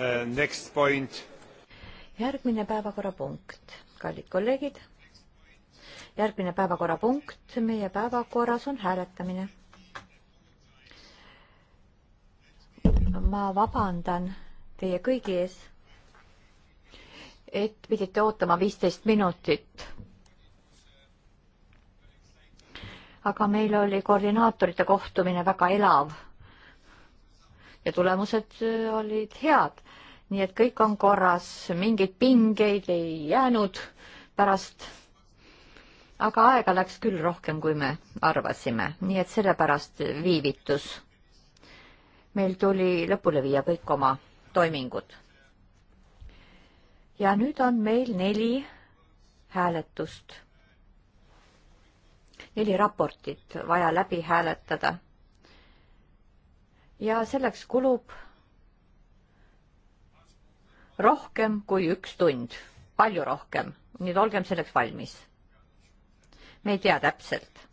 Uh, next point. järgmine päevakorrapunkt, kallid kolleegid. järgmine päevakorrapunkt meie päevakorras on hääletamine. ma vabandan teie kõigi ees, et pidite ootama viisteist minutit aga meil oli koordinaatorite kohtumine väga elav ja tulemused äh, olid head. nii et kõik on korras, mingeid pingeid ei jäänud pärast. aga aega läks küll rohkem, kui me arvasime, nii et sellepärast viivitus. meil tuli lõpule viia kõik oma toimingud. ja nüüd on meil neli hääletust neli raportit vaja läbi hääletada ja selleks kulub rohkem kui üks tund, palju rohkem, nii et olgem selleks valmis. me ei tea täpselt.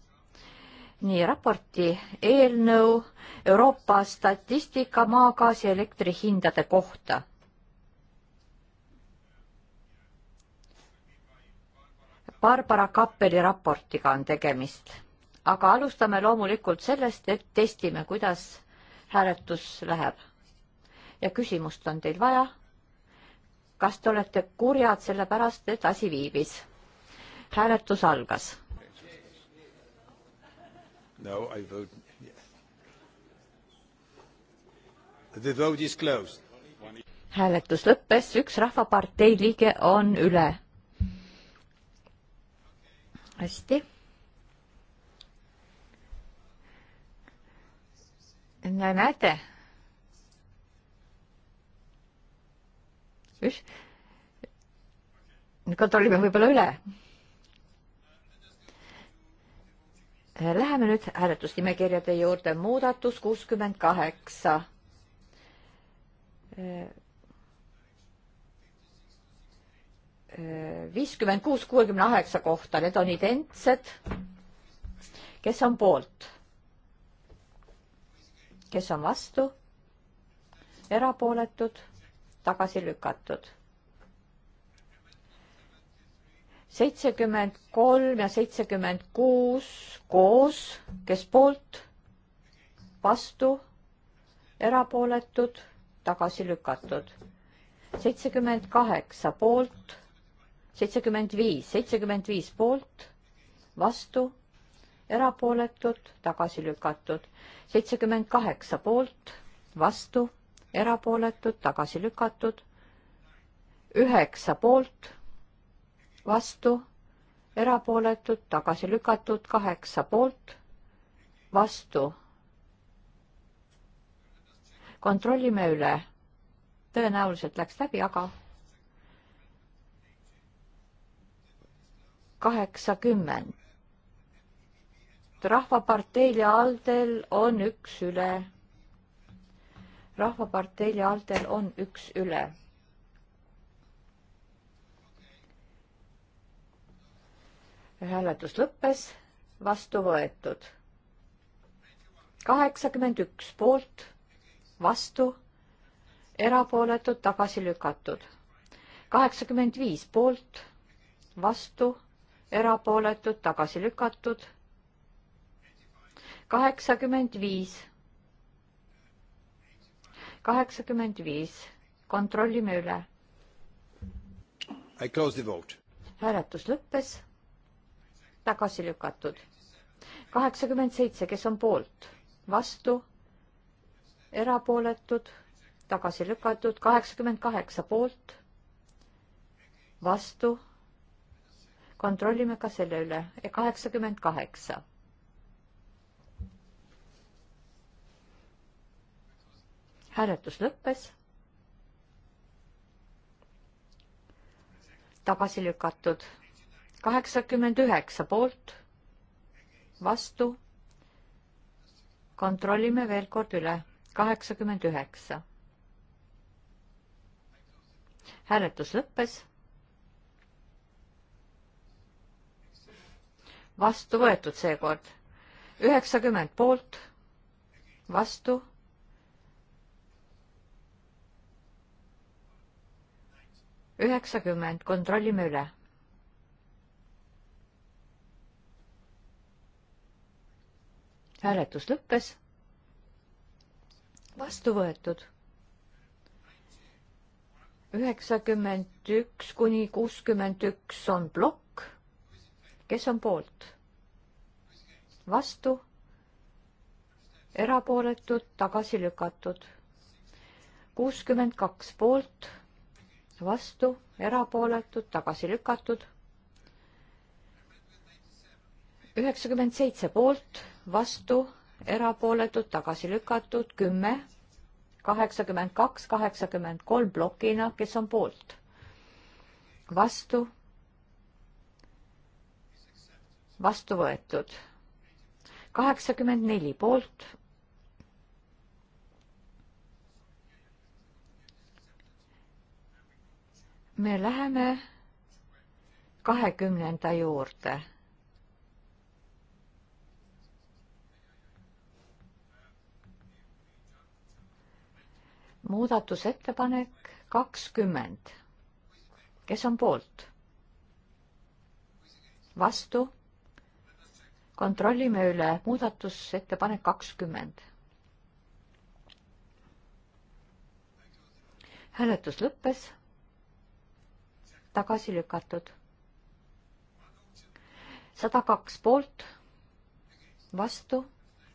nii raporti eelnõu Euroopa statistika maagaasi ja elektrihindade kohta. Barbara Kappeli raportiga on tegemist, aga alustame loomulikult sellest, et testime, kuidas hääletus läheb. ja küsimust on teil vaja. kas te olete kurjad sellepärast, et asi viibis? hääletus algas. No I vote yes. The vote is closed. hääletus lõppes, üks Rahvapartei liige on üle. hästi näete, üks, kontrollime võib-olla üle. Läheme nüüd hääletusnimekirjade juurde, muudatus kuuskümmend kaheksa. viiskümmend kuus, kuuekümne kaheksa kohta, need on identsed. kes on poolt? kes on vastu, erapooletud, tagasi lükatud. seitsekümmend kolm ja seitsekümmend kuus koos, kes poolt, vastu, erapooletud, tagasi lükatud. seitsekümmend kaheksa poolt, seitsekümmend viis, seitsekümmend viis poolt, vastu, erapooletud, tagasi lükatud seitsekümmend kaheksa poolt, vastu, erapooletud, tagasi lükatud. üheksa poolt, vastu, erapooletud, tagasi lükatud, kaheksa poolt, vastu. kontrollime üle. tõenäoliselt läks läbi, aga kaheksakümmend rahvaparteil ja Aldel on üks üle. rahvaparteil ja Aldel on üks üle. hääletus lõppes, vastu võetud. kaheksakümmend üks poolt, vastu, erapooletud, tagasi lükatud. kaheksakümmend viis poolt, vastu, erapooletud, tagasi lükatud kaheksakümmend viis. kaheksakümmend viis, kontrollime üle. hääletus lõppes, tagasi lükatud. kaheksakümmend seitse, kes on poolt, vastu, erapooletud, tagasi lükatud, kaheksakümmend kaheksa poolt, vastu, kontrollime ka selle üle, kaheksakümmend kaheksa hääletus lõppes. tagasi lükatud kaheksakümmend üheksa poolt, vastu. kontrollime veel kord üle, kaheksakümmend üheksa. hääletus lõppes. vastu võetud seekord, üheksakümmend poolt, vastu üheksakümmend, kontrollime üle. hääletus lõppes. vastu võetud. üheksakümmend üks kuni kuuskümmend üks on plokk. kes on poolt? vastu erapooletud, tagasi lükatud. kuuskümmend kaks poolt, vastu, erapooletud, tagasi lükatud. üheksakümmend seitse poolt, vastu, erapooletud, tagasi lükatud, kümme, kaheksakümmend kaks, kaheksakümmend kolm plokina, kes on poolt, vastu, vastu võetud, kaheksakümmend neli poolt me läheme kahekümnenda juurde. muudatusettepanek kakskümmend. kes on poolt? vastu? kontrollime üle muudatusettepanek kakskümmend. hääletus lõppes tagasi lükatud. sada kaks poolt, vastu,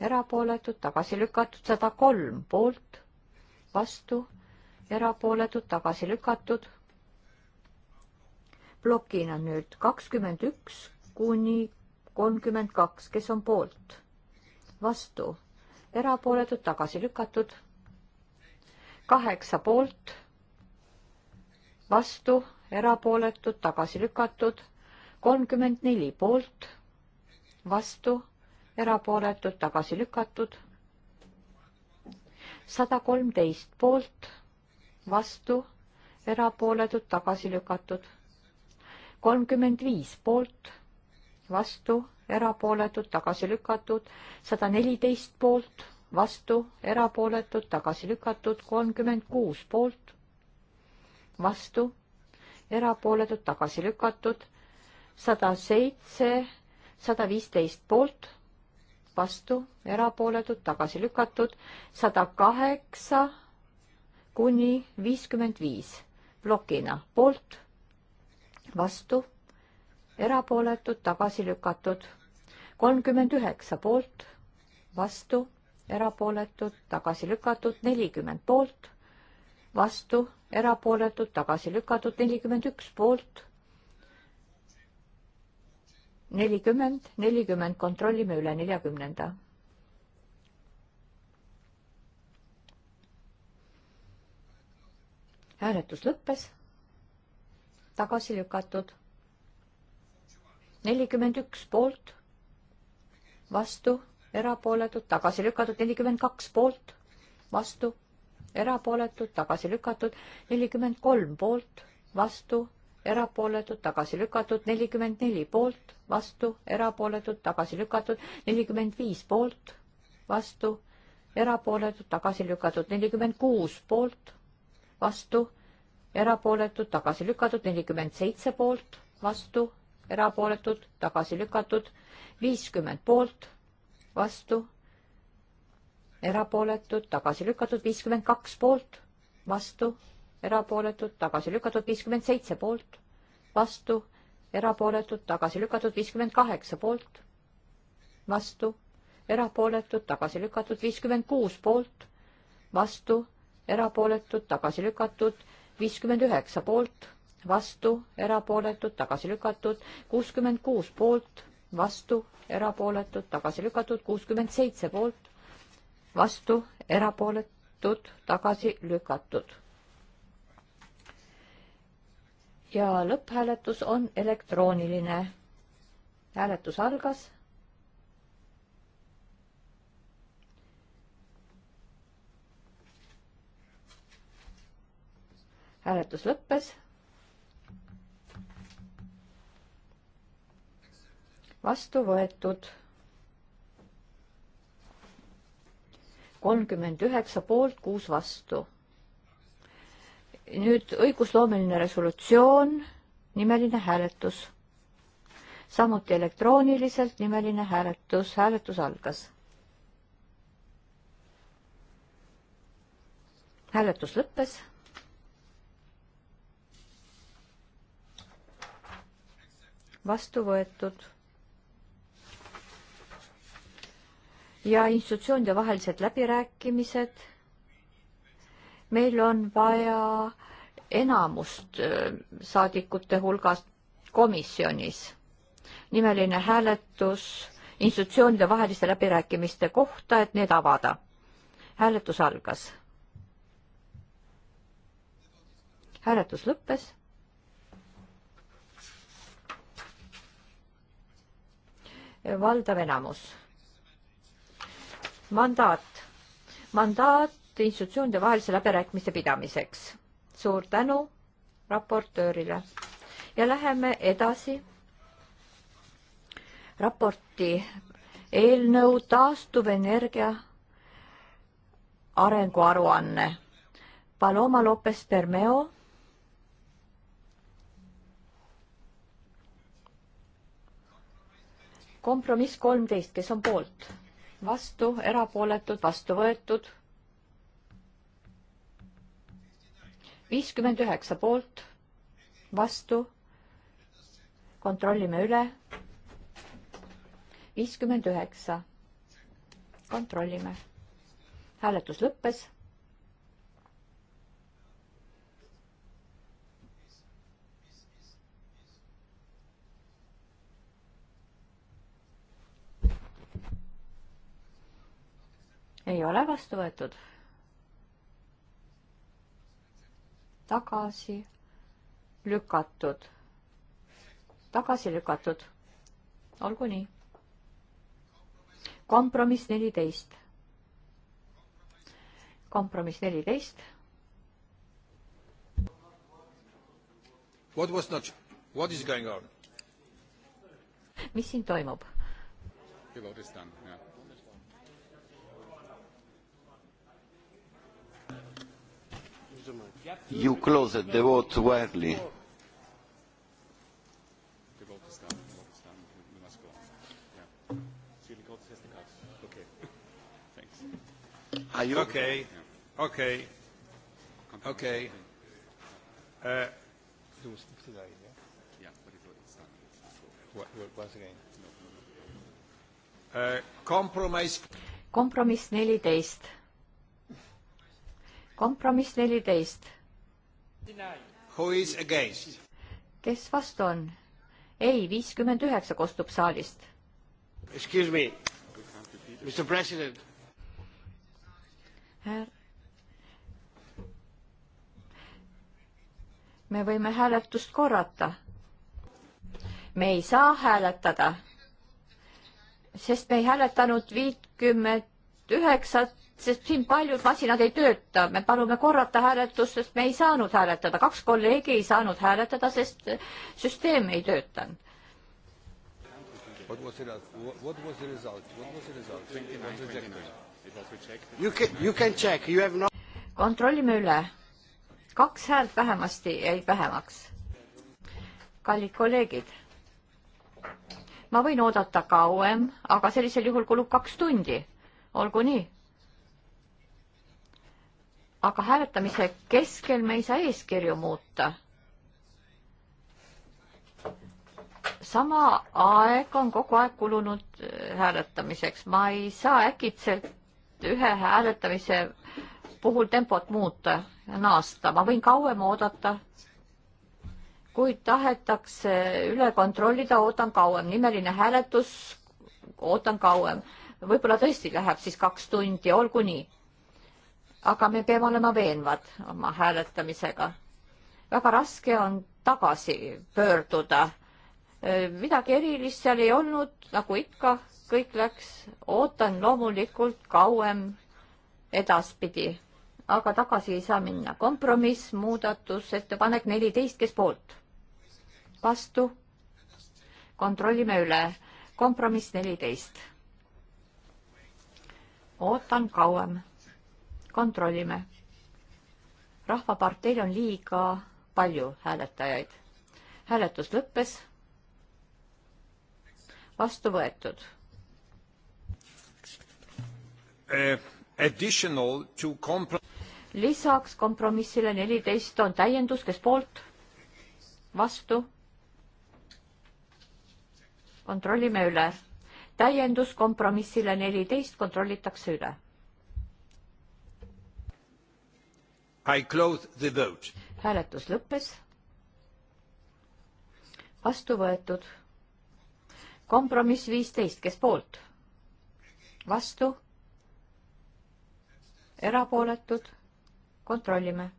erapooletud, tagasi lükatud, sada kolm poolt, vastu, erapooletud, tagasi lükatud. plokina nüüd kakskümmend üks kuni kolmkümmend kaks, kes on poolt, vastu, erapooletud, tagasi lükatud, kaheksa poolt, vastu erapooletud, tagasi lükatud, kolmkümmend neli poolt, vastu, erapooletud, tagasi lükatud, sada kolmteist poolt, vastu, erapooletud, tagasi lükatud, kolmkümmend viis poolt, vastu, erapooletud, tagasi lükatud, sada neliteist poolt, vastu, erapooletud, tagasi lükatud, kolmkümmend kuus poolt, vastu erapooletud, tagasi lükatud, sada seitse, sada viisteist poolt, vastu, erapooletud, tagasi lükatud, sada kaheksa kuni viiskümmend viis plokina poolt, vastu, erapooletud, tagasi lükatud, kolmkümmend üheksa poolt, vastu, erapooletud, tagasi lükatud, nelikümmend poolt vastu, erapooletud, tagasi lükatud, nelikümmend üks poolt. nelikümmend, nelikümmend, kontrollime üle neljakümnenda. hääletus lõppes, tagasi lükatud. nelikümmend üks poolt, vastu, erapooletud, tagasi lükatud, nelikümmend kaks poolt, vastu erapooletud, tagasi lükatud, nelikümmend kolm poolt, vastu, erapooletud, tagasi lükatud, nelikümmend neli poolt, vastu, erapooletud, tagasi lükatud, nelikümmend viis poolt, vastu, erapooletud, tagasi lükatud, nelikümmend kuus poolt, vastu, erapooletud, tagasi lükatud, nelikümmend seitse poolt, vastu, erapooletud, tagasi lükatud, viiskümmend poolt, vastu erapooletud, tagasi lükatud, viiskümmend kaks poolt, vastu, erapooletud, tagasi lükatud, viiskümmend seitse poolt, vastu, erapooletud, tagasi lükatud, viiskümmend kaheksa poolt, vastu, erapooletud, tagasi lükatud, viiskümmend kuus poolt, vastu, erapooletud, tagasi lükatud, viiskümmend üheksa poolt, vastu, erapooletud, tagasi lükatud, kuuskümmend kuus poolt, vastu, erapooletud, tagasi lükatud, kuuskümmend seitse poolt vastu, erapooletud, tagasi lükatud. ja lõpphääletus on elektrooniline. hääletus algas. hääletus lõppes. vastu võetud kolmkümmend üheksa poolt, kuus vastu. nüüd õigusloomeline resolutsioon, nimeline hääletus. samuti elektrooniliselt nimeline hääletus, hääletus algas. hääletus lõppes. vastu võetud ja institutsioonide vahelised läbirääkimised. meil on vaja enamust äh, saadikute hulgast komisjonis. nimeline hääletus institutsioonide vaheliste läbirääkimiste kohta, et need avada. hääletus algas. hääletus lõppes. valdav enamus mandaat, mandaat institutsioonide vahelise läbirääkimiste pidamiseks. suur tänu raportöörile ja läheme edasi raporti eelnõu taastuvenergia arenguaruanne. Paloma Lopes Bermeo. kompromiss kolmteist, kes on poolt? vastu, erapooletud, vastu võetud. viiskümmend üheksa poolt, vastu. kontrollime üle. viiskümmend üheksa. kontrollime. hääletus lõppes ei ole vastu võetud. tagasi lükatud, tagasi lükatud, olgu nii. kompromiss neliteist, kompromiss neliteist. What was not, what is going on? mis siin toimub? About this time, jah yeah You closed the vote widely. Are you okay? Okay. Okay. Uh, do we skip today? Yeah. Yeah, but it's done. What, what, once again. Uh, kompromiss. kompromiss neliteist. kompromiss neliteist kes vastu on? ei, viiskümmend üheksa kostub saalist. Excuse me, Mr President. me võime hääletust korrata. me ei saa hääletada, sest me ei hääletanud viitkümmet üheksat sest siin paljud masinad ei tööta, me palume korrata hääletust, sest me ei saanud hääletada, kaks kolleegi ei saanud hääletada, sest süsteem ei töötanud. What was the result? What was the result? What was the result? 29, 29. It was rejected. You can, you can check. You have not... Kontrollime üle. Kaks häält vähemasti jäi vähemaks. Kallid kolleegid, ma võin oodata kauem, aga sellisel juhul kulub kaks tundi. Olgu nii aga hääletamise keskel me ei saa eeskirju muuta. sama aeg on kogu aeg kulunud äh, hääletamiseks, ma ei saa äkitselt ühe hääletamise puhul tempot muuta ja naasta, ma võin kauem oodata. kui tahetakse üle kontrollida, ootan kauem, nimeline hääletus, ootan kauem. võib-olla tõesti läheb siis kaks tundi, olgu nii aga me peame olema veenvad oma hääletamisega. väga raske on tagasi pöörduda. midagi erilist seal ei olnud, nagu ikka, kõik läks, ootan loomulikult kauem edaspidi, aga tagasi ei saa minna. kompromiss, muudatus, ettepanek neliteist, kes poolt? vastu? kontrollime üle. kompromiss neliteist. ootan kauem kontrollime. rahvaparteil on liiga palju hääletajaid. hääletus lõppes. vastu võetud uh,. lisaks kompromissile neliteist on täiendus, kes poolt, vastu. kontrollime üle. täiendus kompromissile neliteist kontrollitakse üle hääletus lõppes. vastu võetud. kompromiss viisteist, kes poolt? vastu? erapooletud? kontrollime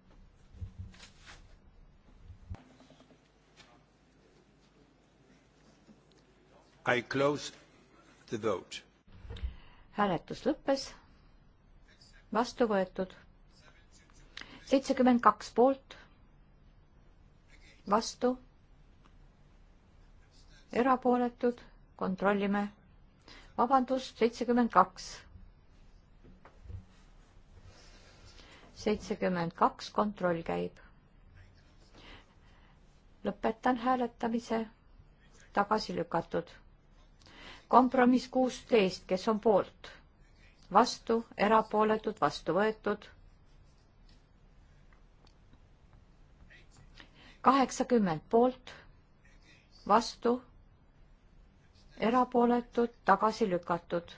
I close the vote. hääletus lõppes. vastu võetud seitsekümmend kaks poolt, vastu, erapooletud, kontrollime. vabandust, seitsekümmend kaks. seitsekümmend kaks, kontroll käib. lõpetan hääletamise, tagasi lükatud. kompromiss kuusteist, kes on poolt, vastu, erapooletud, vastu võetud kaheksakümmend poolt, vastu, erapooletud, tagasi lükatud.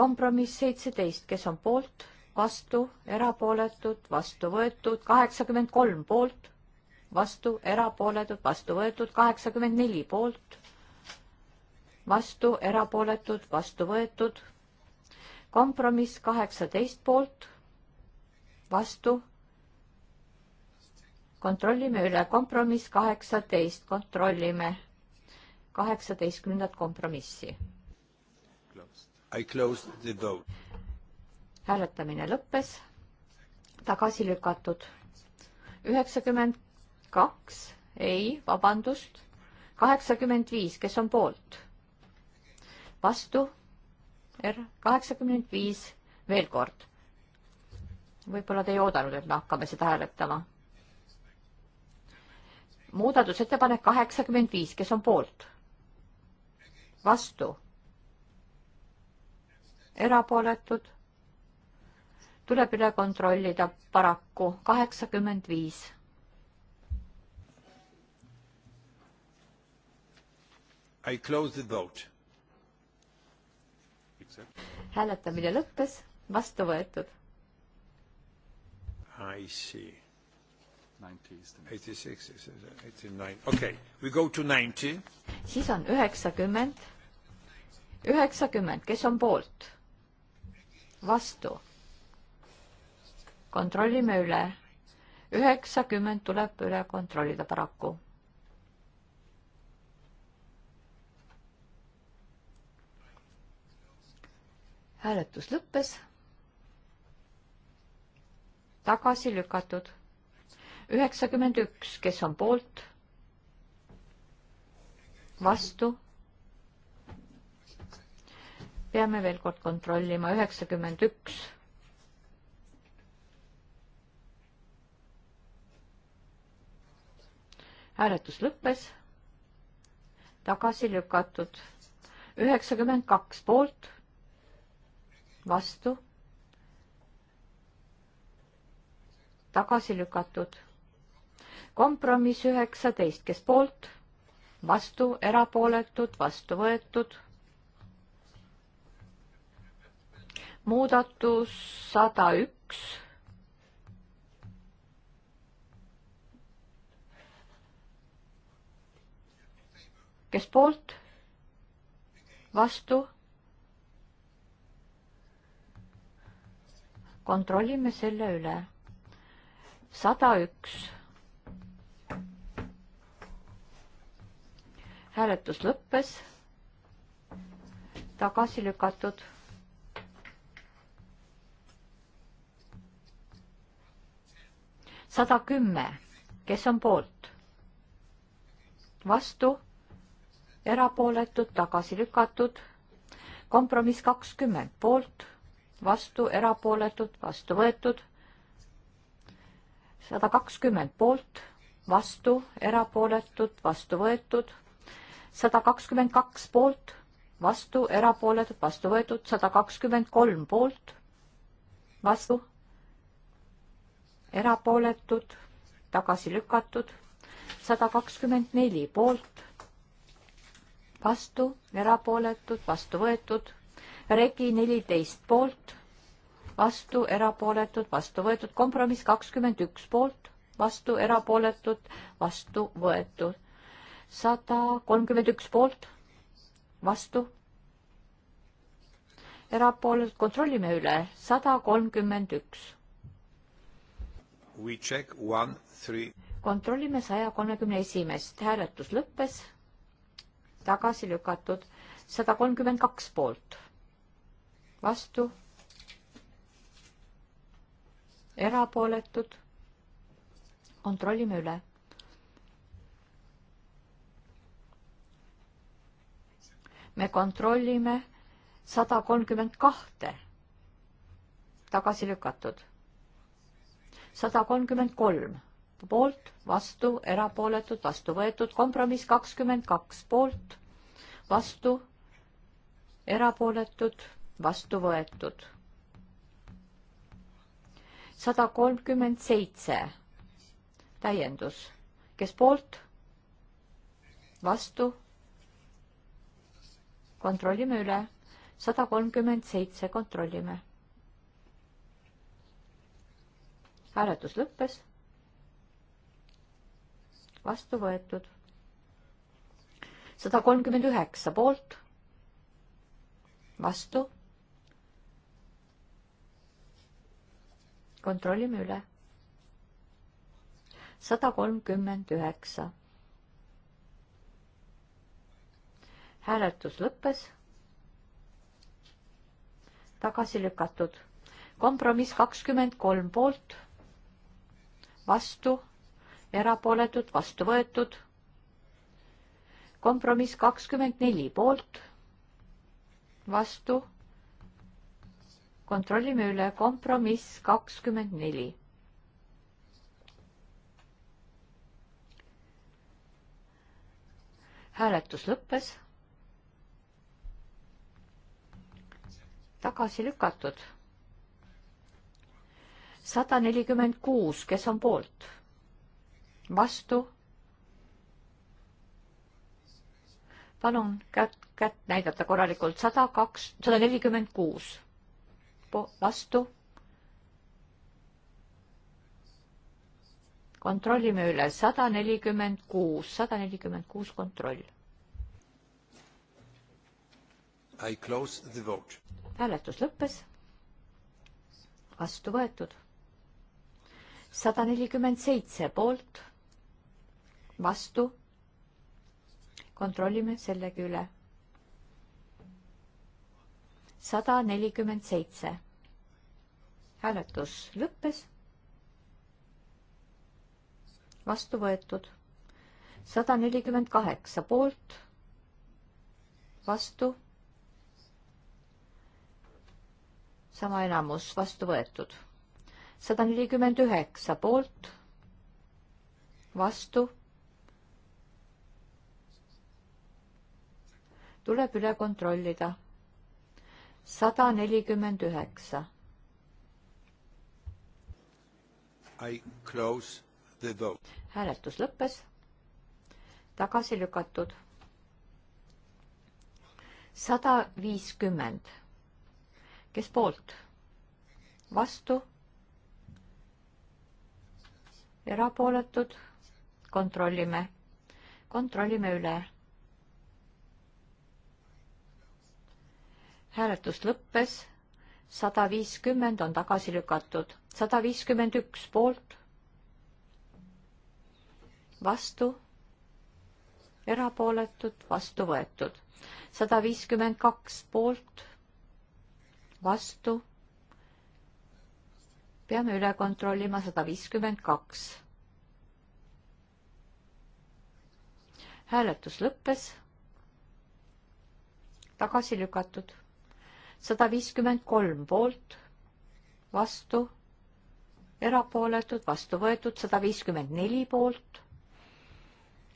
kompromiss seitseteist, kes on poolt, vastu, erapooletud, vastu võetud, kaheksakümmend kolm poolt, vastu, erapooletud, vastu võetud, kaheksakümmend neli poolt, vastu, erapooletud, vastu võetud, kompromiss kaheksateist poolt, vastu kontrollime üle, kompromiss kaheksateist, kontrollime kaheksateistkümnendat kompromissi. hääletamine lõppes, tagasi lükatud. üheksakümmend kaks, ei, vabandust, kaheksakümmend viis, kes on poolt? vastu, kaheksakümmend viis, veel kord. võib-olla te ei oodanud, et me hakkame seda hääletama muudatusettepanek kaheksakümmend viis, kes on poolt? vastu? erapooletud? tuleb üle kontrollida paraku, kaheksakümmend viis. I close the vote. hääletamine lõppes, vastu võetud. I see 86, 89. Okay, we go to 90. siis on üheksakümmend, üheksakümmend, kes on poolt? vastu. kontrollime üle. üheksakümmend tuleb üle kontrollida paraku. hääletus lõppes. tagasi lükatud üheksakümmend üks, kes on poolt? vastu? peame veel kord kontrollima, üheksakümmend üks. hääletus lõppes, tagasi lükatud, üheksakümmend kaks poolt, vastu tagasi lükatud kompromiss üheksateist, kes poolt, vastu, erapooletud, vastu võetud. muudatus sada üks. kes poolt, vastu kontrollime selle üle. sada üks. hääletus lõppes, tagasi lükatud. sada kümme, kes on poolt? vastu, erapooletud, tagasi lükatud. kompromiss kakskümmend, poolt, vastu, erapooletud, vastu võetud sada kakskümmend poolt, vastu, erapooletud, vastu võetud sada kakskümmend kaks poolt, vastu, erapooletud, vastu võetud, sada kakskümmend kolm poolt, vastu, erapooletud, tagasi lükatud, sada kakskümmend neli poolt, vastu, erapooletud, vastu võetud, regi neliteist poolt, vastu, erapooletud, vastu võetud, kompromiss kakskümmend üks poolt, vastu, erapooletud, vastu võetud sada kolmkümmend üks poolt, vastu. erapooletud kontrollime üle, sada kolmkümmend üks. We check one, three. kontrollime saja kolmekümne esimest, hääletus lõppes, tagasi lükatud, sada kolmkümmend kaks poolt, vastu, erapooletud kontrollime üle me kontrollime sada kolmkümmend kahte tagasi lükatud. sada kolmkümmend kolm poolt, vastu, erapooletud, vastu võetud, kompromiss kakskümmend kaks poolt, vastu, erapooletud, vastu võetud. sada kolmkümmend seitse täiendus, kes poolt, vastu kontrollime üle. sada kolmkümmend seitse, kontrollime. hääletus lõppes. vastu võetud. sada kolmkümmend üheksa poolt, vastu. kontrollime üle. sada kolmkümmend üheksa hääletus lõppes lõppes. tagasi lükatud. kompromiss kakskümmend kolm poolt, vastu, erapooletud, vastu võetud. kompromiss kakskümmend neli poolt, vastu. kontrollime üle, kompromiss kakskümmend neli hääletus lõppes tagasi lükatud. sada nelikümmend kuus, kes on poolt? vastu? palun kätt, kätt näidata korralikult, sada kaks, sada nelikümmend kuus. vastu? kontrollime üle, sada nelikümmend kuus, sada nelikümmend kuus kontroll. I close the vote hääletus lõppes. vastu võetud. sada nelikümmend seitse poolt, vastu. kontrollime sellegi üle. sada nelikümmend seitse. hääletus lõppes. vastu võetud. sada nelikümmend kaheksa poolt, vastu sama enamus vastu võetud. sada nelikümmend üheksa poolt, vastu. tuleb üle kontrollida. sada nelikümmend üheksa. I close the vote. hääletus lõppes. tagasi lükatud. sada viiskümmend kes poolt? vastu? erapooletud? kontrollime, kontrollime üle. hääletus lõppes, sada viiskümmend on tagasi lükatud, sada viiskümmend üks poolt, vastu, erapooletud, vastu võetud, sada viiskümmend kaks poolt vastu. peame üle kontrollima sada viiskümmend kaks. hääletus lõppes. tagasi lükatud. sada viiskümmend kolm poolt, vastu, erapooletud, vastu võetud, sada viiskümmend neli poolt,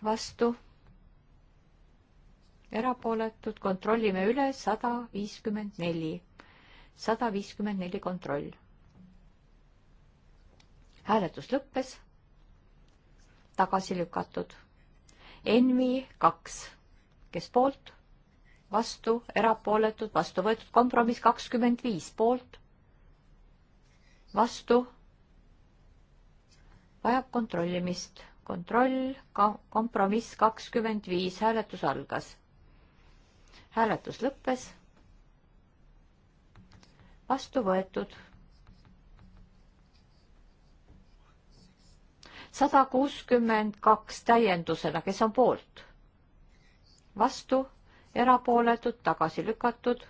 vastu erapooletud kontrollime üle sada viiskümmend neli sada viiskümmend neli kontroll. hääletus lõppes. tagasi lükatud. Envi kaks, kes poolt, vastu, erapooletud, vastu võetud, kompromiss kakskümmend viis poolt, vastu, vajab kontrollimist kontroll, kompromiss kakskümmend viis, hääletus algas. hääletus lõppes vastu võetud. sada kuuskümmend kaks täiendusena, kes on poolt? vastu, erapooletud, tagasi lükatud.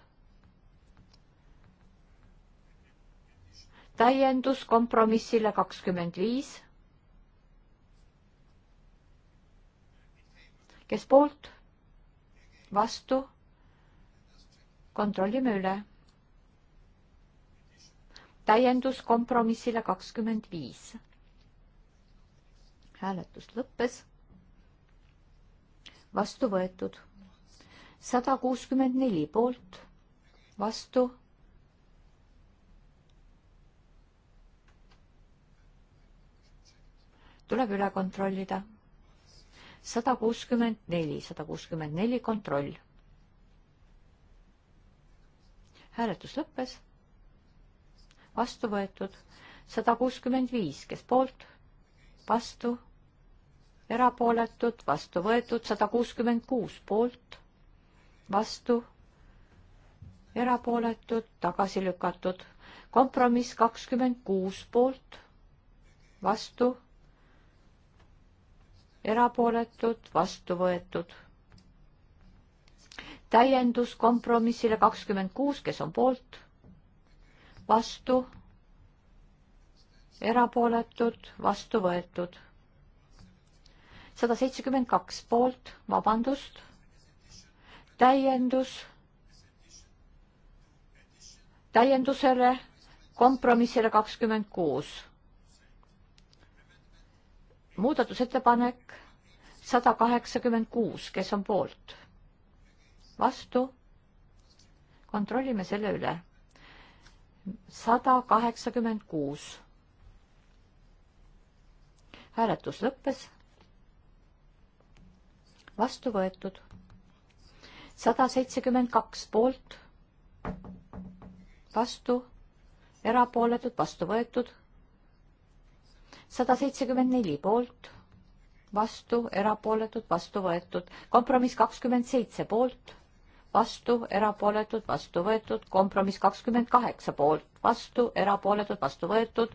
täiendus kompromissile kakskümmend viis. kes poolt? vastu? kontrollime üle täiendus kompromissile kakskümmend viis. hääletus lõppes. vastu võetud sada kuuskümmend neli poolt, vastu. tuleb üle kontrollida. sada kuuskümmend neli, sada kuuskümmend neli kontroll. hääletus lõppes vastu võetud sada kuuskümmend viis, kes poolt, vastu, erapooletud, vastu võetud sada kuuskümmend kuus poolt, vastu, erapooletud, tagasi lükatud, kompromiss kakskümmend kuus poolt, vastu, erapooletud, vastu võetud täiendus kompromissile kakskümmend kuus, kes on poolt vastu, erapooletud, vastu võetud. sada seitsekümmend kaks poolt, vabandust, täiendus, täiendusele, kompromissile kakskümmend kuus. muudatusettepanek sada kaheksakümmend kuus, kes on poolt? vastu? kontrollime selle üle sada kaheksakümmend kuus. hääletus lõppes. vastu võetud. sada seitsekümmend kaks poolt, vastu, erapooletud, vastu võetud. sada seitsekümmend neli poolt, vastu, erapooletud, vastu võetud. kompromiss kakskümmend seitse poolt vastu, erapooletud, vastu võetud, kompromiss kakskümmend kaheksa poolt, vastu, erapooletud, vastu võetud,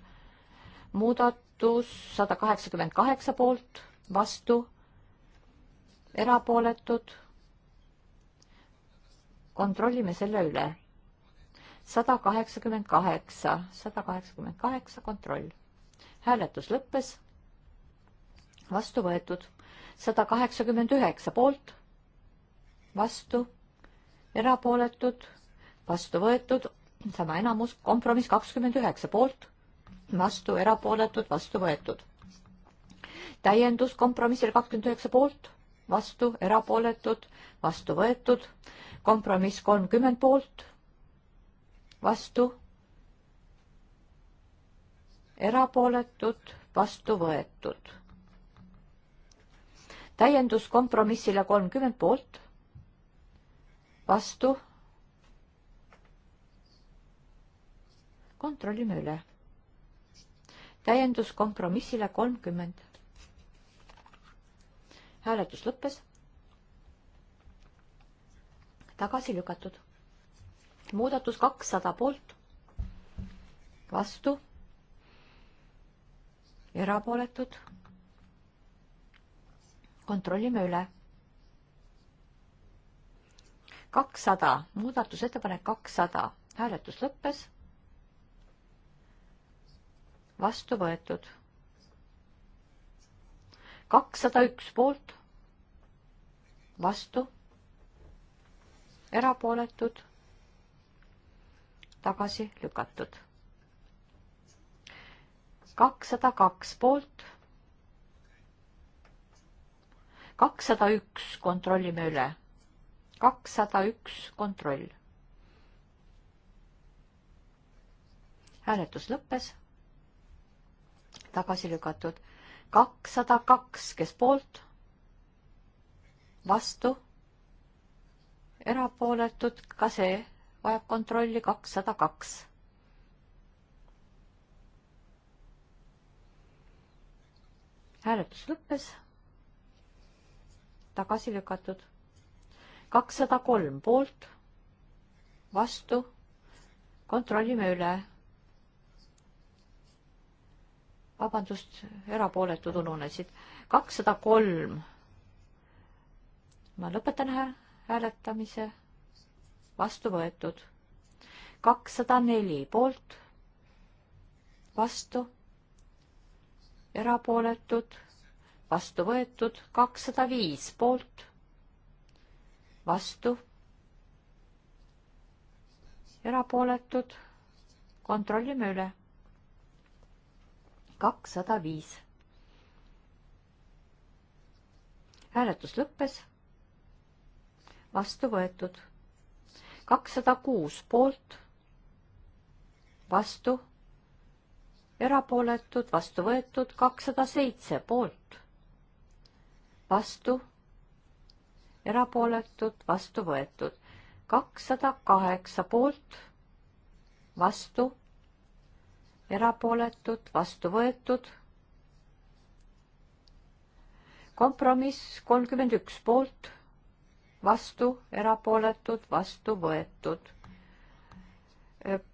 muudatus sada kaheksakümmend kaheksa poolt, vastu, erapooletud. kontrollime selle üle. sada kaheksakümmend kaheksa, sada kaheksakümmend kaheksa, kontroll. hääletus lõppes. vastu võetud, sada kaheksakümmend üheksa poolt, vastu erapooletud, vastu võetud, sama enamus, kompromiss kakskümmend üheksa poolt, vastu erapooletud, vastu võetud. täiendus kompromissile kakskümmend üheksa poolt, vastu erapooletud, vastu võetud, kompromiss kolmkümmend poolt, vastu erapooletud, vastu võetud. täiendus kompromissile kolmkümmend poolt vastu. kontrollime üle. täiendus kompromissile kolmkümmend. hääletus lõppes. tagasi lükatud. muudatus kakssada poolt, vastu, erapooletud. kontrollime üle kakssada, muudatusettepanek kakssada, hääletus lõppes. vastu võetud. kakssada üks poolt, vastu, erapooletud, tagasi lükatud. kakssada kaks poolt kakssada üks, kontrollime üle kakssada üks kontroll. hääletus lõppes. tagasi lükatud kakssada kaks, kes poolt, vastu, erapooletud, ka see vajab kontrolli, kakssada kaks. hääletus lõppes, tagasi lükatud kakssada kolm poolt, vastu, kontrollime üle. vabandust, erapooletud ununesid. kakssada kolm. ma lõpetan hääletamise. vastu võetud. kakssada neli poolt, vastu, erapooletud, vastu võetud, kakssada viis poolt vastu, erapooletud, kontrollime üle. kakssada viis. hääletus lõppes, vastu võetud. kakssada kuus poolt, vastu erapooletud, vastu võetud kakssada seitse poolt, vastu erapooletud, vastu võetud. kakssada kaheksa poolt, vastu, erapooletud, vastu võetud. kompromiss kolmkümmend üks poolt, vastu, erapooletud, vastu võetud.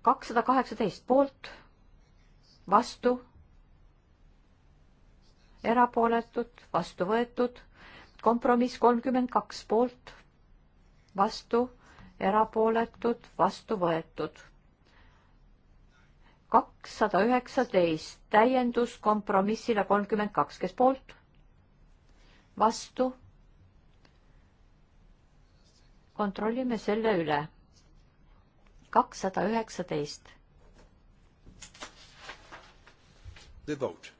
kakssada kaheksateist poolt, vastu, erapooletud, vastu võetud kompromiss kolmkümmend kaks poolt, vastu, erapooletud, vastu võetud. kakssada üheksateist, täiendus kompromissile kolmkümmend kaks, kes poolt? vastu. kontrollime selle üle. kakssada üheksateist. The vote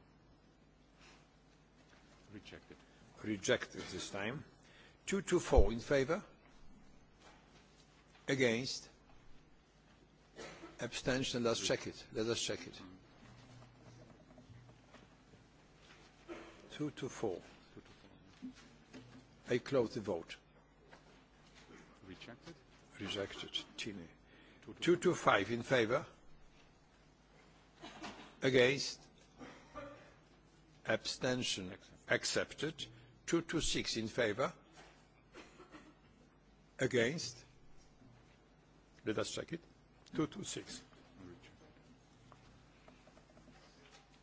rejected this time. 224 in favor, against, abstention. Let's check it. Let us check it. 224. I close the vote. Rejected? Rejected. Tine. 225 in favor, against, abstention accepted. 226 in favor. Against. Let us check it. 226.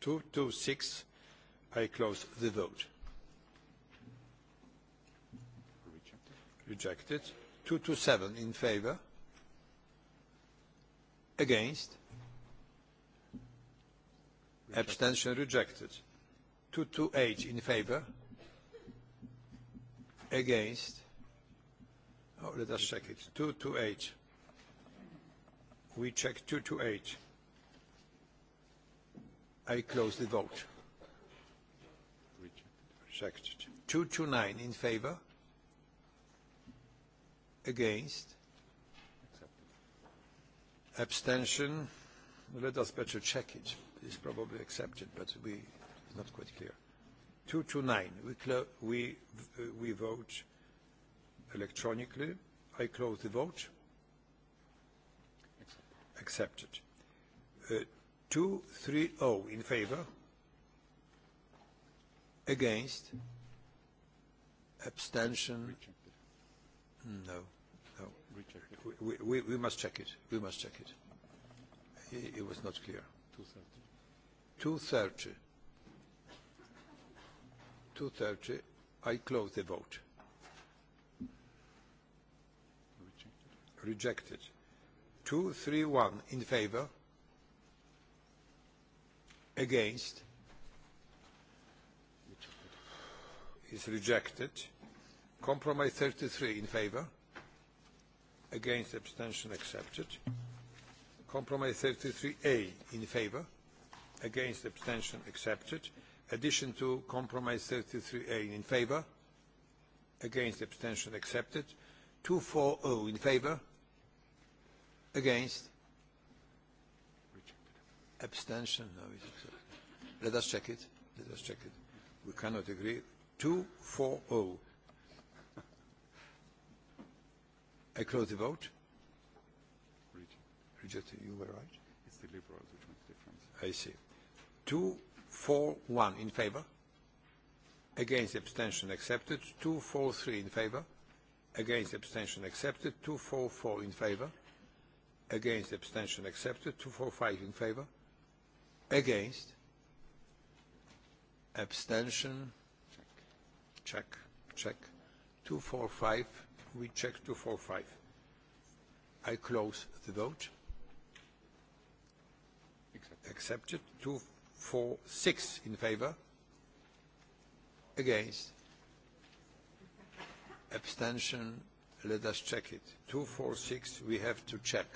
226. I close the vote. Rejected. 227 in favor. Against. Rejected. Abstention rejected. 228 in favor. Rejected. Against? Oh, let us check it. 228. We check 228. I close the vote. Rejected. 229 in favor? Against? Abstention? Let us better check it. It's probably accepted, but we, it's not quite clear. 229. We, we, we vote electronically. I close the vote. Accepted. Accepted. Uh, 230 in favor. Against. Abstention. Rejected. No. No. Rejected. We, we must check it. We must check it. It, it was not clear. 230. 230. 230. I close the vote. Rejected. 231 in favor. Against. Is rejected. Compromise 33 in favor. Against abstention accepted. Compromise 33A in favor. Against abstention accepted addition to compromise 33A in favor, against abstention accepted, 240 in favor, against, rejected. abstention, no, it's accepted. Let us check it, let us check it. We cannot agree. 240. I close the vote. Rejected. Rejected, you were right. It's the liberals which make the difference. I see. 240. 4-1 in favor. Against abstention accepted. 2-4-3 in favor. Against abstention accepted. 2-4-4 in favor. Against abstention accepted. 2-4-5 in favor. Against. Abstention. Check. Check. 2-4-5. We check 2-4-5. I close the vote. Accepted. Accepted. 2 four, six in favor. Against. Abstention. Let us check it. Two, four, six. We have to check.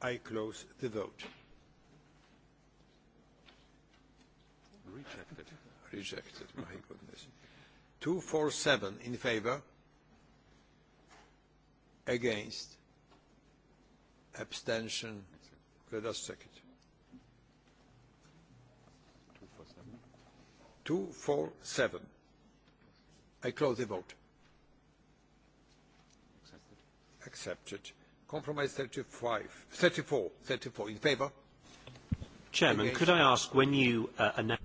I close the vote. Rejected. Rejected. My goodness. 247 in favor. Against. Abstention Let us check it. 247. I close the vote. Accepted. Accepted. Compromise 35, 34, 34 in favor. Chairman, Against. could I ask when you uh, announce...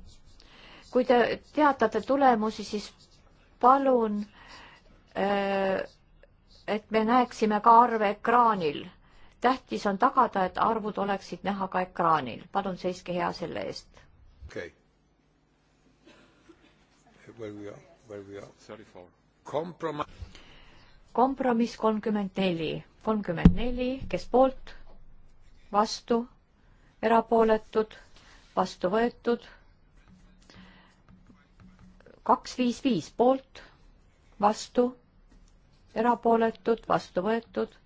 Kui te teatate tulemusi, siis palun, äh, et me näeksime ka arve ekraanil tähtis on tagada, et arvud oleksid näha ka ekraanil. palun seiske hea selle eest. okei okay.. Where we are, where we are? Thirty-four. Compromise. kompromiss kolmkümmend neli, kolmkümmend neli, kes poolt, vastu, erapooletud, vastu võetud. kaks, viis, viis poolt, vastu, erapooletud, vastu võetud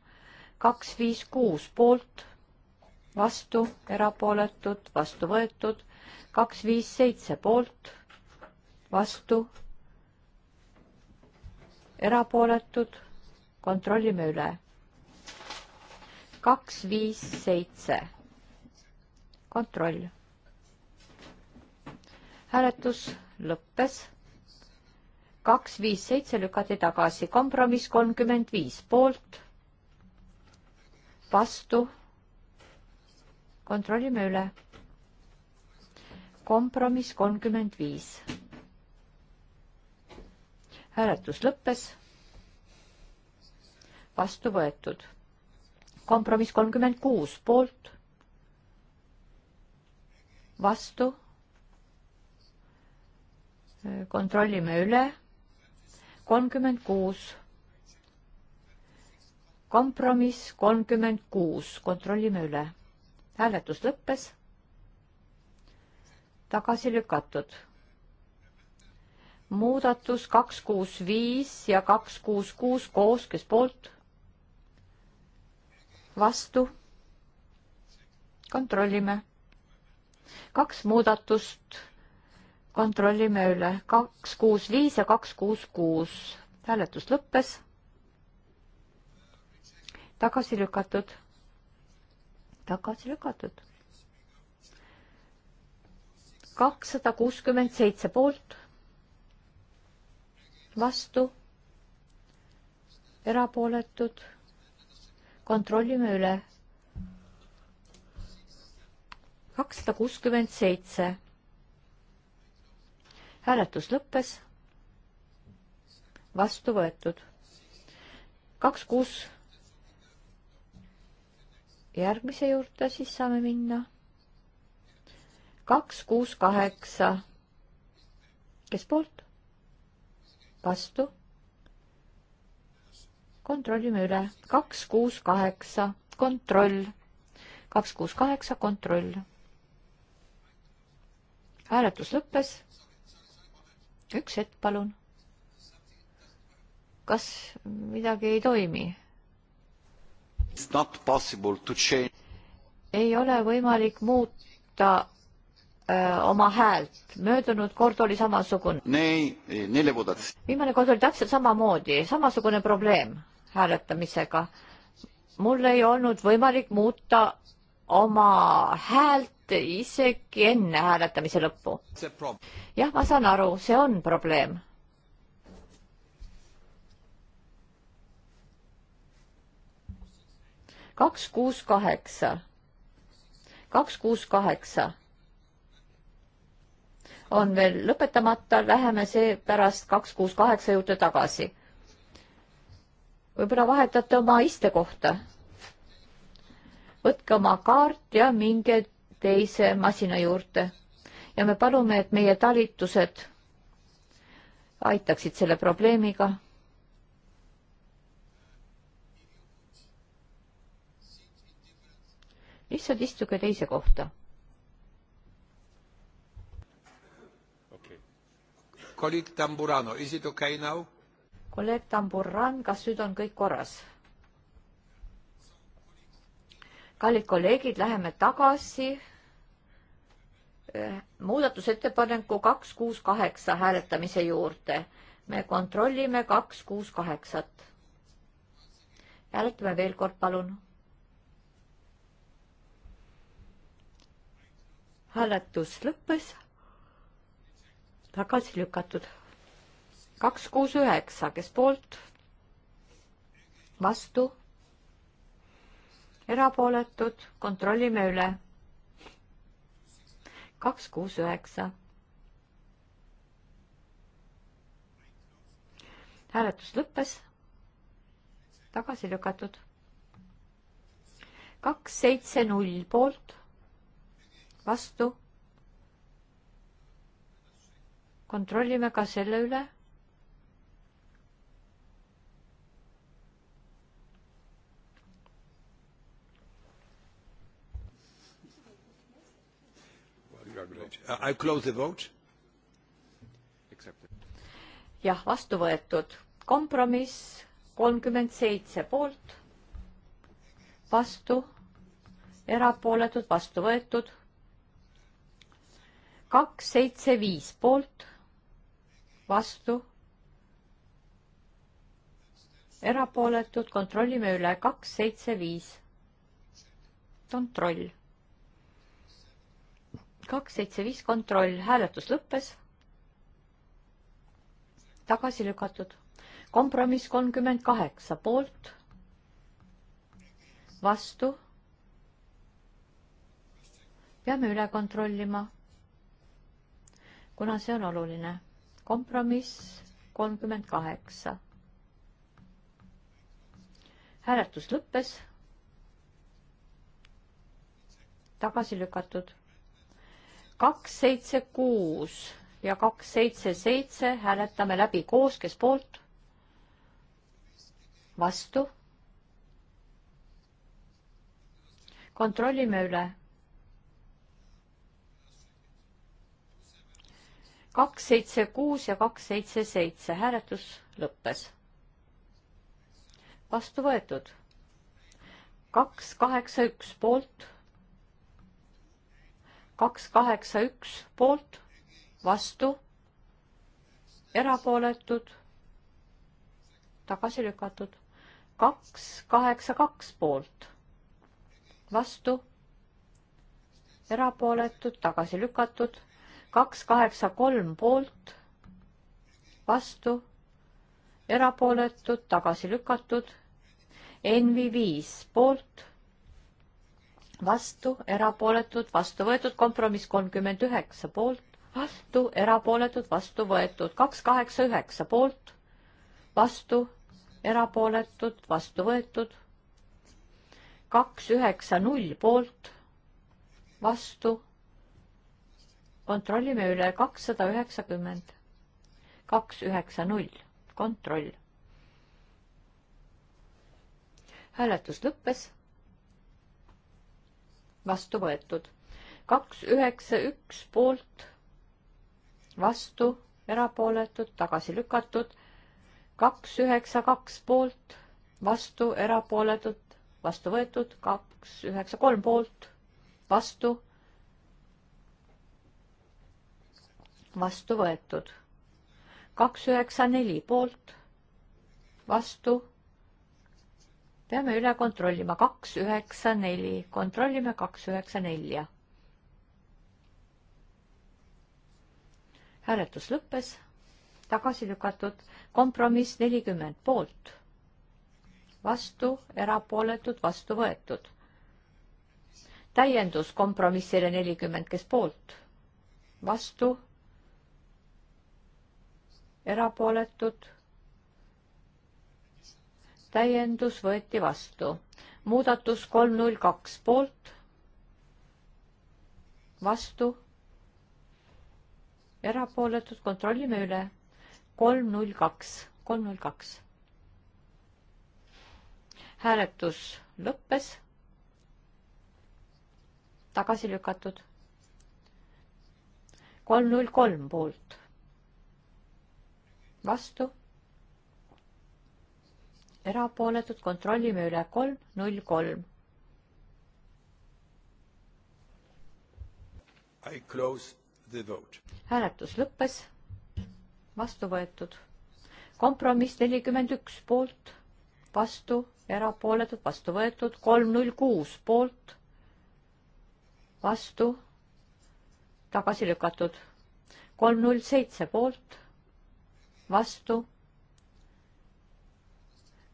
kaks, viis, kuus poolt, vastu, erapooletud, vastu võetud, kaks, viis, seitse poolt, vastu, erapooletud, kontrollime üle. kaks, viis, seitse, kontroll. hääletus lõppes. kaks, viis, seitse lükati tagasi, kompromiss kolmkümmend viis poolt vastu. kontrollime üle. kompromiss kolmkümmend viis. hääletus lõppes. vastu võetud. kompromiss kolmkümmend kuus poolt. vastu. kontrollime üle. kolmkümmend kuus kompromiss kolmkümmend kuus, kontrollime üle. hääletus lõppes. tagasi lükatud. muudatus kaks, kuus, viis ja kaks, kuus, kuus koos, kes poolt? vastu. kontrollime. kaks muudatust. kontrollime üle. kaks, kuus, viis ja kaks, kuus, kuus. hääletus lõppes tagasi lükatud, tagasi lükatud. kakssada kuuskümmend seitse poolt, vastu, erapooletud, kontrollime üle. kakssada kuuskümmend seitse. hääletus lõppes, vastu võetud, kaks kuus järgmise juurde, siis saame minna. kaks, kuus, kaheksa. kes poolt? vastu? kontrollime üle. kaks, kuus, kaheksa, kontroll. kaks, kuus, kaheksa, kontroll. hääletus lõppes. üks hetk, palun. kas midagi ei toimi? ei ole võimalik muuta öö, oma häält. möödunud kord oli samasugune. viimane kord oli täpselt samamoodi, samasugune probleem hääletamisega. mul ei olnud võimalik muuta oma häält isegi enne hääletamise lõppu. jah, ma saan aru, see on probleem kaks, kuus, kaheksa. kaks, kuus, kaheksa on veel lõpetamata, läheme seepärast kaks, kuus, kaheksa juurde tagasi. võib-olla vahetate oma istekohta. võtke oma kaart ja minge teise masina juurde ja me palume, et meie talitused aitaksid selle probleemiga lihtsalt istuge teise kohta. kolleeg Tamburano, is it okay now? kolleeg Tamburan, kas nüüd on kõik korras? kallid kolleegid, läheme tagasi äh, muudatusettepaneku kaks kuus kaheksa hääletamise juurde. me kontrollime kaks kuus kaheksat. hääletame veel kord, palun hääletus lõppes, tagasi lükatud. kaks, kuus, üheksa, kes poolt, vastu, erapooletud, kontrollime üle. kaks, kuus, üheksa. hääletus lõppes, tagasi lükatud. kaks, seitse, null poolt vastu. kontrollime ka selle üle. jah, vastu võetud kompromiss kolmkümmend seitse poolt, vastu, erapooletud, vastu võetud kaks, seitse, viis poolt, vastu, erapooletud, kontrollime üle, kaks, seitse, viis. kontroll. kaks, seitse, viis, kontroll, hääletus lõppes. tagasi lükatud. kompromiss kolmkümmend kaheksa poolt, vastu. peame üle kontrollima kuna see on oluline. kompromiss kolmkümmend kaheksa. hääletus lõppes. tagasi lükatud. kaks, seitse, kuus ja kaks, seitse, seitse hääletame läbi koos, kes poolt? vastu. kontrollime üle kaks, seitse, kuus ja kaks, seitse, seitse. hääletus lõppes. vastu võetud. kaks, kaheksa, üks poolt. kaks, kaheksa, üks poolt, vastu, erapooletud, tagasi lükatud. kaks, kaheksa, kaks poolt, vastu, erapooletud, tagasi lükatud kaks kaheksa kolm poolt, vastu, erapooletud, tagasi lükatud. NV viis poolt, vastu, erapooletud, vastu võetud, kompromiss kolmkümmend üheksa poolt, vastu, erapooletud, vastu võetud, kaks kaheksa üheksa poolt, vastu, erapooletud, vastu võetud, kaks üheksa null poolt, vastu kontrollime üle kakssada üheksakümmend, kaks üheksa null, kontroll. hääletus lõppes. vastu võetud, kaks üheksa üks poolt, vastu, erapooletud, tagasi lükatud, kaks üheksa kaks poolt, vastu, erapooletud, vastu võetud, kaks üheksa kolm poolt, vastu vastu võetud. kaks üheksa neli poolt, vastu. peame üle kontrollima, kaks üheksa neli, kontrollime kaks üheksa nelja. hääletus lõppes, tagasi lükatud, kompromiss nelikümmend poolt, vastu, erapooletud, vastu võetud. täiendus kompromissile nelikümmend, kes poolt, vastu erapooletud. täiendus võeti vastu. muudatus kolm null kaks poolt, vastu, erapooletud, kontrollime üle. kolm null kaks, kolm null kaks. hääletus lõppes. tagasi lükatud. kolm null kolm poolt vastu, erapooletud, kontrollime üle, kolm, null, kolm. I close the vote. hääletus lõppes, vastu võetud. kompromiss nelikümmend üks poolt, vastu, erapooletud, vastu võetud, kolm, null, kuus poolt, vastu tagasi lükatud. kolm null seitse poolt, vastu.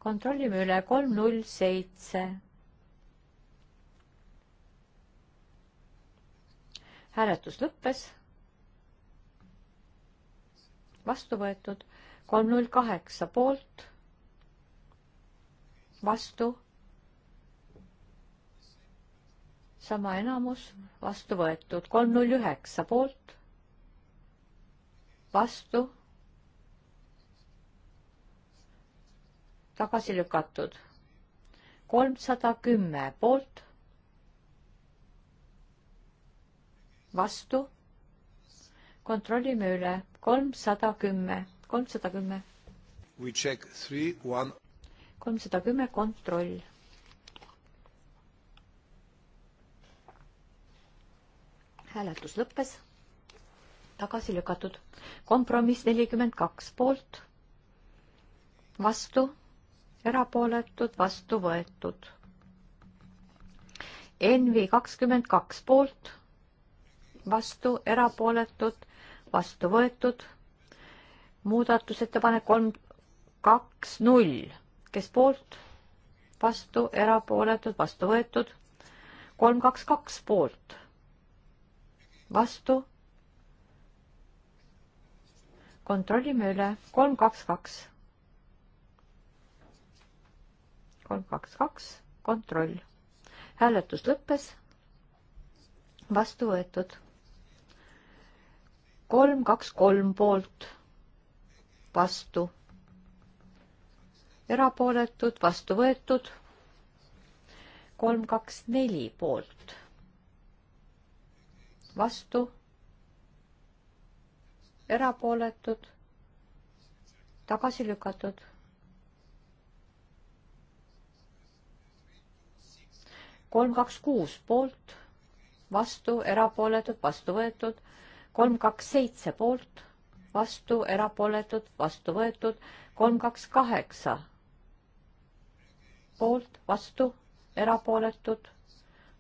kontrollime üle, kolm, null, seitse. hääletus lõppes. vastu võetud kolm, null, kaheksa poolt. vastu. sama enamus, vastu võetud kolm, null, üheksa poolt. vastu tagasi lükatud. kolmsada kümme poolt, vastu. kontrollime üle, kolmsada kümme, kolmsada kümme. We check three one. kolmsada kümme, kontroll. hääletus lõppes tagasi lükatud. kompromiss nelikümmend kaks poolt, vastu erapooletud, vastu võetud. Envi kakskümmend kaks poolt, vastu, erapooletud, vastu võetud. muudatusettepanek kolm, kaks, null, kes poolt, vastu, erapooletud, vastu võetud. kolm, kaks, kaks poolt, vastu. kontrollime üle, kolm, kaks, kaks kolm, kaks, kaks, kontroll. hääletus lõppes. vastu võetud. kolm, kaks, kolm poolt, vastu. erapooletud, vastu võetud. kolm, kaks, neli poolt, vastu. erapooletud, tagasi lükatud kolm, kaks, kuus poolt, vastu, erapooletud, vastu võetud, kolm, kaks, seitse poolt, vastu, erapooletud, vastu võetud, kolm, kaks, kaheksa poolt, vastu, erapooletud,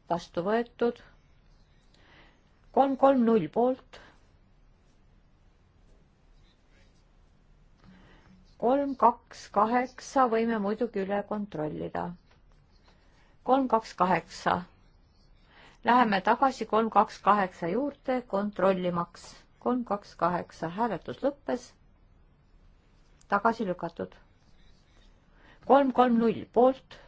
vastu võetud, kolm, kolm, null poolt, kolm, kaks, kaheksa võime muidugi üle kontrollida kolm, kaks, kaheksa. Läheme tagasi kolm, kaks, kaheksa juurde kontrollimaks. kolm, kaks, kaheksa, hääletus lõppes. tagasi lükatud. kolm, kolm, null poolt.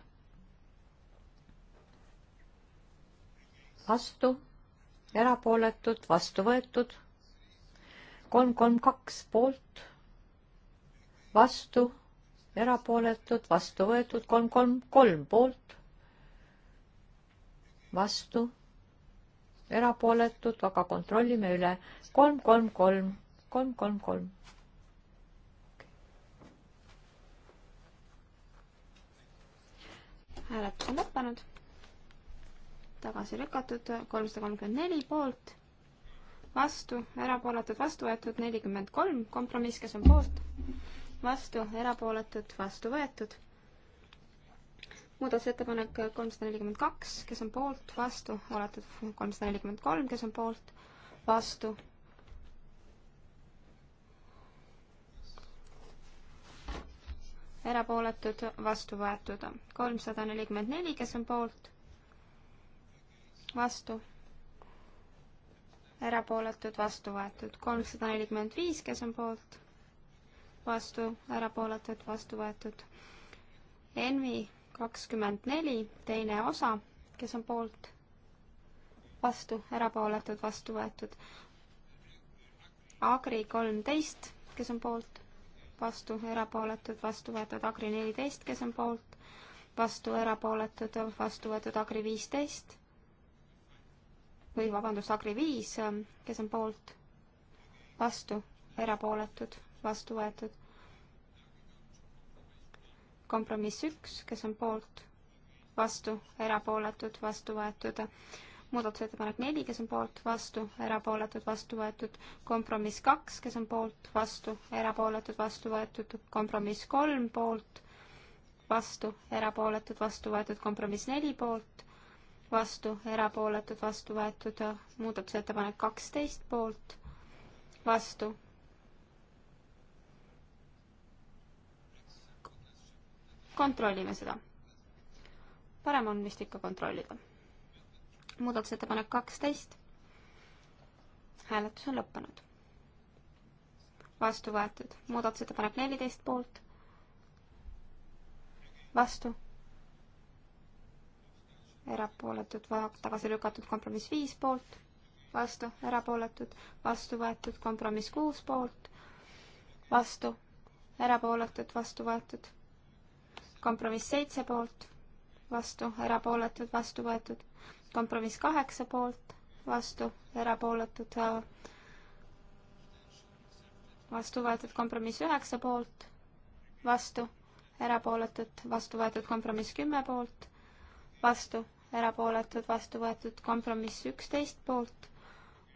vastu, erapooletud, vastu võetud. kolm, kolm, kaks poolt, vastu erapooletud, vastu võetud kolm, kolm, kolm poolt, vastu, erapooletud, aga kontrollime üle. kolm, kolm, kolm, kolm, kolm, kolm. hääletus on lõppenud. tagasi lükatud kolmsada kolmkümmend neli poolt, vastu, erapooletud, vastu võetud nelikümmend kolm, kompromiss, kes on poolt, vastu, erapooletud, vastu võetud muudatusettepanek kolmsada nelikümmend kaks, kes on poolt, vastu, oletud kolmsada nelikümmend kolm, kes on poolt, vastu. erapooletud, vastu võetud kolmsada nelikümmend neli, kes on poolt, vastu erapooletud, vastu võetud. kolmsada nelikümmend viis, kes on poolt, vastu, erapooletud, vastu võetud. Envi kakskümmend neli, teine osa, kes on poolt, vastu, erapooletud, vastu võetud. Agri kolmteist, kes on poolt, vastu, erapooletud, vastu võetud. Agri neliteist, kes on poolt, vastu, erapooletud, vastu võetud. Agri viisteist või vabandust, Agri viis, kes on poolt, vastu, erapooletud, vastu võetud kompromiss üks, kes on poolt, vastu, erapooletud, vastu võetud. muudatusettepanek neli, kes on poolt, vastu, erapooletud, vastu võetud. kompromiss kaks, kes on poolt, vastu, erapooletud, vastu võetud. kompromiss kolm, poolt, vastu, erapooletud, vastu võetud. kompromiss neli, poolt, vastu, erapooletud, vastu võetud. muudatusettepanek kaksteist, poolt, vastu kontrollime seda. parem on vist ikka kontrollida. muudatusettepanek kaksteist. hääletus on lõppenud. vastu võetud. muudatusettepanek neliteist poolt. vastu. erapooletud, tagasi lükatud kompromiss viis poolt vastu, erapooletud, vastu võetud, kompromiss kuus poolt, vastu, erapooletud, vastu võetud kompromiss seitse poolt, vastu, erapooletud, vastu võetud. kompromiss kaheksa poolt, vastu, erapooletud, äh, vastu võetud. kompromiss üheksa poolt, vastu, erapooletud, vastu võetud. kompromiss kümme poolt, vastu, erapooletud, vastu võetud. kompromiss üksteist poolt,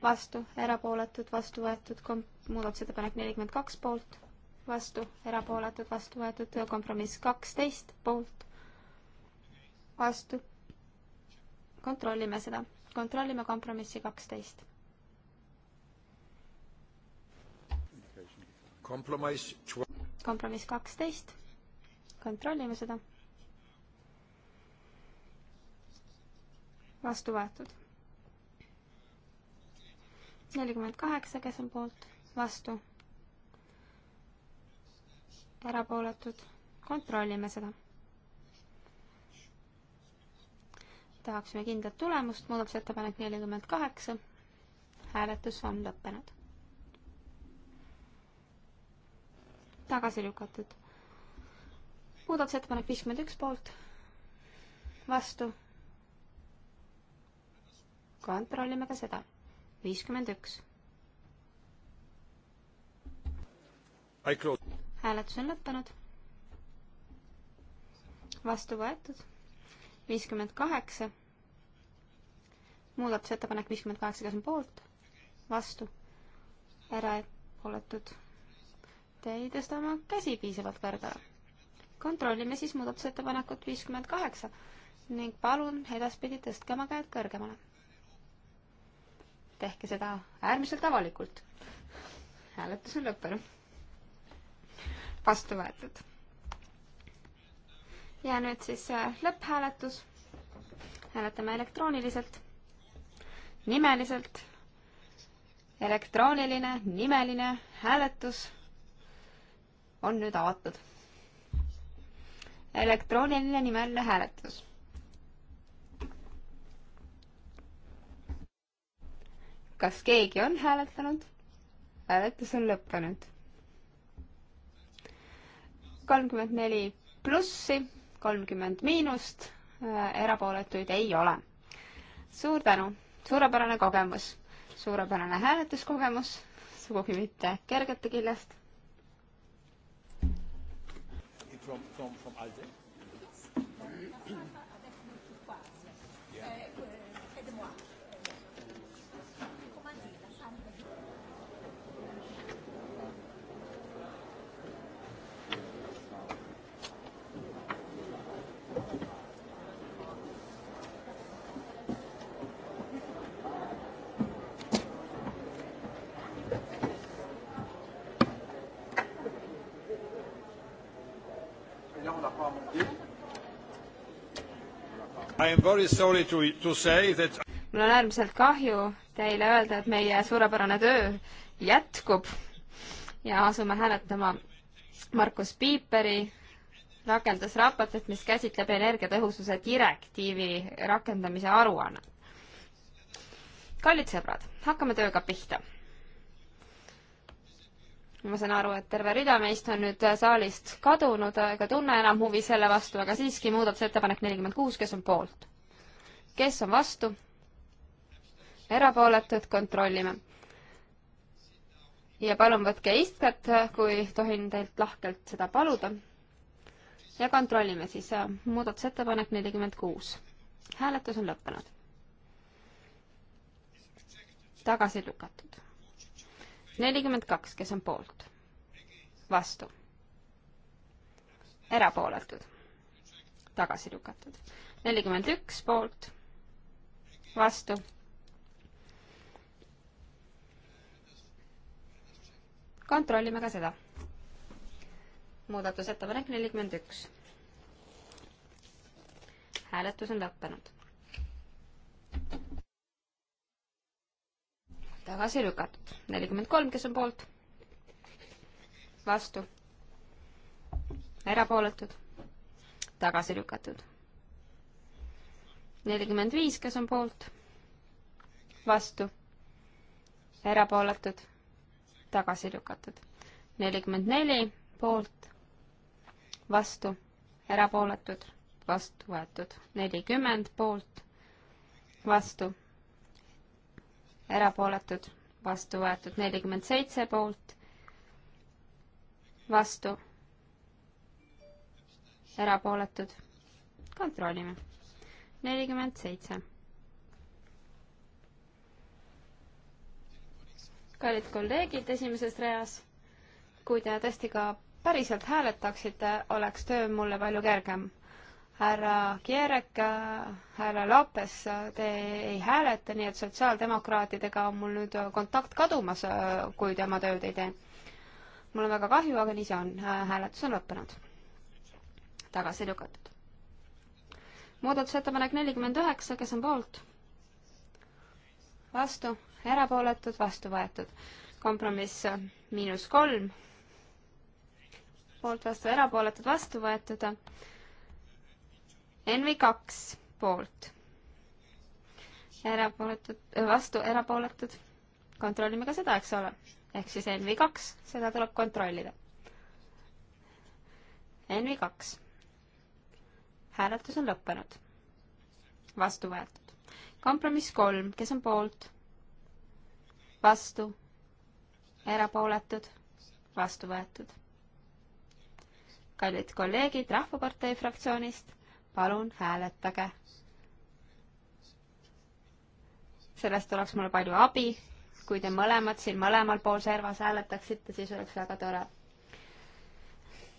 vastu, erapooletud, vastu võetud. muudatusettepanek nelikümmend kaks poolt vastu, erapooletud, vastu võetud, kompromiss kaksteist poolt, vastu. kontrollime seda, kontrollime kompromissi kaksteist. kompromiss kompromiss kaksteist, kontrollime seda. vastu võetud. nelikümmend kaheksa, kes on poolt, vastu erapooletud, kontrollime seda. tahaksime kindlat tulemust, muudatusettepanek nelikümmend kaheksa, hääletus on lõppenud. tagasi lükatud. muudatusettepanek viiskümmend üks poolt, vastu. kontrollime ka seda, viiskümmend üks. I close hääletus on lõppenud. vastu võetud viiskümmend kaheksa. muudatusettepanek viiskümmend kaheksa, kes on poolt? vastu? erapooletud? Te ei tõsta oma käsi piisavalt kõrgele. kontrollime siis muudatusettepanekut viiskümmend kaheksa ning palun edaspidi tõstke oma käed kõrgemale. tehke seda äärmiselt avalikult. hääletus on lõppenud vastu võetud. ja nüüd siis äh, lõpphääletus. hääletame elektrooniliselt, nimeliselt, elektrooniline, nimeline hääletus on nüüd avatud. elektrooniline nimeline hääletus. kas keegi on hääletanud? hääletus on lõppenud kolmkümmend neli plussi, kolmkümmend miinust, äh, erapooletuid ei ole. suur tänu, suurepärane kogemus, suurepärane hääletuskogemus, sugugi mitte kergete küljest. From, from, from Alde. That... mul on äärmiselt kahju teile öelda, et meie suurepärane töö jätkub ja asume hääletama Markus Piiperi rakendusraportit, mis käsitleb energiatõhususe direktiivi rakendamise aruannet. kallid sõbrad, hakkame tööga pihta ma saan aru, et terve rida meist on nüüd saalist kadunud ega tunne enam huvi selle vastu, aga siiski muudatusettepanek nelikümmend kuus, kes on poolt? kes on vastu? erapooletud, kontrollime. ja palun võtke istet, kui tohin teilt lahkelt seda paluda. ja kontrollime siis äh, muudatusettepanek nelikümmend kuus. hääletus on lõppenud. tagasi lükatud nelikümmend kaks, kes on poolt? vastu? erapooletud? tagasi lükatud. nelikümmend üks poolt? vastu? kontrollime ka seda. muudatusettepanek nelikümmend üks. hääletus on lõppenud tagasi lükatud. nelikümmend kolm, kes on poolt? vastu? erapooletud? tagasi lükatud. nelikümmend viis, kes on poolt? vastu? erapooletud? tagasi lükatud. nelikümmend neli, poolt? vastu? erapooletud? vastu võetud. nelikümmend, poolt? vastu erapooletud, vastu võetud nelikümmend seitse poolt, vastu, erapooletud, kontrollime, nelikümmend seitse. kallid kolleegid esimeses reas, kui te tõesti ka päriselt hääletaksite, oleks töö mulle palju kergem härra Kierek, härra Lapes, te ei hääleta, nii et sotsiaaldemokraatidega on mul nüüd kontakt kadumas, kui te oma tööd ei tee. mul on väga kahju, aga nii see on, hääletus on lõppenud. tagasi lükatud. muudatusettepanek nelikümmend üheksa, kes on poolt? vastu, erapooletud, vastu võetud. kompromiss miinus kolm, poolt, vastu, erapooletud, vastu võetud NV kaks poolt. erapooletud, äh, vastu erapooletud. kontrollime ka seda, eks ole. ehk siis NV kaks, seda tuleb kontrollida. NV kaks. hääletus on lõppenud. vastu võetud. kompromiss kolm, kes on poolt? vastu. erapooletud. vastu võetud. kallid kolleegid Rahvapartei fraktsioonist palun hääletage. sellest oleks mulle palju abi, kui te mõlemad siin mõlemal pool servas hääletaksite, siis oleks väga tore.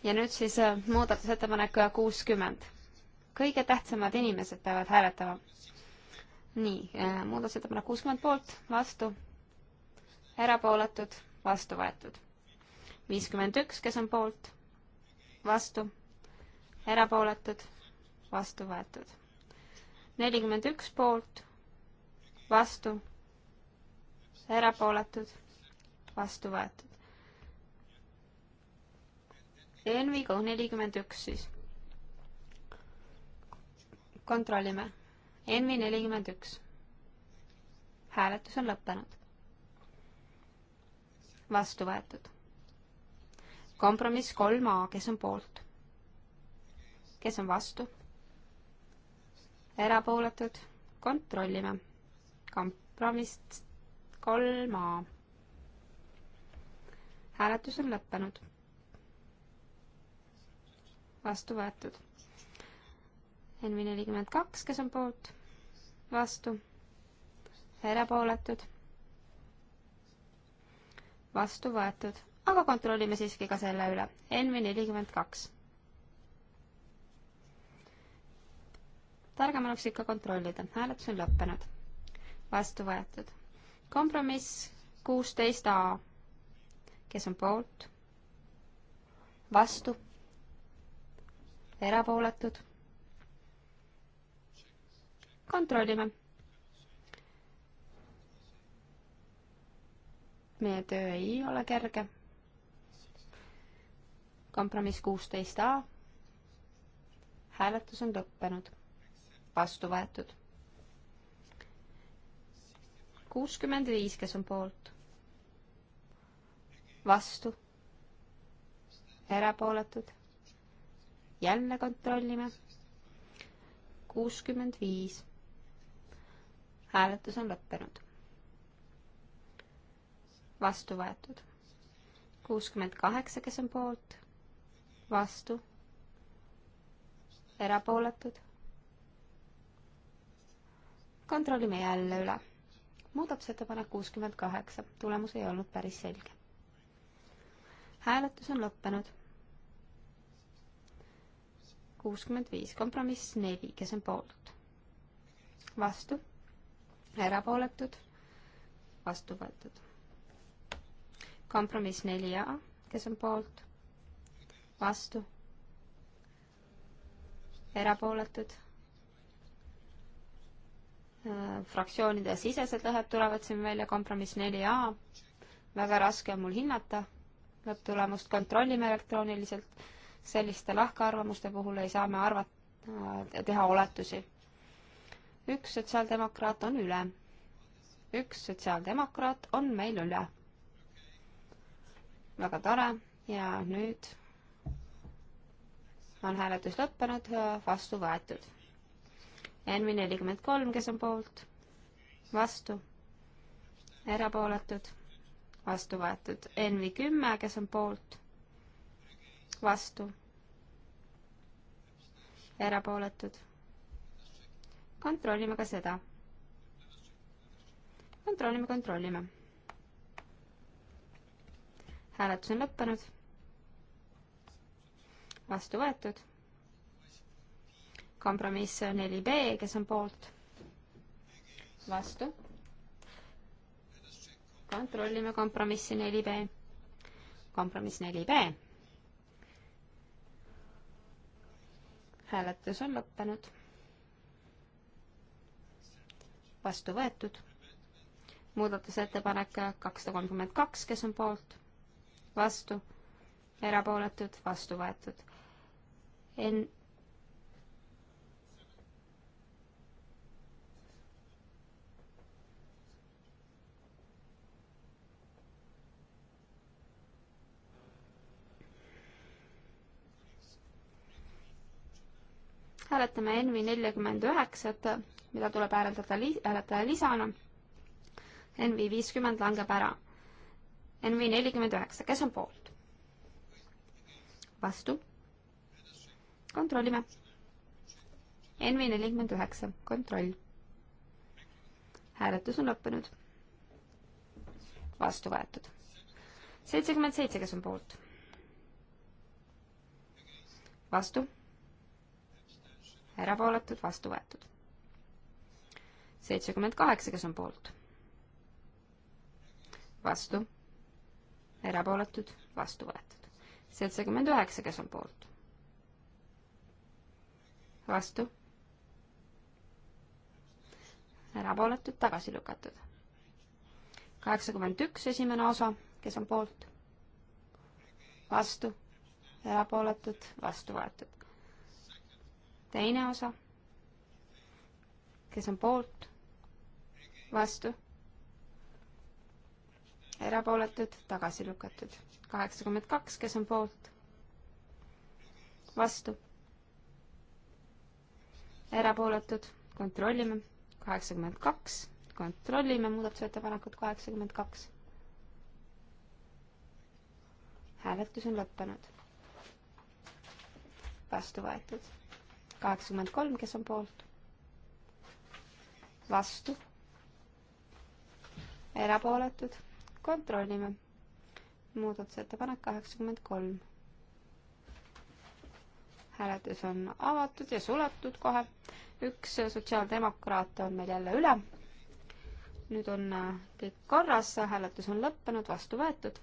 ja nüüd siis äh, muudatusettepanek kuuskümmend. kõige tähtsamad inimesed peavad hääletama. nii, äh, muudatusettepanek kuuskümmend poolt, vastu, erapooletud, vastu võetud. viiskümmend üks, kes on poolt, vastu, erapooletud vastu võetud. nelikümmend üks poolt, vastu, erapooletud, vastu võetud. Envigo nelikümmend üks siis. kontrollime. Envi nelikümmend üks. hääletus on lõppenud. vastu võetud. kompromiss kolm A, kes on poolt? kes on vastu? erapooletud, kontrollime. kompromiss kolm A. hääletus on lõppenud. vastu võetud. Envi nelikümmend kaks, kes on poolt, vastu, erapooletud, vastu võetud, aga kontrollime siiski ka selle üle. Envi nelikümmend kaks targem oleks ikka kontrollida. hääletus on lõppenud. vastu võetud. kompromiss kuusteist A. kes on poolt? vastu? erapooletud? kontrollime. meie töö ei ole kerge. kompromiss kuusteist A. hääletus on lõppenud vastu võetud. kuuskümmend viis, kes on poolt, vastu, erapooletud. jälle kontrollime. kuuskümmend viis. hääletus on lõppenud. vastu võetud. kuuskümmend kaheksa, kes on poolt, vastu, erapooletud kontrollime jälle üle. muudatusettepanek kuuskümmend kaheksa, tulemus ei olnud päris selge. hääletus on lõppenud. kuuskümmend viis, kompromiss neli, kes on poolt? vastu, erapooletud, vastu võetud. kompromiss neli A, kes on poolt? vastu, erapooletud fraktsioonide sisesed lõhed tulevad siin välja, kompromiss neli A. väga raske on mul hinnata lõpptulemust, kontrollime elektrooniliselt. selliste lahkarvamuste puhul ei saa me arvata, äh, teha oletusi. üks sotsiaaldemokraat on üle. üks sotsiaaldemokraat on meil üle. väga tore ja nüüd on hääletus lõppenud, vastu võetud NV nelikümmend kolm, kes on poolt, vastu, erapooletud, vastu võetud. NV kümme, kes on poolt, vastu, erapooletud. kontrollime ka seda. kontrollime, kontrollime. hääletus on lõppenud. vastu võetud kompromiss neli B, kes on poolt? vastu. kontrollime kompromissi neli B. kompromiss neli B. hääletus on lõppenud. vastu võetud. muudatusettepanek kakssada kolmkümmend kaks, kes on poolt? vastu. erapooletud, vastu võetud. N hääletame Envi nelikümmend üheksat, mida tuleb hääletada li-, hääletaja lisana. Envi viiskümmend langeb ära. Envi nelikümmend üheksa, kes on poolt? vastu. kontrollime. Envi nelikümmend üheksa, kontroll. hääletus on lõppenud. vastu võetud. seitsekümmend seitse, kes on poolt? vastu erapooletud, vastu võetud. seitsekümmend kaheksa, kes on poolt? vastu, erapooletud, vastu võetud. seitsekümmend üheksa, kes on poolt? vastu, erapooletud, tagasi lükatud. kaheksakümmend üks, esimene osa, kes on poolt? vastu, erapooletud, vastu võetud teine osa, kes on poolt, vastu, erapooletud, tagasi lükatud. kaheksakümmend kaks, kes on poolt, vastu, erapooletud, kontrollime, kaheksakümmend kaks, kontrollime muudatusettepanekut kaheksakümmend kaks. hääletus on lõppenud. vastu võetud kaheksakümmend kolm, kes on poolt? vastu? erapooletud? kontrollime. muudatusettepanek kaheksakümmend kolm. hääletus on avatud ja suletud kohe. üks sotsiaaldemokraat on meil jälle üle. nüüd on kõik äh, korras, hääletus on lõppenud, vastu võetud.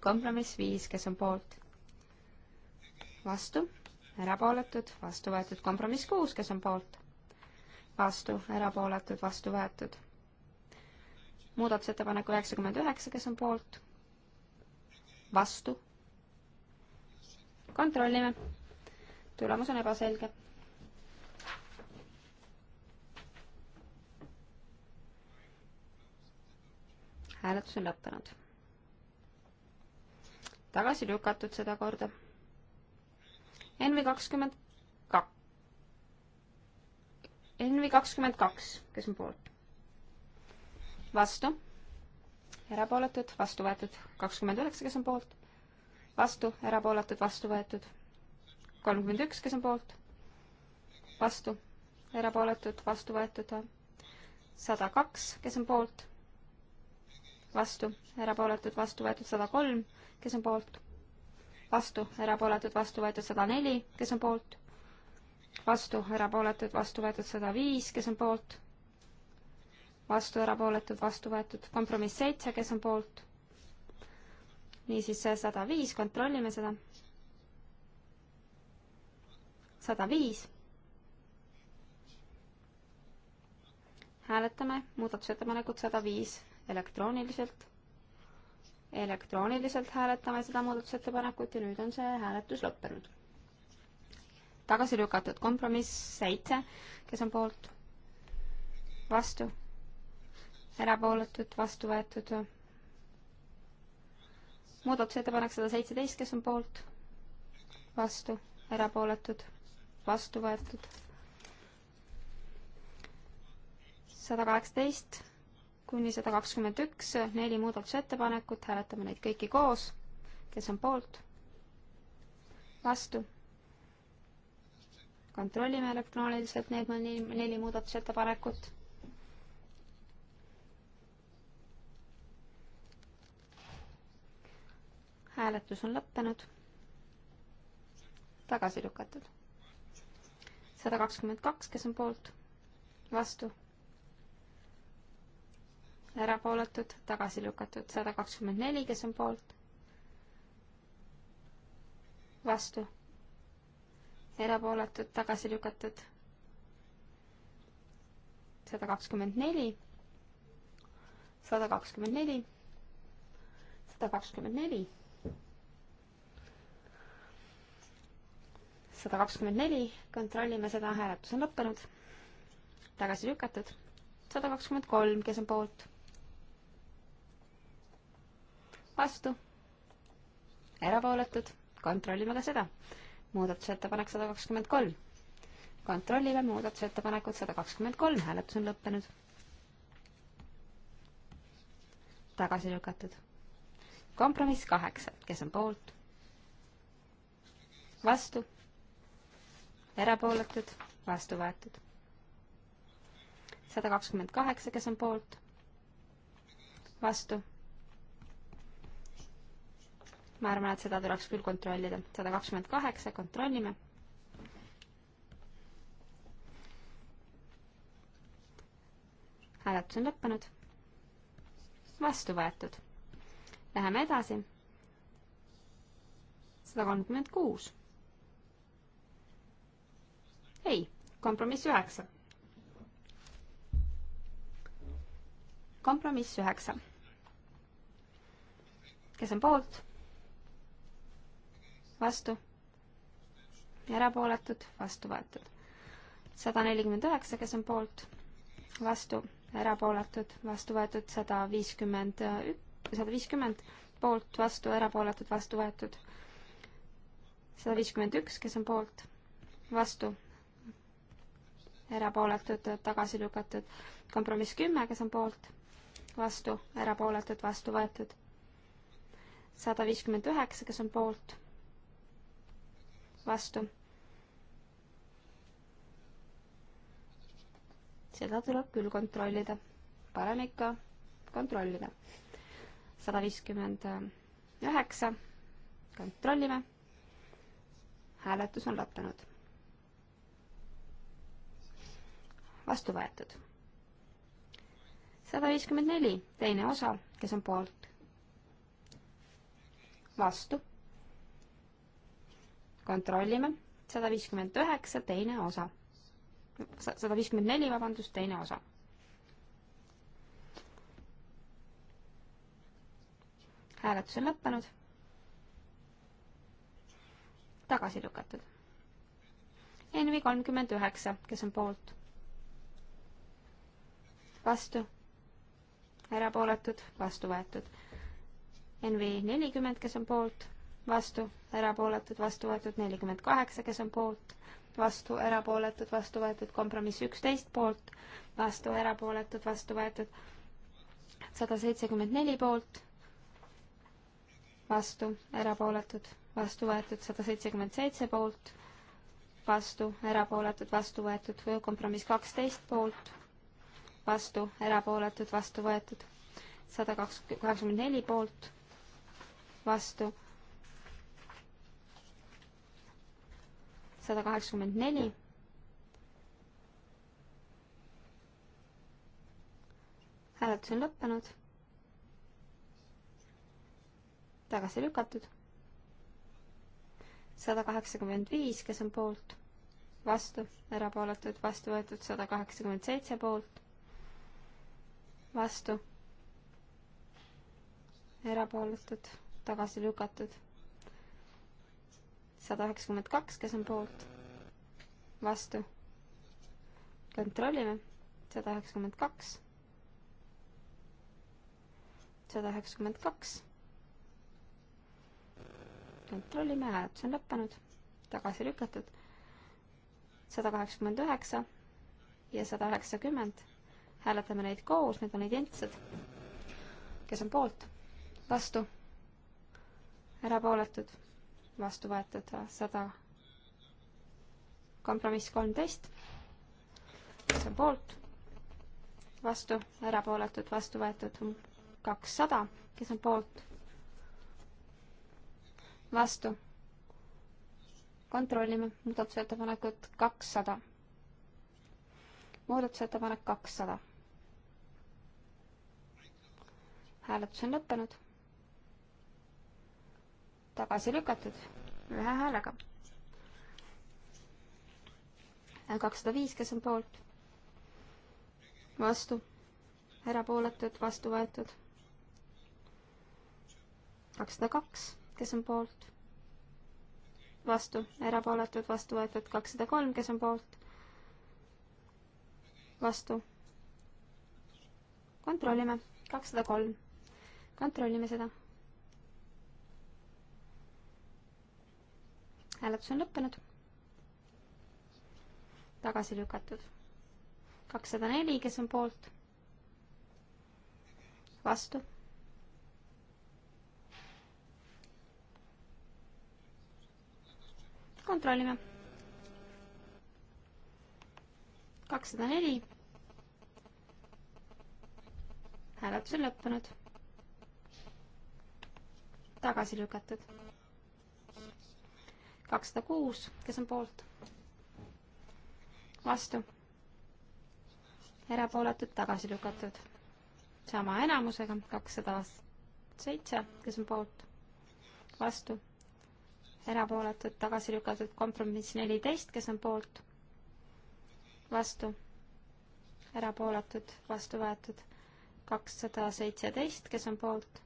kompromiss viis, kes on poolt? vastu erapooletud, vastu võetud. kompromiss kuus, kes on poolt? vastu, erapooletud, vastu võetud. muudatusettepanek üheksakümmend üheksa, kes on poolt? vastu. kontrollime. tulemus on ebaselge. hääletus on lõppenud. tagasi lükatud sedakorda NV kakskümmend kak-, NV kakskümmend kaks, kes on poolt? vastu, erapooletud, vastu võetud, kakskümmend üheksa, kes on poolt? vastu, erapooletud, vastu võetud, kolmkümmend üks, kes on poolt? vastu, erapooletud, vastu võetud, sada kaks, kes on poolt? vastu, erapooletud, vastu võetud, sada kolm, kes on poolt? vastu, erapooletud, vastu võetud sada neli, kes on poolt, vastu, erapooletud, vastu võetud sada viis, kes on poolt, vastu, erapooletud, vastu võetud, kompromiss seitse, kes on poolt. niisiis see sada viis, kontrollime seda. sada viis. hääletame muudatusettepanekut sada viis elektrooniliselt elektrooniliselt hääletame seda muudatusettepanekut ja nüüd on see hääletus lõppenud. tagasi lükatud kompromiss seitse, kes on poolt, vastu, erapooletud, vastu võetud. muudatusettepanek sada seitseteist, kes on poolt, vastu, erapooletud, vastu võetud. sada kaheksateist kuni sada kakskümmend üks, neli muudatusettepanekut, hääletame neid kõiki koos. kes on poolt? vastu? kontrollime elektrooniliselt need neli, neli muudatusettepanekut. hääletus on lõppenud. tagasi lükatud. sada kakskümmend kaks, kes on poolt? vastu? erapooletud, tagasi lükatud, sada kakskümmend neli, kes on poolt, vastu, erapooletud, tagasi lükatud, sada kakskümmend neli, sada kakskümmend neli, sada kakskümmend neli, sada kakskümmend neli, kontrollime seda, hääletus on lõppenud, tagasi lükatud, sada kakskümmend kolm, kes on poolt vastu, erapooletud, kontrollime ka seda. muudatusettepanek sada kakskümmend kolm. kontrollime muudatusettepanekut sada kakskümmend kolm, hääletus on lõppenud. tagasi lükatud. kompromiss kaheksa, kes on poolt? vastu, erapooletud, vastu võetud. sada kakskümmend kaheksa, kes on poolt? vastu ma arvan, et seda tuleks küll kontrollida. sada kakskümmend kaheksa, kontrollime. hääletus on lõppenud. vastu võetud. Läheme edasi. sada kolmkümmend kuus. ei, kompromiss üheksa. kompromiss üheksa. kes on poolt? vastu, erapooletud, vastu võetud. sada nelikümmend üheksa, kes on poolt, vastu, erapooletud, vastu võetud, sada viiskümmend ük-, sada viiskümmend, poolt, vastu, erapooletud, vastu võetud. sada viiskümmend üks, kes on poolt, vastu, erapooletud, tagasi lükatud. kompromiss kümme, kes on poolt, vastu, erapooletud, vastu võetud. sada viiskümmend üheksa, kes on poolt, vastu. seda tuleb küll kontrollida, parem ikka kontrollida. sada viiskümmend üheksa, kontrollime. hääletus on lõppenud. vastu võetud. sada viiskümmend neli, teine osa, kes on poolt? vastu kontrollime, sada viiskümmend üheksa, teine osa. sada viiskümmend neli, vabandust, teine osa. hääletus on lõppenud. tagasi lükatud. NV kolmkümmend üheksa, kes on poolt? vastu? erapooletud, vastu võetud. NV nelikümmend, kes on poolt? vastu, erapooletud, vastu võetud nelikümmend kaheksa, kes on poolt, vastu, erapooletud, vastu võetud, kompromiss üksteist poolt, vastu, erapooletud, vastu võetud sada seitsekümmend neli poolt, vastu, erapooletud, vastu võetud sada seitsekümmend seitse poolt, vastu, erapooletud, vastu võetud, kompromiss kaksteist poolt, vastu, erapooletud, vastu võetud sada kaks, kaheksakümmend neli poolt, vastu sada kaheksakümmend neli. hääletus on lõppenud. tagasi lükatud. sada kaheksakümmend viis, kes on poolt, vastu, erapooletud, vastu võetud sada kaheksakümmend seitse poolt, vastu, erapooletud, tagasi lükatud sada üheksakümmend kaks, kes on poolt, vastu. kontrollime, sada üheksakümmend kaks, sada üheksakümmend kaks. kontrollime, hääletus on lõppenud, tagasi lükatud, sada kaheksakümmend üheksa ja sada üheksakümmend. hääletame neid koos, need on identsed. kes on poolt, vastu, erapooletud vastu võetud sada kompromiss kolmteist, kes on poolt, vastu, erapooletud, vastu võetud kakssada, kes on poolt, vastu. kontrollime muudatusettepanekut kakssada. muudatusettepanek kakssada. hääletus on lõppenud tagasi lükatud ühe häälega. kakssada viis, kes on poolt, vastu, erapooletud, vastu võetud. kakssada kaks, kes on poolt, vastu, erapooletud, vastu võetud. kakssada kolm, kes on poolt, vastu. kontrollime, kakssada kolm, kontrollime seda hääletus on lõppenud. tagasi lükatud. kakssada neli, kes on poolt? vastu. kontrollime. kakssada neli. hääletus on lõppenud. tagasi lükatud kakssada kuus, kes on poolt? vastu. erapooletud, tagasi lükatud. sama enamusega, kakssada seitse, kes on poolt? vastu. erapooletud, tagasi lükatud, kompromiss neliteist, kes on poolt? vastu. erapooletud, vastu võetud. kakssada seitseteist, kes on poolt?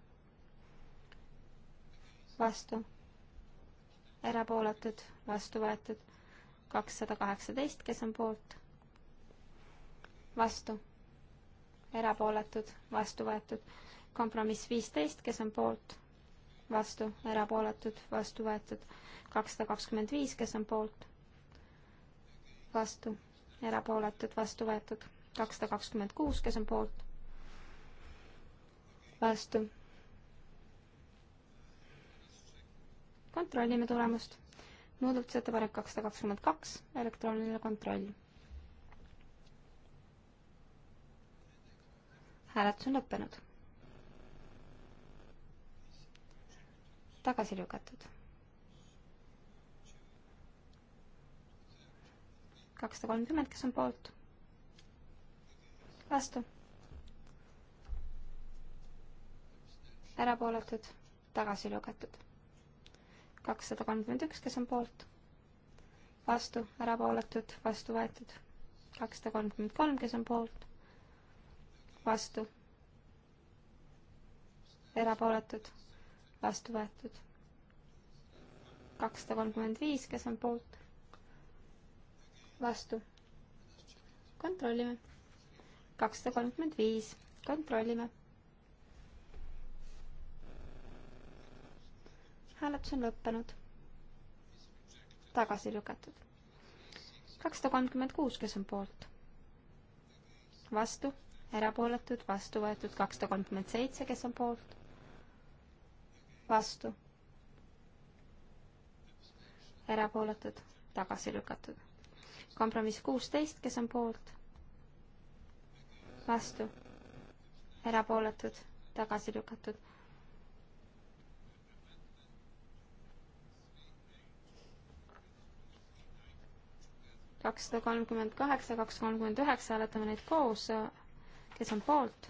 vastu erapooletud, vastu võetud. kakssada kaheksateist, kes on poolt, vastu, erapooletud, vastu võetud. kompromiss viisteist, kes on poolt, vastu, erapooletud, vastu võetud. kakssada kakskümmend viis, kes on poolt, vastu, erapooletud, vastu võetud. kakssada kakskümmend kuus, kes on poolt, vastu kontrollime tulemust. muudatusettepanek kakssada kakskümmend kaks, elektrooniline kontroll. hääletus on lõppenud. tagasi lükatud. kakssada kolmkümmend, kes on poolt? vastu. erapooletud, tagasi lükatud kakssada kolmkümmend üks, kes on poolt, vastu, erapooletud, vastu võetud. kakssada kolmkümmend kolm, kes on poolt, vastu, erapooletud, vastu võetud. kakssada kolmkümmend viis, kes on poolt, vastu. kontrollime. kakssada kolmkümmend viis, kontrollime hääletus on lõppenud. tagasi lükatud. kakssada kolmkümmend kuus, kes on poolt? vastu, erapooletud, vastu võetud kakssada kolmkümmend seitse, kes on poolt? vastu, erapooletud, tagasi lükatud. kompromiss kuusteist, kes on poolt? vastu, erapooletud, tagasi lükatud kakssada kolmkümmend kaheksa, kakssada kolmkümmend üheksa, hääletame neid koos. kes on poolt?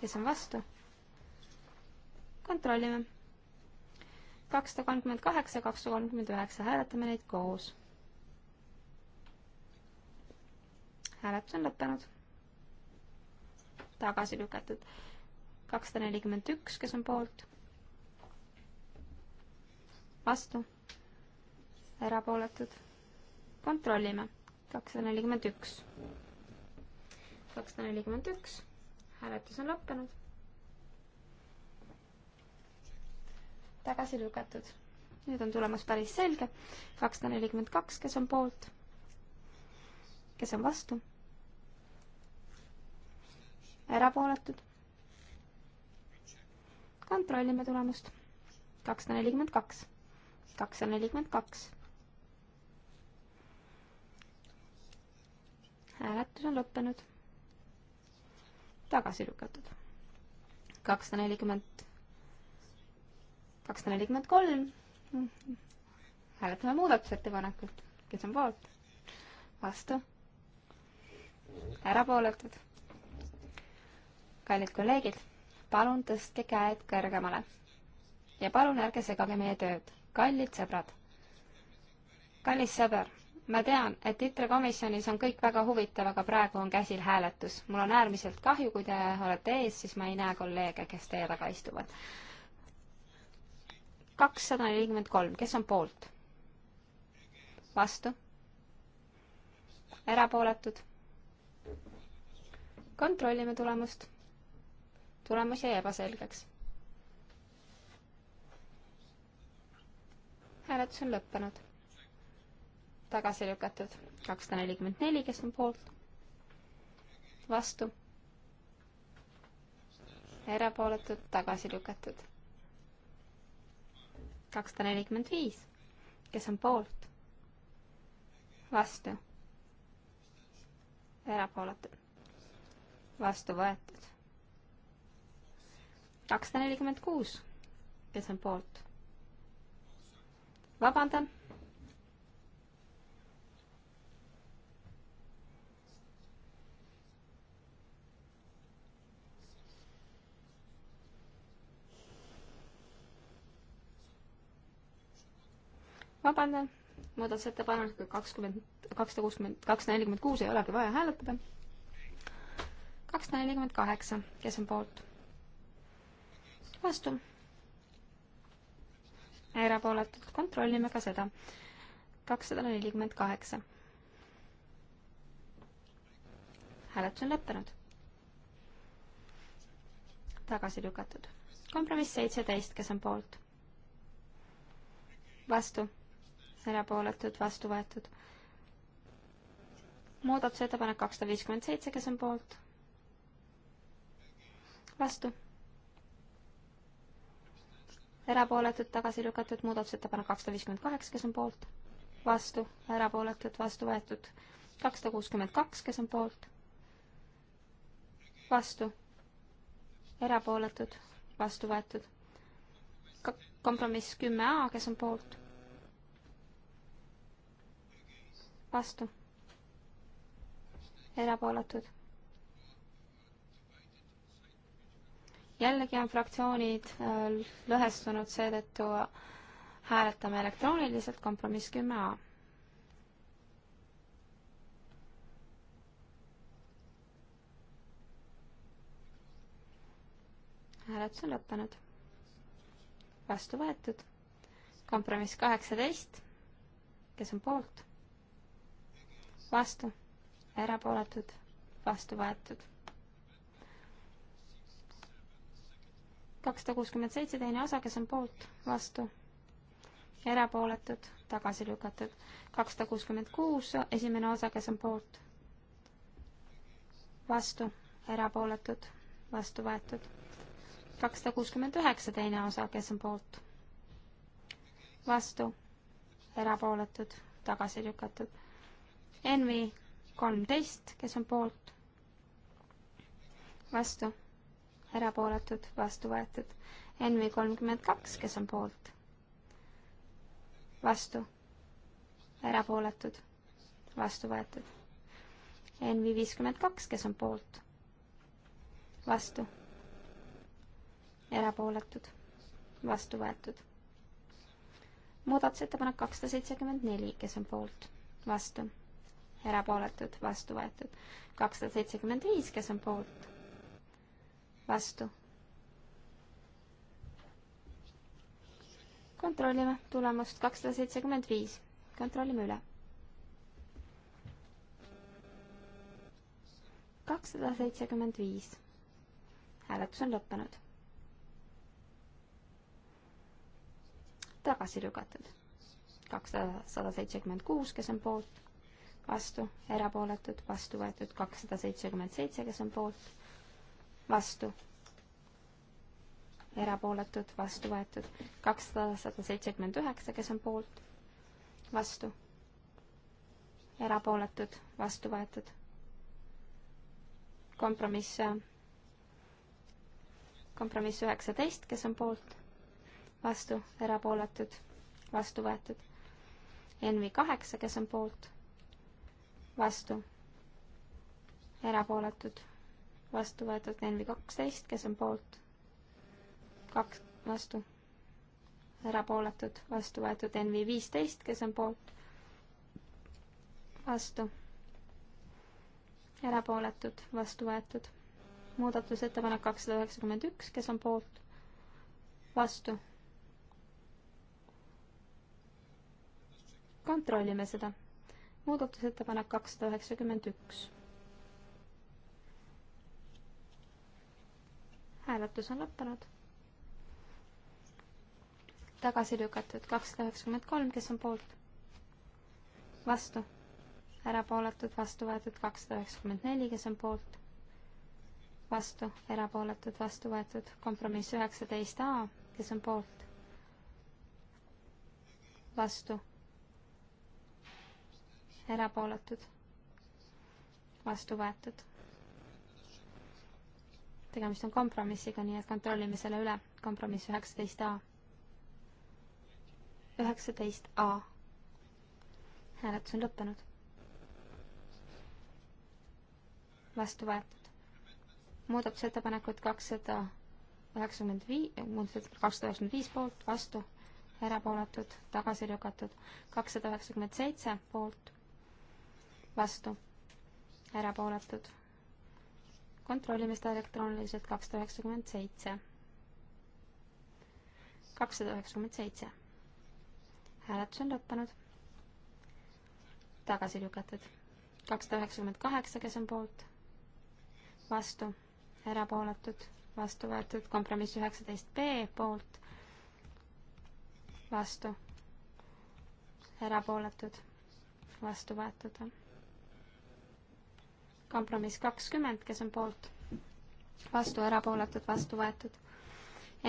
kes on vastu? kontrollime. kakssada kolmkümmend kaheksa, kakssada kolmkümmend üheksa, hääletame neid koos. hääletus on lõppenud. tagasi lükatud. kakssada nelikümmend üks, kes on poolt? vastu? erapooletud kontrollime. kakssada nelikümmend üks. kakssada nelikümmend üks, hääletus on lõppenud. tagasi lükatud. nüüd on tulemus päris selge. kakssada nelikümmend kaks, kes on poolt, kes on vastu, erapooletud. kontrollime tulemust. kakssada nelikümmend kaks, kakssada nelikümmend kaks hääletus on lõppenud. tagasi lükatud. kakssada nelikümmend, kakssada nelikümmend kolm. hääletame muudatusettepanekut, kes on poolt, vastu, erapooletud. kallid kolleegid, palun tõstke käed kõrgemale ja palun ärge segage meie tööd, kallid sõbrad. kallis sõber ma tean, et ITRE komisjonis on kõik väga huvitav, aga praegu on käsil hääletus. mul on äärmiselt kahju, kui te olete ees, siis ma ei näe kolleege, kes teie taga istuvad. kakssada nelikümmend kolm, kes on poolt? vastu? erapooletud? kontrollime tulemust. tulemus jäi ebaselgeks. hääletus on lõppenud tagasi lükatud. kakssada nelikümmend neli, kes on poolt, vastu, erapooletud, tagasi lükatud. kakssada nelikümmend viis, kes on poolt, vastu, erapooletud, vastu võetud. kakssada nelikümmend kuus, kes on poolt, vabandan vabandan, muudatusettepanek kakskümmend, kakssada kuuskümmend, kakssada nelikümmend kuus ei olegi vaja hääletada. kakssada nelikümmend kaheksa, kes on poolt? vastu. erapooletult kontrollime ka seda. kakssada nelikümmend kaheksa. hääletus on lõppenud. tagasi lükatud. kompromiss seitseteist, kes on poolt? vastu erapooletud, vastu võetud. muudatusettepanek kakssada viiskümmend seitse, kes on poolt? vastu. erapooletud, tagasi lükatud, muudatusettepanek kakssada viiskümmend kaheksa, kes on poolt? vastu, erapooletud, vastu võetud. kakssada kuuskümmend kaks, kes on poolt? vastu, erapooletud, vastu võetud. kompromiss kümme A, kes on poolt? vastu, erapooletud. jällegi on fraktsioonid äh, lõhestunud, seetõttu hääletame elektrooniliselt kompromiss kümme A hääletus on lõppenud. vastu võetud. kompromiss kaheksateist. kes on poolt? vastu, erapooletud, vastu võetud. kakssada kuuskümmend seitse teine osa, kes on poolt, vastu, erapooletud, tagasi lükatud. kakssada kuuskümmend kuus esimene osa, kes on poolt, vastu, erapooletud, vastu võetud. kakssada kuuskümmend üheksa teine osa, kes on poolt, vastu, erapooletud, tagasi lükatud Envi kolmteist, kes on poolt, vastu, erapooletud, vastu võetud. Envi kolmkümmend kaks, kes on poolt, vastu, erapooletud, vastu võetud. Envi viiskümmend kaks, kes on poolt, vastu, erapooletud, vastu võetud. muudatusettepanek kakssada seitsekümmend neli, kes on poolt, vastu erapooletud, vastu võetud. kakssada seitsekümmend viis, kes on poolt, vastu. kontrollime tulemust, kakssada seitsekümmend viis, kontrollime üle. kakssada seitsekümmend viis, hääletus on lõppenud. tagasi lükatud kakssada seitsekümmend kuus, kes on poolt vastu, erapooletud, vastu võetud kakssada seitsekümmend seitse, kes on poolt, vastu, erapooletud, vastu võetud kakssada seitsekümmend üheksa, kes on poolt, vastu, erapooletud, vastu võetud. kompromiss, kompromiss üheksateist, kes on poolt, vastu, erapooletud, vastu võetud. NV kaheksa, kes on poolt vastu, erapooletud, vastu võetud NV kaksteist, kes on poolt, kaks, vastu, erapooletud, vastu võetud NV viisteist, kes on poolt, vastu, erapooletud, vastu võetud. muudatusettepanek kakssada üheksakümmend üks, kes on poolt, vastu. kontrollime seda muudatusettepanek kakssada üheksakümmend üks. hääletus on lõppenud. tagasi lükatud kakssada üheksakümmend kolm, kes on poolt? vastu. erapooletud, vastu võetud kakssada üheksakümmend neli, kes on poolt? vastu, erapooletud, vastu võetud, kompromiss üheksateist A, kes on poolt? vastu erapooletud, vastu võetud. tegemist on kompromissiga, nii et kontrollime selle üle. kompromiss üheksateist A. üheksateist A. hääletus on lõppenud. vastu võetud. muudatusettepanekud kakssada üheksakümmend viis, muudatusettepanek kakssada üheksakümmend viis poolt, vastu, erapooletud, tagasi lükatud, kakssada üheksakümmend seitse poolt, vastu, erapooletud. kontrollime seda elektrooniliselt kakssada üheksakümmend seitse. kakssada üheksakümmend seitse. hääletus on lõppenud. tagasi lükatud. kakssada üheksakümmend kaheksa, kes on poolt, vastu, erapooletud, vastu võetud, kompromiss üheksateist B poolt, vastu erapooletud, vastu võetud on kompromiss kakskümmend, kes on poolt, vastu, erapooletud, vastu võetud.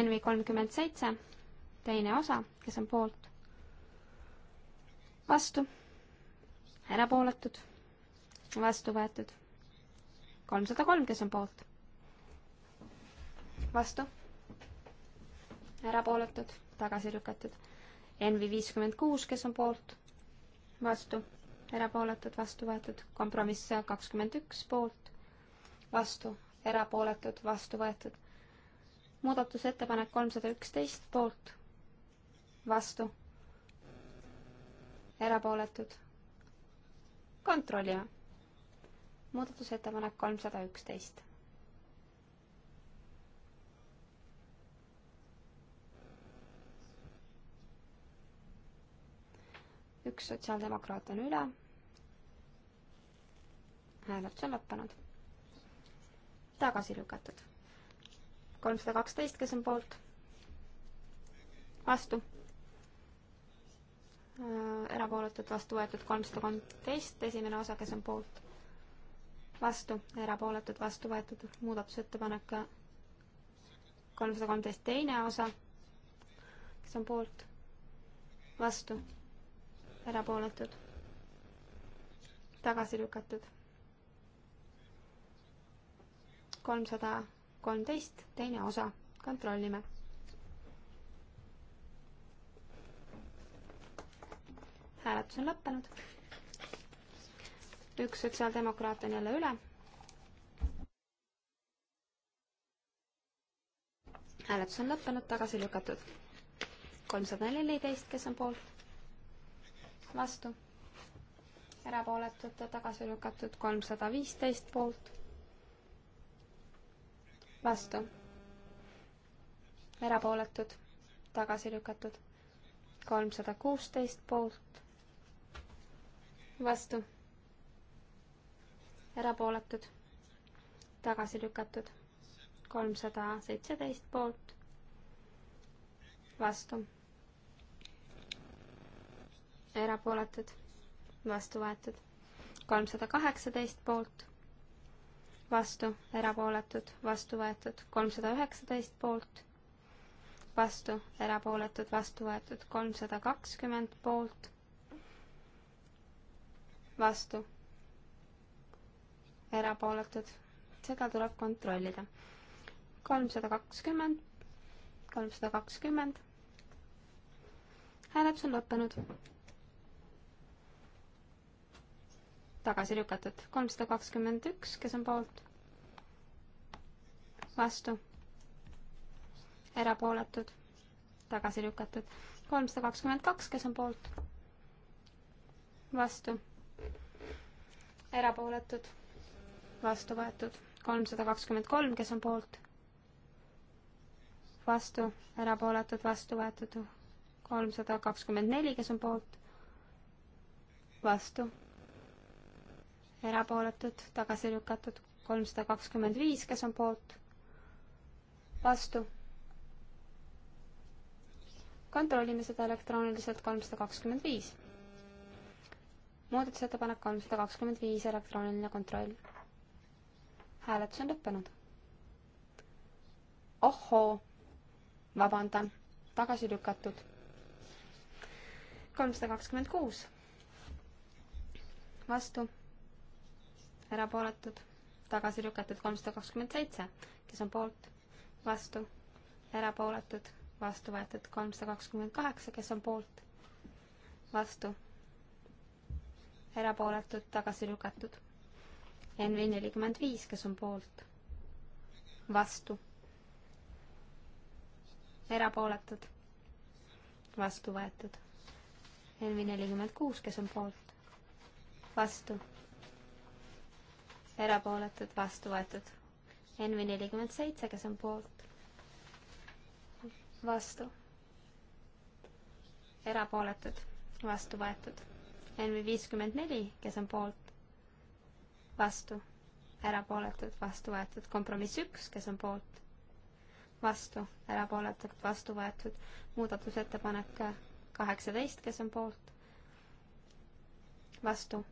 NV kolmkümmend seitse, teine osa, kes on poolt, vastu, erapooletud, vastu võetud. kolmsada kolm, kes on poolt, vastu, erapooletud, tagasi lükatud. NV viiskümmend kuus, kes on poolt, vastu erapooletud, vastu võetud. kompromiss kakskümmend üks poolt, vastu, erapooletud, vastu võetud. muudatusettepanek kolmsada üksteist poolt, vastu, erapooletud. kontrollime. muudatusettepanek kolmsada üksteist. üks sotsiaaldemokraat on üle hääletus on lõppenud. tagasi lükatud. kolmsada kaksteist, kes on poolt? vastu. Äh, erapooletult vastu võetud kolmsada kolmteist, esimene osa, kes on poolt? vastu, erapooletult vastu võetud muudatusettepanek kolmsada kolmteist, teine osa, kes on poolt? vastu, erapooletud, tagasi lükatud kolmsada kolmteist, teine osa, kontrollime. hääletus on lõppenud. üks sotsiaaldemokraat on jälle üle. hääletus on lõppenud, tagasi lükatud. kolmsada neliteist, kes on poolt? vastu. erapooletud, tagasi lükatud, kolmsada viisteist poolt vastu, erapooletud, tagasi lükatud, kolmsada kuusteist poolt, vastu, erapooletud, tagasi lükatud, kolmsada seitseteist poolt, vastu erapooletud, vastu võetud. kolmsada kaheksateist poolt, vastu, erapooletud, vastu võetud kolmsada üheksateist poolt, vastu, erapooletud, vastu võetud kolmsada kakskümmend poolt, vastu, erapooletud, seda tuleb kontrollida. kolmsada kakskümmend, kolmsada kakskümmend, hääletus on lõppenud tagasi lükatud. kolmsada kakskümmend üks, kes on poolt? vastu? erapooletud? tagasi lükatud. kolmsada kakskümmend kaks, kes on poolt? vastu? erapooletud? vastu võetud. kolmsada kakskümmend kolm, kes on poolt? vastu? erapooletud? vastu võetud. kolmsada kakskümmend neli, kes on poolt? vastu erapooletud, tagasi lükatud, kolmsada kakskümmend viis, kes on poolt, vastu. kontrollime seda elektrooniliselt, kolmsada kakskümmend viis. muudatusettepanek kolmsada kakskümmend viis, elektrooniline kontroll. hääletus on lõppenud. ohhoo, vabandan, tagasi lükatud. kolmsada kakskümmend kuus, vastu erapooletud, tagasi lükatud kolmsada kakskümmend seitse, kes on poolt, vastu, erapooletud, vastu võetud kolmsada kakskümmend kaheksa, kes on poolt, vastu, erapooletud, tagasi lükatud. NV nelikümmend viis, kes on poolt, vastu, erapooletud, vastu võetud. NV nelikümmend kuus, kes on poolt, vastu erapooletud, vastu võetud. NV nelikümmend seitse, kes on poolt, vastu, erapooletud, vastu võetud. NV viiskümmend neli, kes on poolt, vastu, erapooletud, vastu võetud. kompromiss üks, kes on poolt, vastu, erapooletud, vastu võetud. muudatusettepanek kaheksateist, kes on poolt, vastu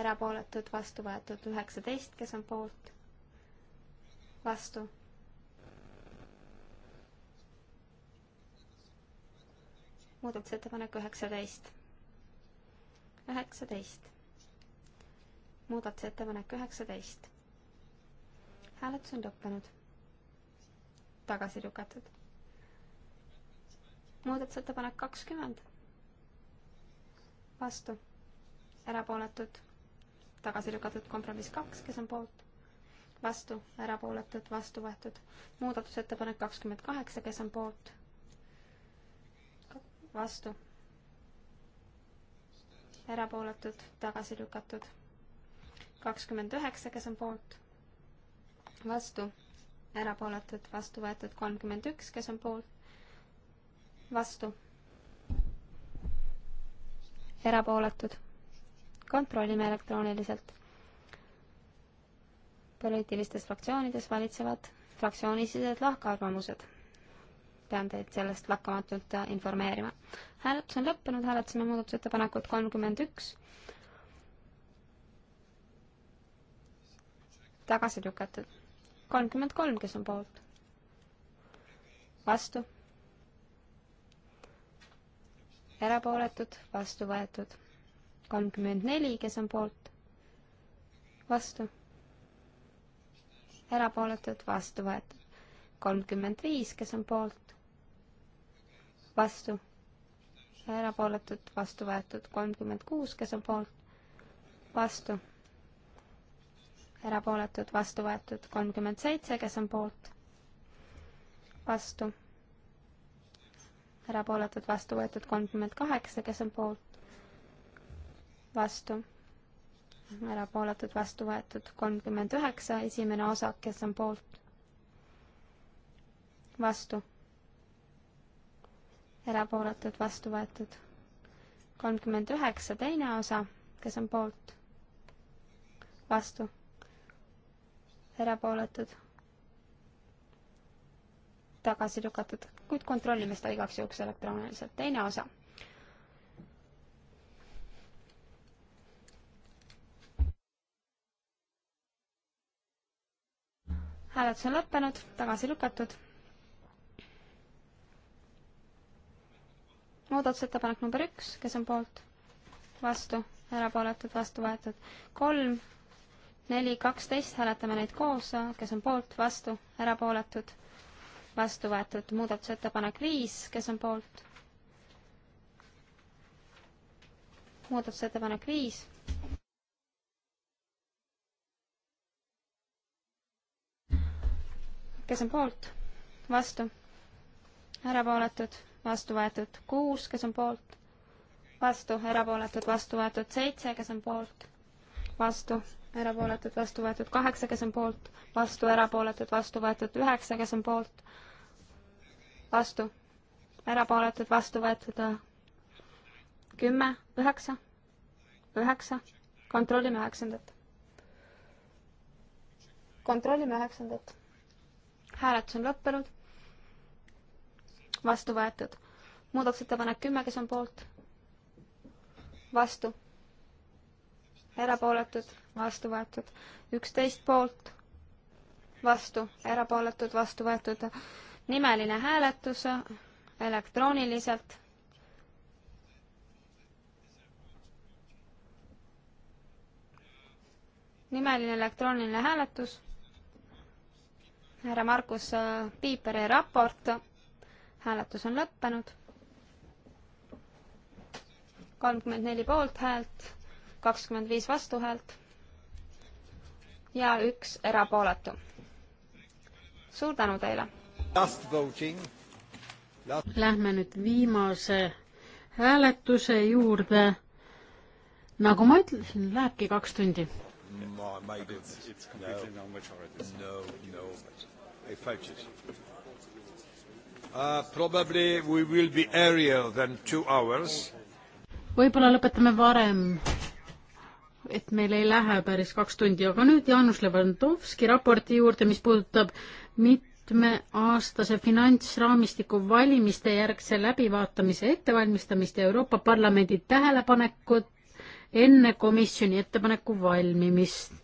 erapooletud, vastu võetud üheksateist, kes on poolt, vastu. muudatusettepanek üheksateist, üheksateist, muudatusettepanek üheksateist. hääletus on lõppenud, tagasi lükatud. muudatusettepanek kakskümmend, vastu, erapooletud tagasi lükatud kompromiss kaks, kes on poolt, vastu, erapooletud, vastu võetud. muudatusettepanek kakskümmend kaheksa, kes on poolt, vastu, erapooletud, tagasi lükatud. kakskümmend üheksa, kes on poolt, vastu, erapooletud, vastu võetud. kolmkümmend üks, kes on poolt, vastu, erapooletud kontrollime elektrooniliselt. poliitilistes fraktsioonides valitsevad fraktsioonisised lahkarvamused. pean teid sellest lakkamatult informeerima. hääletus on lõppenud, hääletasime muudatusettepanekut kolmkümmend üks. tagasi lükatud. kolmkümmend kolm, kes on poolt? vastu erapooletud, vastu võetud kolmkümmend neli, kes on poolt? vastu? erapooletud, vastu võetud. kolmkümmend viis, kes on poolt? vastu? erapooletud, vastu võetud. kolmkümmend kuus, kes on poolt? vastu? erapooletud, vastu võetud. kolmkümmend seitse, kes on poolt? vastu? erapooletud, vastu võetud. kolmkümmend kaheksa, kes on poolt? vastu, erapooletud, vastu võetud kolmkümmend üheksa, esimene osa, kes on poolt, vastu, erapooletud, vastu võetud kolmkümmend üheksa, teine osa, kes on poolt, vastu, erapooletud tagasi lükatud, kuid kontrollime seda igaks juhuks elektrooniliselt. teine osa, hääletus on lõppenud, tagasi lükatud. muudatusettepanek number üks, kes on poolt? vastu, erapooletud, vastu võetud. kolm, neli, kaksteist, hääletame neid koos, kes on poolt, vastu, erapooletud, vastu võetud. muudatusettepanek viis, kes on poolt? muudatusettepanek viis kes on poolt, vastu, erapooletud, vastu võetud kuus, kes on poolt, vastu, erapooletud, vastu võetud seitse, kes on poolt, vastu, erapooletud, vastu võetud kaheksa, kes on poolt, vastu, erapooletud, vastu võetud üheksa, kes on poolt, vastu, erapooletud, vastu võetud kümme, üheksa, üheksa, kontrollime üheksandat. kontrollime üheksandat hääletus on lõppenud. vastu võetud. muudatusettepanek kümme, kes on poolt? vastu. erapooletud, vastu võetud. üksteist poolt, vastu, erapooletud, vastu võetud. nimeline hääletus elektrooniliselt nimeline elektrooniline hääletus härra Margus äh, Piiperi raport. hääletus on lõppenud. kolmkümmend neli poolthäält, kakskümmend viis vastuhäält ja üks erapooletu. suur tänu teile! Lähme nüüd viimase hääletuse juurde. nagu ma ütlesin, lähebki kaks tundi. My, my goodness. It's, it's completely no. non-majority. No, no if I just... Uh, probably we will be earlier than two hours. võib-olla lõpetame varem, et meil ei lähe päris kaks tundi, aga nüüd Jaanus Levandovski raporti juurde, mis puudutab mitmeaastase finantsraamistiku valimiste järgse läbivaatamise ettevalmistamist ja Euroopa Parlamendi tähelepanekut enne komisjoni ettepaneku valmimist.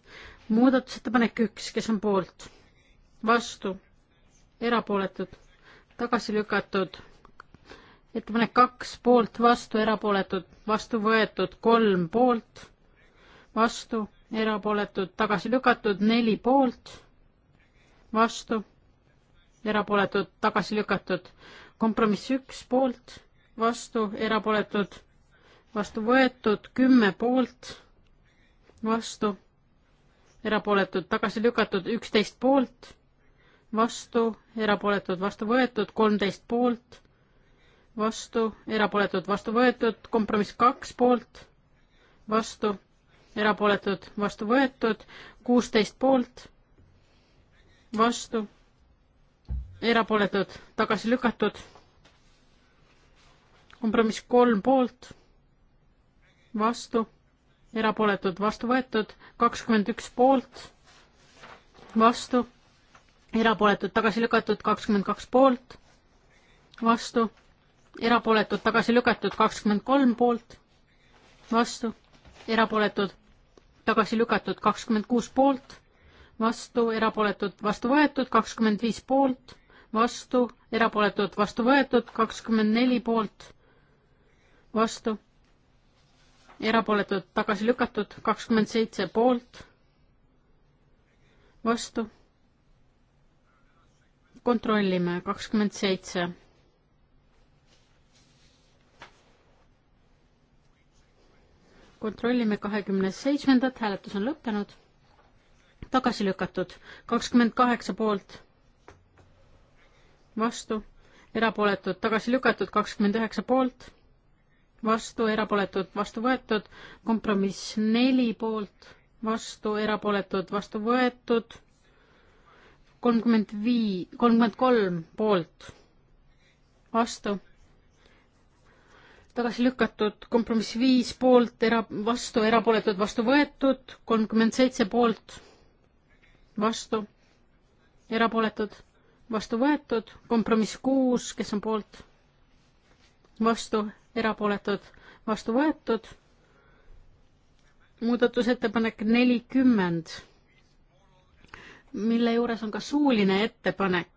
muudatusettepanek üks, kes on poolt? vastu, erapooletud, tagasi lükatud. ettepanek kaks poolt, vastu, erapooletud, vastu võetud, kolm poolt, vastu, erapooletud, tagasi lükatud, neli poolt, vastu, erapooletud, tagasi lükatud. kompromiss üks poolt, vastu, erapooletud, vastu võetud, kümme poolt, vastu erapooletud tagasi lükatud üksteist poolt, vastu, erapooletud, vastu võetud, kolmteist poolt, vastu, erapooletud, vastu võetud, kompromiss kaks poolt, vastu, erapooletud, vastu võetud, kuusteist poolt, vastu, erapooletud, tagasi lükatud, kompromiss kolm poolt, vastu, erapooletud, vastu võetud, kakskümmend üks poolt, vastu erapooletud tagasi lükatud kakskümmend kaks poolt, vastu, erapooletud tagasi lükatud kakskümmend kolm poolt, vastu, erapooletud tagasi lükatud kakskümmend kuus poolt, vastu, erapooletud vastu võetud kakskümmend viis poolt, vastu, erapooletud vastu võetud kakskümmend neli poolt, vastu, erapooletud tagasi lükatud kakskümmend seitse poolt, vastu kontrollime, kakskümmend seitse. kontrollime kahekümne seitsmendat, hääletus on lõppenud. tagasi lükatud, kakskümmend kaheksa poolt, vastu, erapooletud, tagasi lükatud, kakskümmend üheksa poolt, vastu, erapooletud, vastu võetud, kompromiss neli poolt, vastu, erapooletud, vastu võetud kolmkümmend vii-, kolmkümmend kolm poolt, vastu, tagasi lükatud, kompromiss viis poolt, era-, vastu, erapooletud, vastu võetud, kolmkümmend seitse poolt, vastu, erapooletud, vastu võetud, kompromiss kuus, kes on poolt, vastu, erapooletud, vastu võetud, muudatusettepanek nelikümmend mille juures on ka suuline ettepanek.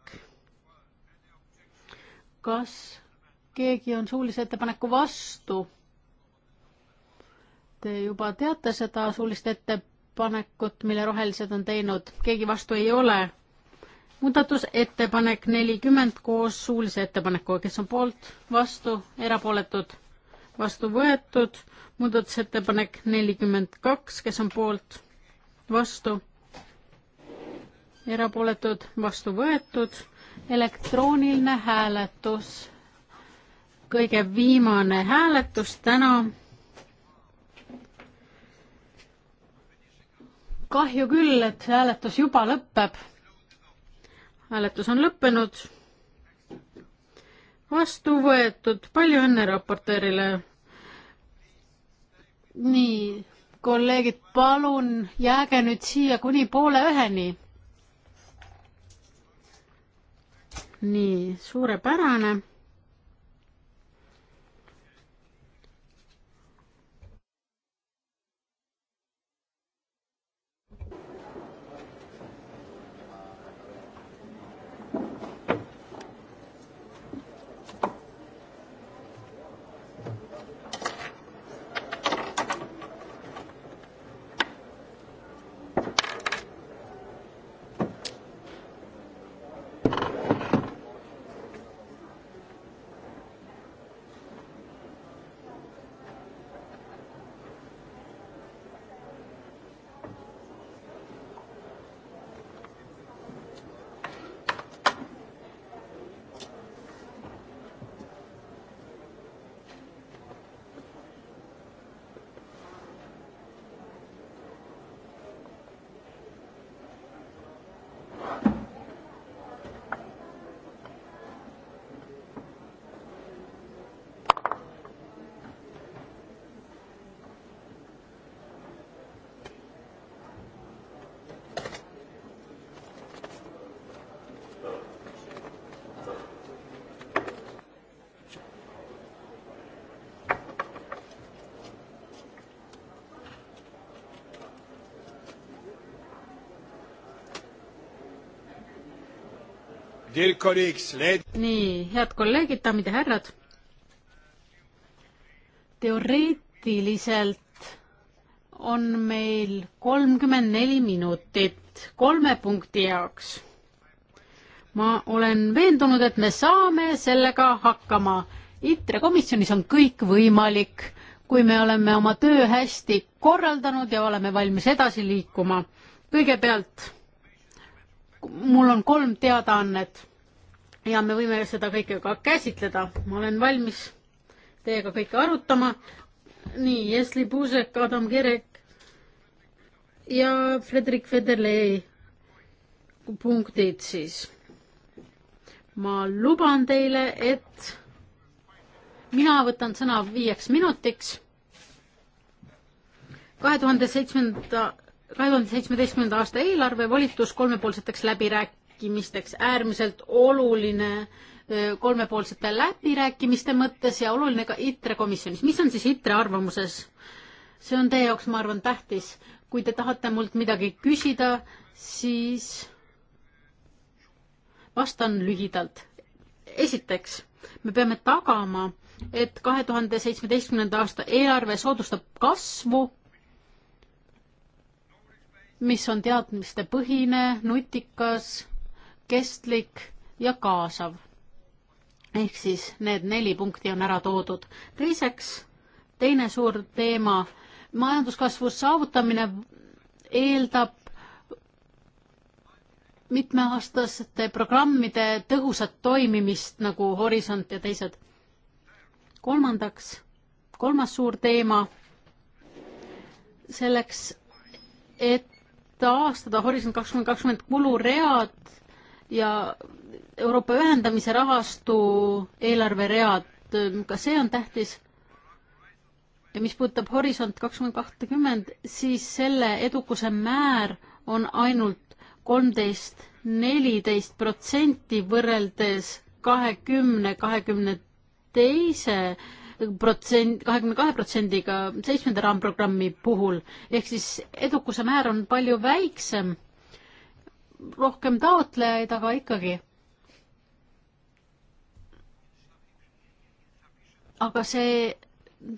kas keegi on suulise ettepaneku vastu? Te juba teate seda suulist ettepanekut, mille rohelised on teinud, keegi vastu ei ole. muudatusettepanek nelikümmend koos suulise ettepanekuga, kes on poolt, vastu, erapooletud, vastu võetud. muudatusettepanek nelikümmend kaks, kes on poolt, vastu erapooletud, vastu võetud, elektrooniline hääletus, kõige viimane hääletus täna. kahju küll, et hääletus juba lõpeb. hääletus on lõppenud. vastu võetud, palju õnne raportöörile. nii kolleegid, palun jääge nüüd siia kuni poole üheni nii suurepärane nii, head kolleegid, daamid ja härrad. teoreetiliselt on meil kolmkümmend neli minutit kolme punkti jaoks. ma olen veendunud, et me saame sellega hakkama. ITRE komisjonis on kõik võimalik, kui me oleme oma töö hästi korraldanud ja oleme valmis edasi liikuma. kõigepealt mul on kolm teadaannet ja me võime seda kõike ka käsitleda. ma olen valmis teiega kõike arutama. nii, Jesli Puusek, Adam Kerek ja Fredrik Federley punktid siis. ma luban teile, et mina võtan sõna viieks minutiks. kahe tuhande seitsmenda kahe tuhande seitsmeteistkümnenda aasta eelarve volitus kolmepoolseteks läbirääkimisteks äärmiselt oluline e, kolmepoolsete läbirääkimiste mõttes ja oluline ka ITRE komisjonis. mis on siis ITRE arvamuses? see on teie jaoks, ma arvan, tähtis. kui te tahate mult midagi küsida, siis vastan lühidalt. esiteks, me peame tagama, et kahe tuhande seitsmeteistkümnenda aasta eelarve soodustab kasvu mis on teadmistepõhine, nutikas, kestlik ja kaasav. ehk siis need neli punkti on ära toodud. teiseks, teine suur teema, majanduskasvu saavutamine eeldab mitmeaastaste programmide tõhusat toimimist nagu Horisont ja teised. kolmandaks, kolmas suur teema selleks, et taastada Horisont kakskümmend kakskümmend kuluread ja Euroopa ühendamise rahastu eelarveread, ka see on tähtis. ja mis puudutab Horisont kakskümmend kahtekümmend, siis selle edukuse määr on ainult kolmteist, neliteist protsenti võrreldes kahekümne, kahekümne teise protsent, kahekümne kahe protsendiga seitsmenda raamprogrammi puhul, ehk siis edukuse määr on palju väiksem, rohkem taotlejaid, aga ikkagi. aga see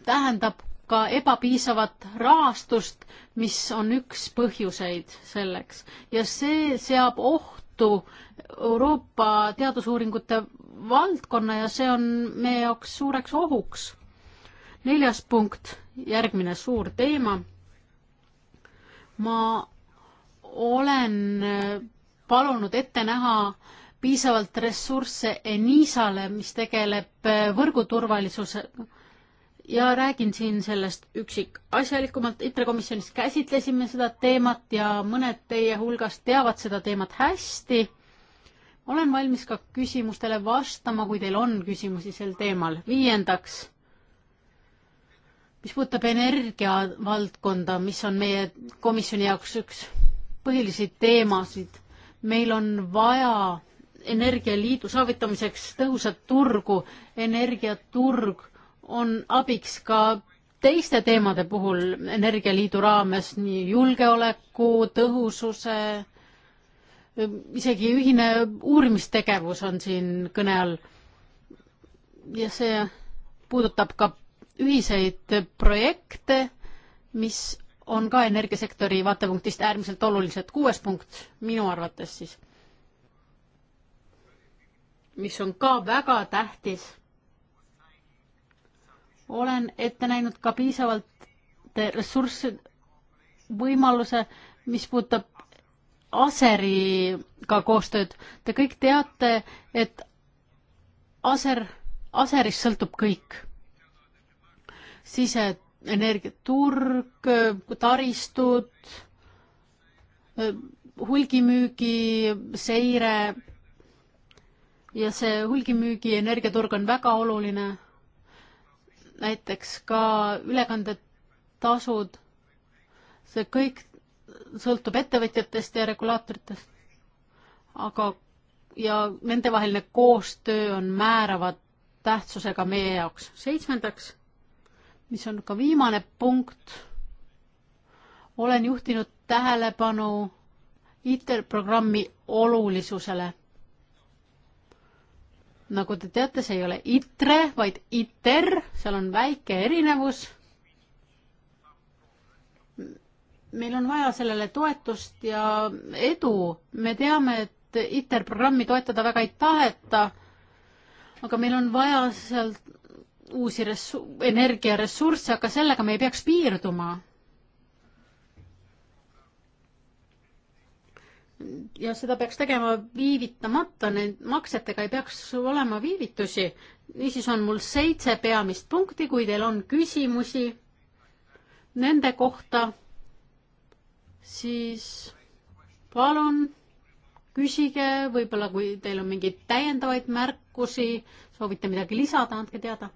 tähendab ka ebapiisavat rahastust, mis on üks põhjuseid selleks ja see seab ohtu äh, Euroopa teadusuuringute valdkonna ja see on meie jaoks suureks ohuks. neljas punkt, järgmine suur teema. ma olen palunud ette näha piisavalt ressursse Enisale, mis tegeleb võrguturvalisusega ja räägin siin sellest üksikasjalikumalt. ITRE komisjonis käsitlesime seda teemat ja mõned teie hulgast teavad seda teemat hästi olen valmis ka küsimustele vastama, kui teil on küsimusi sel teemal. viiendaks, mis puudutab energiavaldkonda, mis on meie komisjoni jaoks üks põhilisi teemasid, meil on vaja energialiidu saavutamiseks tõhusat turgu, energiaturg on abiks ka teiste teemade puhul energialiidu raames, nii julgeoleku, tõhususe, isegi ühine uurimistegevus on siin kõne all. ja see puudutab ka ühiseid projekte, mis on ka energiasektori vaatepunktist äärmiselt olulised. kuues punkt minu arvates siis, mis on ka väga tähtis. olen ette näinud ka piisavalt ressursse, võimaluse, mis puudutab Aseriga koostööd. Te kõik teate, et Aser, Aserist sõltub kõik. siseenergiaturg, taristud, hulgimüügi seire ja see hulgimüügi energiaturg on väga oluline. näiteks ka ülekandetasud, see kõik sõltub ettevõtjatest ja regulaatoritest. aga, ja nendevaheline koostöö on määrava tähtsusega meie jaoks. seitsmendaks, mis on ka viimane punkt, olen juhtinud tähelepanu ITER-programmi olulisusele. nagu te teate, see ei ole ITRE, vaid ITER, seal on väike erinevus meil on vaja sellele toetust ja edu. me teame, et ITER programmi toetada väga ei taheta, aga meil on vaja sealt uusi ressu-, energiaressursse, aga sellega me ei peaks piirduma. ja seda peaks tegema viivitamata, need maksetega ei peaks olema viivitusi. niisiis on mul seitse peamist punkti, kui teil on küsimusi nende kohta siis palun küsige, võib-olla kui teil on mingeid täiendavaid märkusi, soovite midagi lisada, andke teada.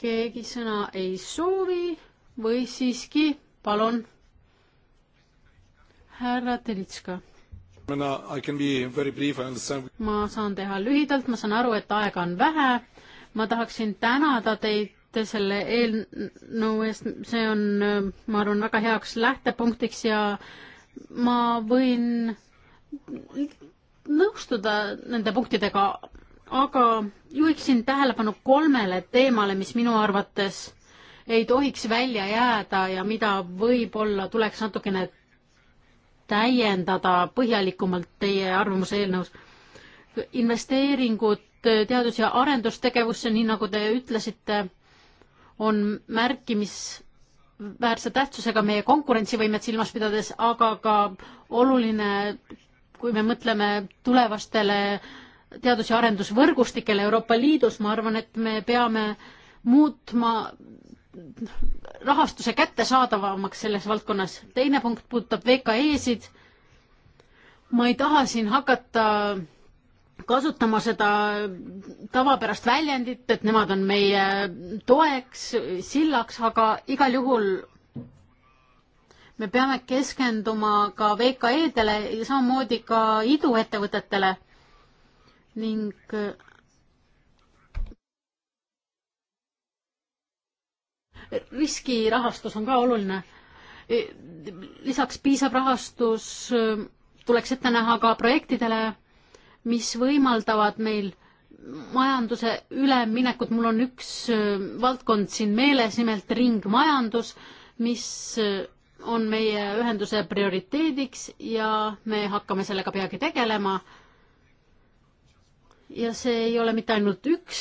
keegi sõna ei soovi või siiski, palun. härra Telitska. ma saan teha lühidalt, ma saan aru, et aega on vähe. ma tahaksin tänada teid olete selle eelnõu eest, see on, ma arvan, väga heaks lähtepunktiks ja ma võin nõustuda nende punktidega, aga juhiksin tähelepanu kolmele teemale, mis minu arvates ei tohiks välja jääda ja mida võib-olla tuleks natukene täiendada põhjalikumalt teie arvamuse eelnõus. investeeringud teadus- ja arendustegevusse, nii nagu te ütlesite, on märkimisväärse tähtsusega meie konkurentsivõimet silmas pidades, aga ka oluline, kui me mõtleme tulevastele teadus- ja arendusvõrgustikele Euroopa Liidus, ma arvan, et me peame muutma rahastuse kättesaadavamaks selles valdkonnas. teine punkt puudutab VKE-sid. ma ei taha siin hakata kasutama seda tavapärast väljendit, et nemad on meie toeks, sillaks, aga igal juhul me peame keskenduma ka VKE-dele ja samamoodi ka iduettevõtetele ning riskirahastus on ka oluline. lisaks piisav rahastus tuleks ette näha ka projektidele mis võimaldavad meil majanduse üleminekut, mul on üks äh, valdkond siin meeles, nimelt ringmajandus, mis äh, on meie ühenduse prioriteediks ja me hakkame sellega peagi tegelema ja see ei ole mitte ainult üks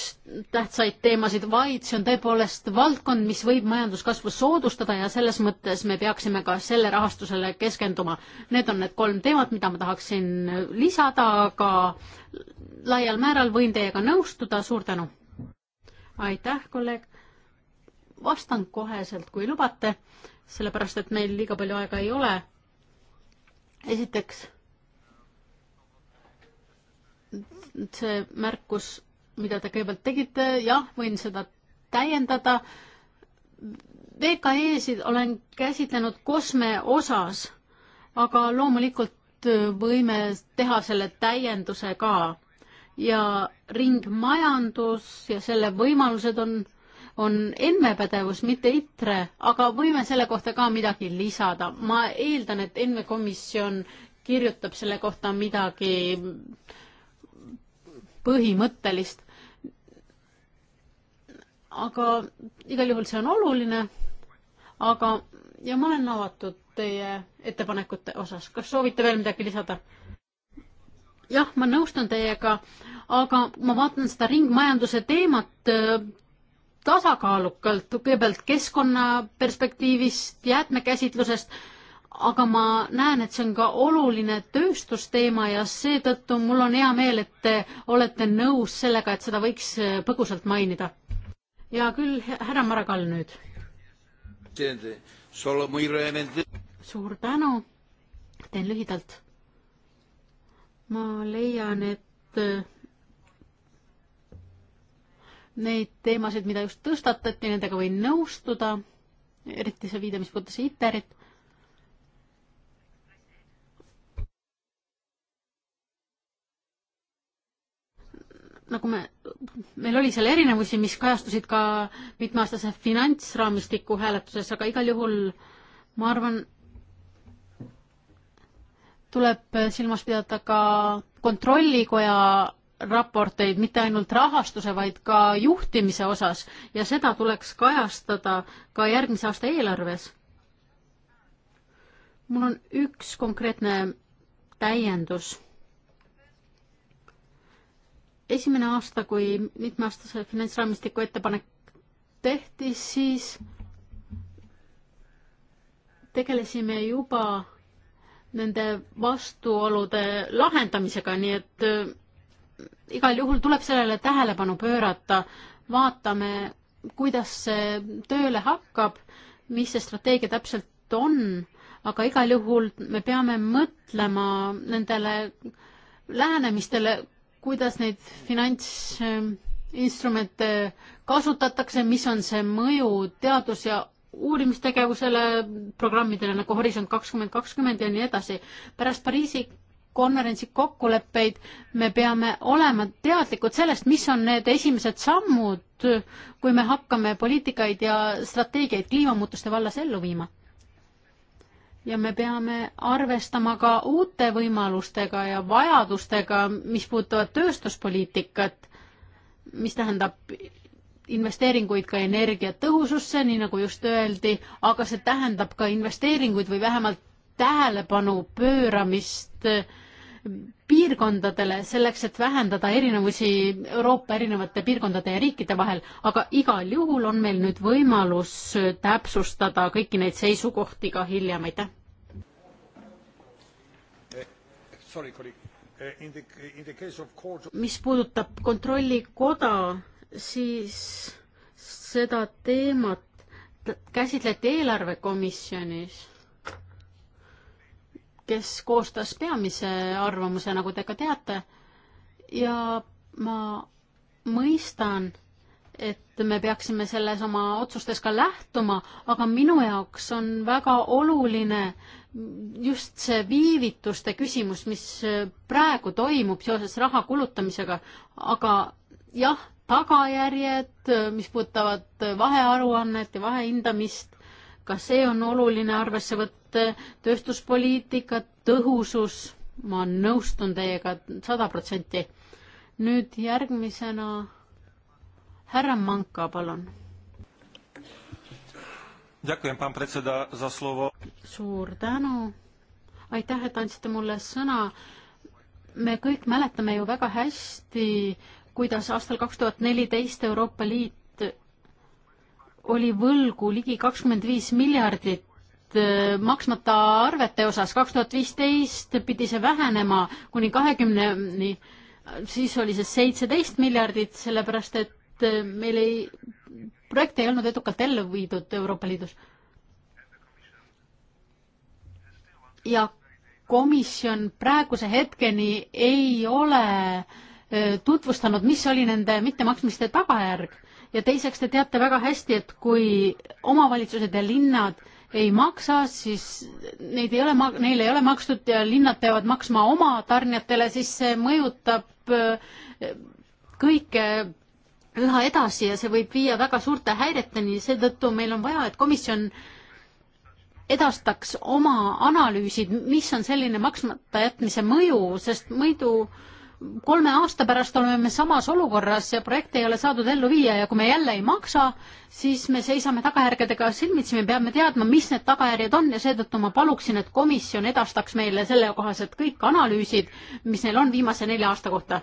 tähtsaid teemasid, vaid see on tõepoolest valdkond, mis võib majanduskasvu soodustada ja selles mõttes me peaksime ka selle rahastusele keskenduma. Need on need kolm teemat, mida ma tahaksin lisada, aga laial määral võin teiega nõustuda, suur tänu! aitäh, kolleeg! vastan koheselt, kui lubate, sellepärast et meil liiga palju aega ei ole. esiteks see märkus, mida te kõigepealt tegite, jah, võin seda täiendada. VKE-sid olen käsitlenud kosme osas, aga loomulikult äh, võime teha selle täienduse ka. ja ringmajandus ja selle võimalused on, on ENME pädevus, mitte ITRE, aga võime selle kohta ka midagi lisada. ma eeldan, et ENME komisjon kirjutab selle kohta midagi äh, põhimõttelist. aga igal juhul see on oluline. aga, ja ma olen avatud teie ettepanekute osas, kas soovite veel midagi lisada? jah, ma nõustun teiega, aga ma vaatan seda ringmajanduse teemat äh, tasakaalukalt, kõigepealt keskkonna perspektiivist, jäätmekäsitlusest aga ma näen, et see on ka oluline tööstusteema ja seetõttu mul on hea meel, et te olete nõus sellega, et seda võiks äh, põgusalt mainida. ja küll, härra Maragall nüüd. suur tänu, teen lühidalt. ma leian, et äh, neid teemasid, mida just tõstatati, nendega võin nõustuda, eriti see viide, mis puudutas ITER-it nagu me, meil oli seal erinevusi, mis kajastusid ka mitmeaastase finantsraamistiku hääletuses, aga igal juhul ma arvan, tuleb silmas pidada ka kontrollikoja raporteid, mitte ainult rahastuse, vaid ka juhtimise osas ja seda tuleks kajastada ka järgmise aasta eelarves. mul on üks konkreetne täiendus esimene aasta, kui mitmeaastase finantsraamistiku ettepanek tehti, siis tegelesime juba nende vastuolude lahendamisega, nii et äh, igal juhul tuleb sellele tähelepanu pöörata. vaatame, kuidas see tööle hakkab, mis see strateegia täpselt on, aga igal juhul me peame mõtlema nendele lähenemistele, kuidas neid finantsinstrumente kasutatakse, mis on see mõju teadus- ja uurimistegevusele, programmidele nagu Horisont kakskümmend kakskümmend ja nii edasi. pärast Pariisi konverentsi kokkuleppeid me peame olema teadlikud sellest, mis on need esimesed sammud, kui me hakkame poliitikaid ja strateegiaid kliimamuutuste vallas ellu viima ja me peame arvestama ka uute võimalustega ja vajadustega, mis puudutavad tööstuspoliitikat, mis tähendab investeeringuid ka energiatõhususse, nii nagu just öeldi, aga see tähendab ka investeeringuid või vähemalt tähelepanu pööramist piirkondadele selleks, et vähendada erinevusi Euroopa erinevate piirkondade ja riikide vahel, aga igal juhul on meil nüüd võimalus täpsustada kõiki neid seisukohti ka hiljem, aitäh. Eh, eh, mis puudutab kontrollikoda, siis seda teemat käsitleti eelarvekomisjonis kes koostas peamise arvamuse, nagu te ka teate. ja ma mõistan, et me peaksime selles oma otsustes ka lähtuma, aga minu jaoks on väga oluline just see viivituste küsimus, mis praegu toimub seoses raha kulutamisega, aga jah, tagajärjed, mis puudutavad vahearuannet ja vahehindamist, ka see on oluline arvesse võtta, tööstuspoliitika tõhusus, ma nõustun teiega sada protsenti. nüüd järgmisena härra Manka, palun. suur tänu, aitäh, et andsite mulle sõna. me kõik mäletame ju väga hästi, kuidas aastal kaks tuhat neliteist Euroopa Liit oli võlgu ligi kakskümmend viis miljardit äh, maksmata arvete osas, kaks tuhat viisteist pidi see vähenema kuni kahekümneni, siis oli see seitseteist miljardit, sellepärast et äh, meil ei, projekt ei olnud edukalt ellu viidud Euroopa Liidus. ja komisjon praeguse hetkeni ei ole äh, tutvustanud, mis oli nende mittemaksmiste tagajärg ja teiseks te teate väga hästi, et kui omavalitsused ja linnad ei maksa, siis neid ei ole, neile ei ole makstud ja linnad peavad maksma oma tarnijatele, siis see mõjutab äh, kõike üha edasi ja see võib viia väga suurte häireteni, seetõttu meil on vaja, et komisjon edastaks oma analüüsid, mis on selline maksmata jätmise mõju, sest muidu mõju kolme aasta pärast oleme me samas olukorras ja projekte ei ole saadud ellu viia ja kui me jälle ei maksa, siis me seisame tagajärgedega silmitsi, me peame teadma, mis need tagajärjed on ja seetõttu ma paluksin, et komisjon edastaks meile sellekohased kõik analüüsid, mis neil on viimase nelja aasta kohta.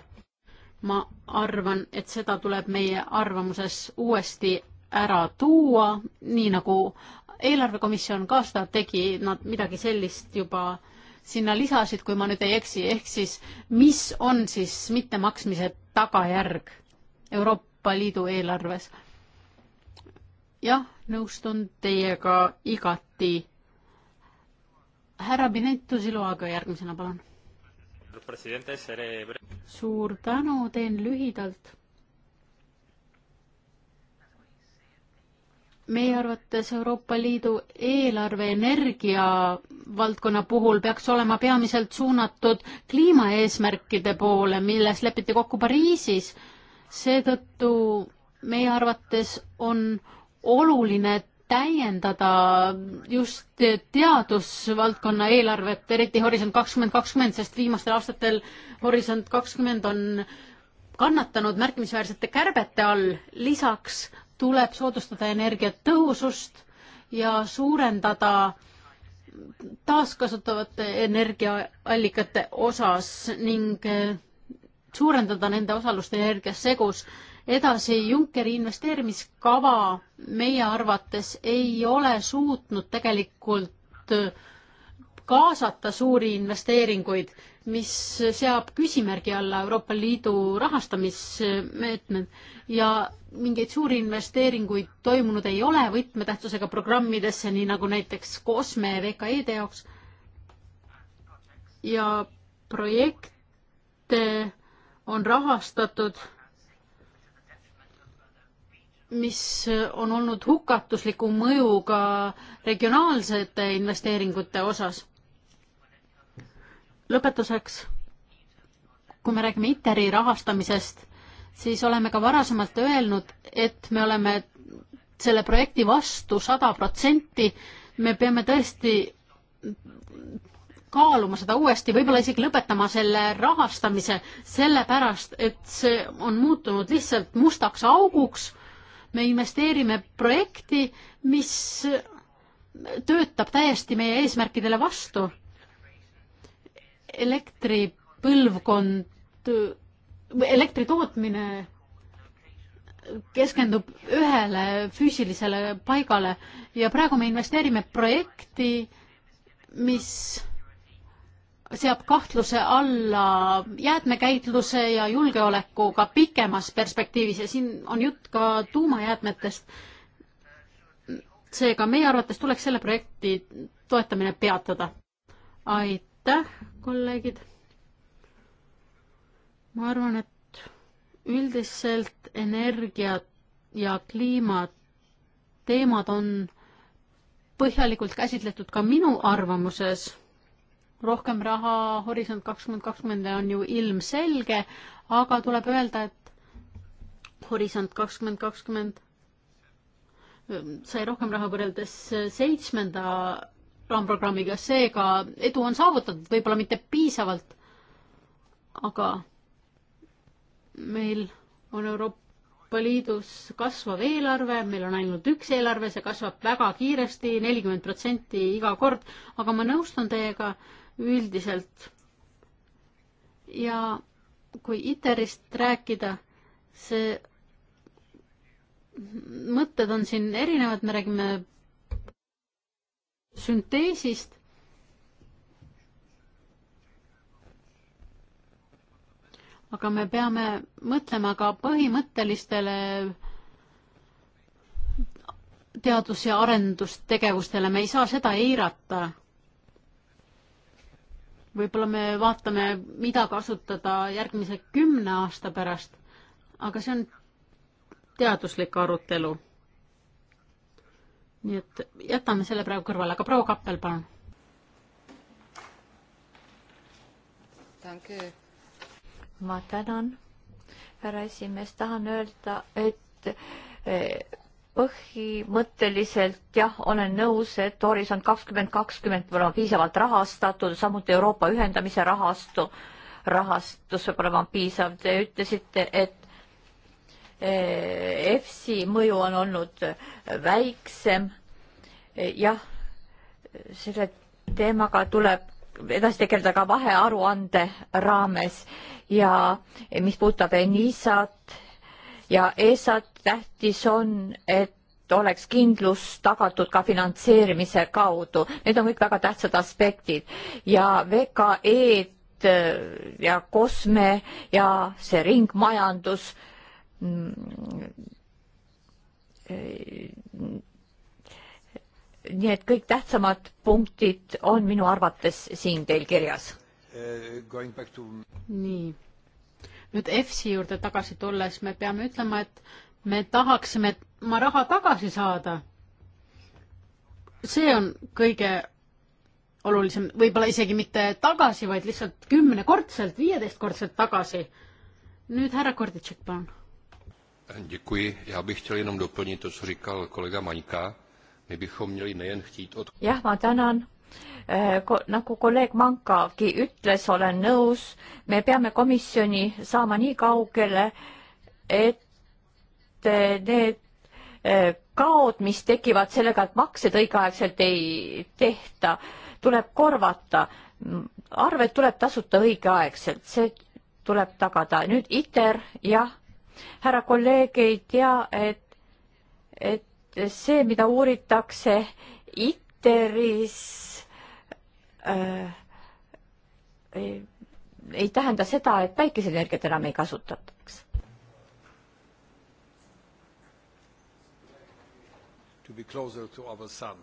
ma arvan, et seda tuleb meie arvamuses uuesti ära tuua, nii nagu eelarvekomisjon ka seda tegi, nad midagi sellist juba sinna lisasid, kui ma nüüd ei eksi, ehk siis mis on siis mittemaksmise tagajärg Euroopa Liidu eelarves? jah, nõustun teiega igati. härra Pinetu Siluaga järgmisena, palun. suur tänu, teen lühidalt meie arvates Euroopa Liidu eelarve energia valdkonna puhul peaks olema peamiselt suunatud kliimaeesmärkide poole, milles lepiti kokku Pariisis. seetõttu meie arvates on oluline täiendada just teadusvaldkonna eelarvet, eriti Horisont kakskümmend kakskümmend, sest viimastel aastatel Horisont kakskümmend on kannatanud märkimisväärsete kärbete all, lisaks tuleb soodustada energiatõhusust ja suurendada taaskasutavate energiaallikate osas ning eh, suurendada nende osalust energiasegus. edasi, Junckeri investeerimiskava meie arvates ei ole suutnud tegelikult eh, kaasata suuri investeeringuid mis seab küsimärgi alla Euroopa Liidu rahastamismeetmed ja mingeid suuri investeeringuid toimunud ei ole võtmetähtsusega programmidesse, nii nagu näiteks COSME VKE-de jaoks. ja projekte on rahastatud, mis on olnud hukatusliku mõjuga regionaalsete investeeringute osas lõpetuseks, kui me räägime ITER-i rahastamisest, siis oleme ka varasemalt öelnud, et me oleme selle projekti vastu sada protsenti. me peame tõesti kaaluma seda uuesti, võib-olla isegi lõpetama selle rahastamise, sellepärast et see on muutunud lihtsalt mustaks auguks. me investeerime projekti, mis töötab täiesti meie eesmärkidele vastu elektripõlvkond, elektri tootmine keskendub ühele füüsilisele paigale ja praegu me investeerime projekti, mis seab kahtluse alla jäätmekäitluse ja julgeolekuga pikemas perspektiivis ja siin on jutt ka tuumajäätmetest. seega meie arvates tuleks selle projekti toetamine peatada. aitäh! aitäh, kolleegid. ma arvan, et üldiselt energia ja kliima teemad on põhjalikult käsitletud ka minu arvamuses. rohkem raha Horisont kakskümmend kakskümmend on ju ilmselge, aga tuleb öelda, et Horisont kakskümmend kakskümmend ähm, sai rohkem raha võrreldes seitsmenda raamprogrammiga, seega edu on saavutatud, võib-olla mitte piisavalt, aga meil on Euroopa Liidus kasvav eelarve, meil on ainult üks eelarve, see kasvab väga kiiresti, nelikümmend protsenti iga kord, aga ma nõustun teiega üldiselt. ja kui ITER-ist rääkida, see mõtted on siin erinevad, me räägime sünteesist. aga me peame mõtlema ka põhimõttelistele teadus- ja arendustegevustele, me ei saa seda eirata. võib-olla me vaatame, mida kasutada järgmise kümne aasta pärast, aga see on teaduslik arutelu nii et jätame selle praegu kõrvale, aga proua Kappel, palun. ma tänan, härra esimees, tahan öelda, et eh, põhimõtteliselt jah, olen nõus, et Horisont kakskümmend kakskümmend peab olema piisavalt rahastatud, samuti Euroopa ühendamise rahastu rahastus peab olema piisav. Te ütlesite, et Eh, EFSI mõju on olnud väiksem. Eh, jah, selle teemaga tuleb edasi tegeleda ka vahearuande raames ja mis puudutab ENISA-t ja ESA-t, tähtis on, et oleks kindlus tagatud ka finantseerimise kaudu. Need on kõik väga tähtsad aspektid ja VKE-d eh, ja kosme ja see ringmajandus Mm, nii et kõik tähtsamad punktid on minu arvates siin teil kirjas. nii, nüüd EFSi juurde tagasi tulles me peame ütlema, et me tahaksime oma raha tagasi saada. see on kõige olulisem, võib-olla isegi mitte tagasi, vaid lihtsalt kümnekordselt, viieteistkordselt tagasi. nüüd härra Korditšek, palun Děkuji. Já bych chtěl jenom doplnit to, co říkal kolega Maňka. My bychom měli nejen chtít od... Jah, ma tänan. Eh, nagu kolleeg Mankagi ütles, olen nõus, me peame komisjoni saama nii kaugele, et eh, need eh, kaod, mis tekivad sellega, et maksed õigeaegselt ei tehta, tuleb korvata. arved tuleb tasuta õigeaegselt, see tuleb tagada. nüüd ITER, jah härra kolleeg ei tea, et, et see, mida uuritakse ITER-is äh,, ei, ei tähenda seda, et päikeseenergiat enam ei kasutataks. To be closer to our sun.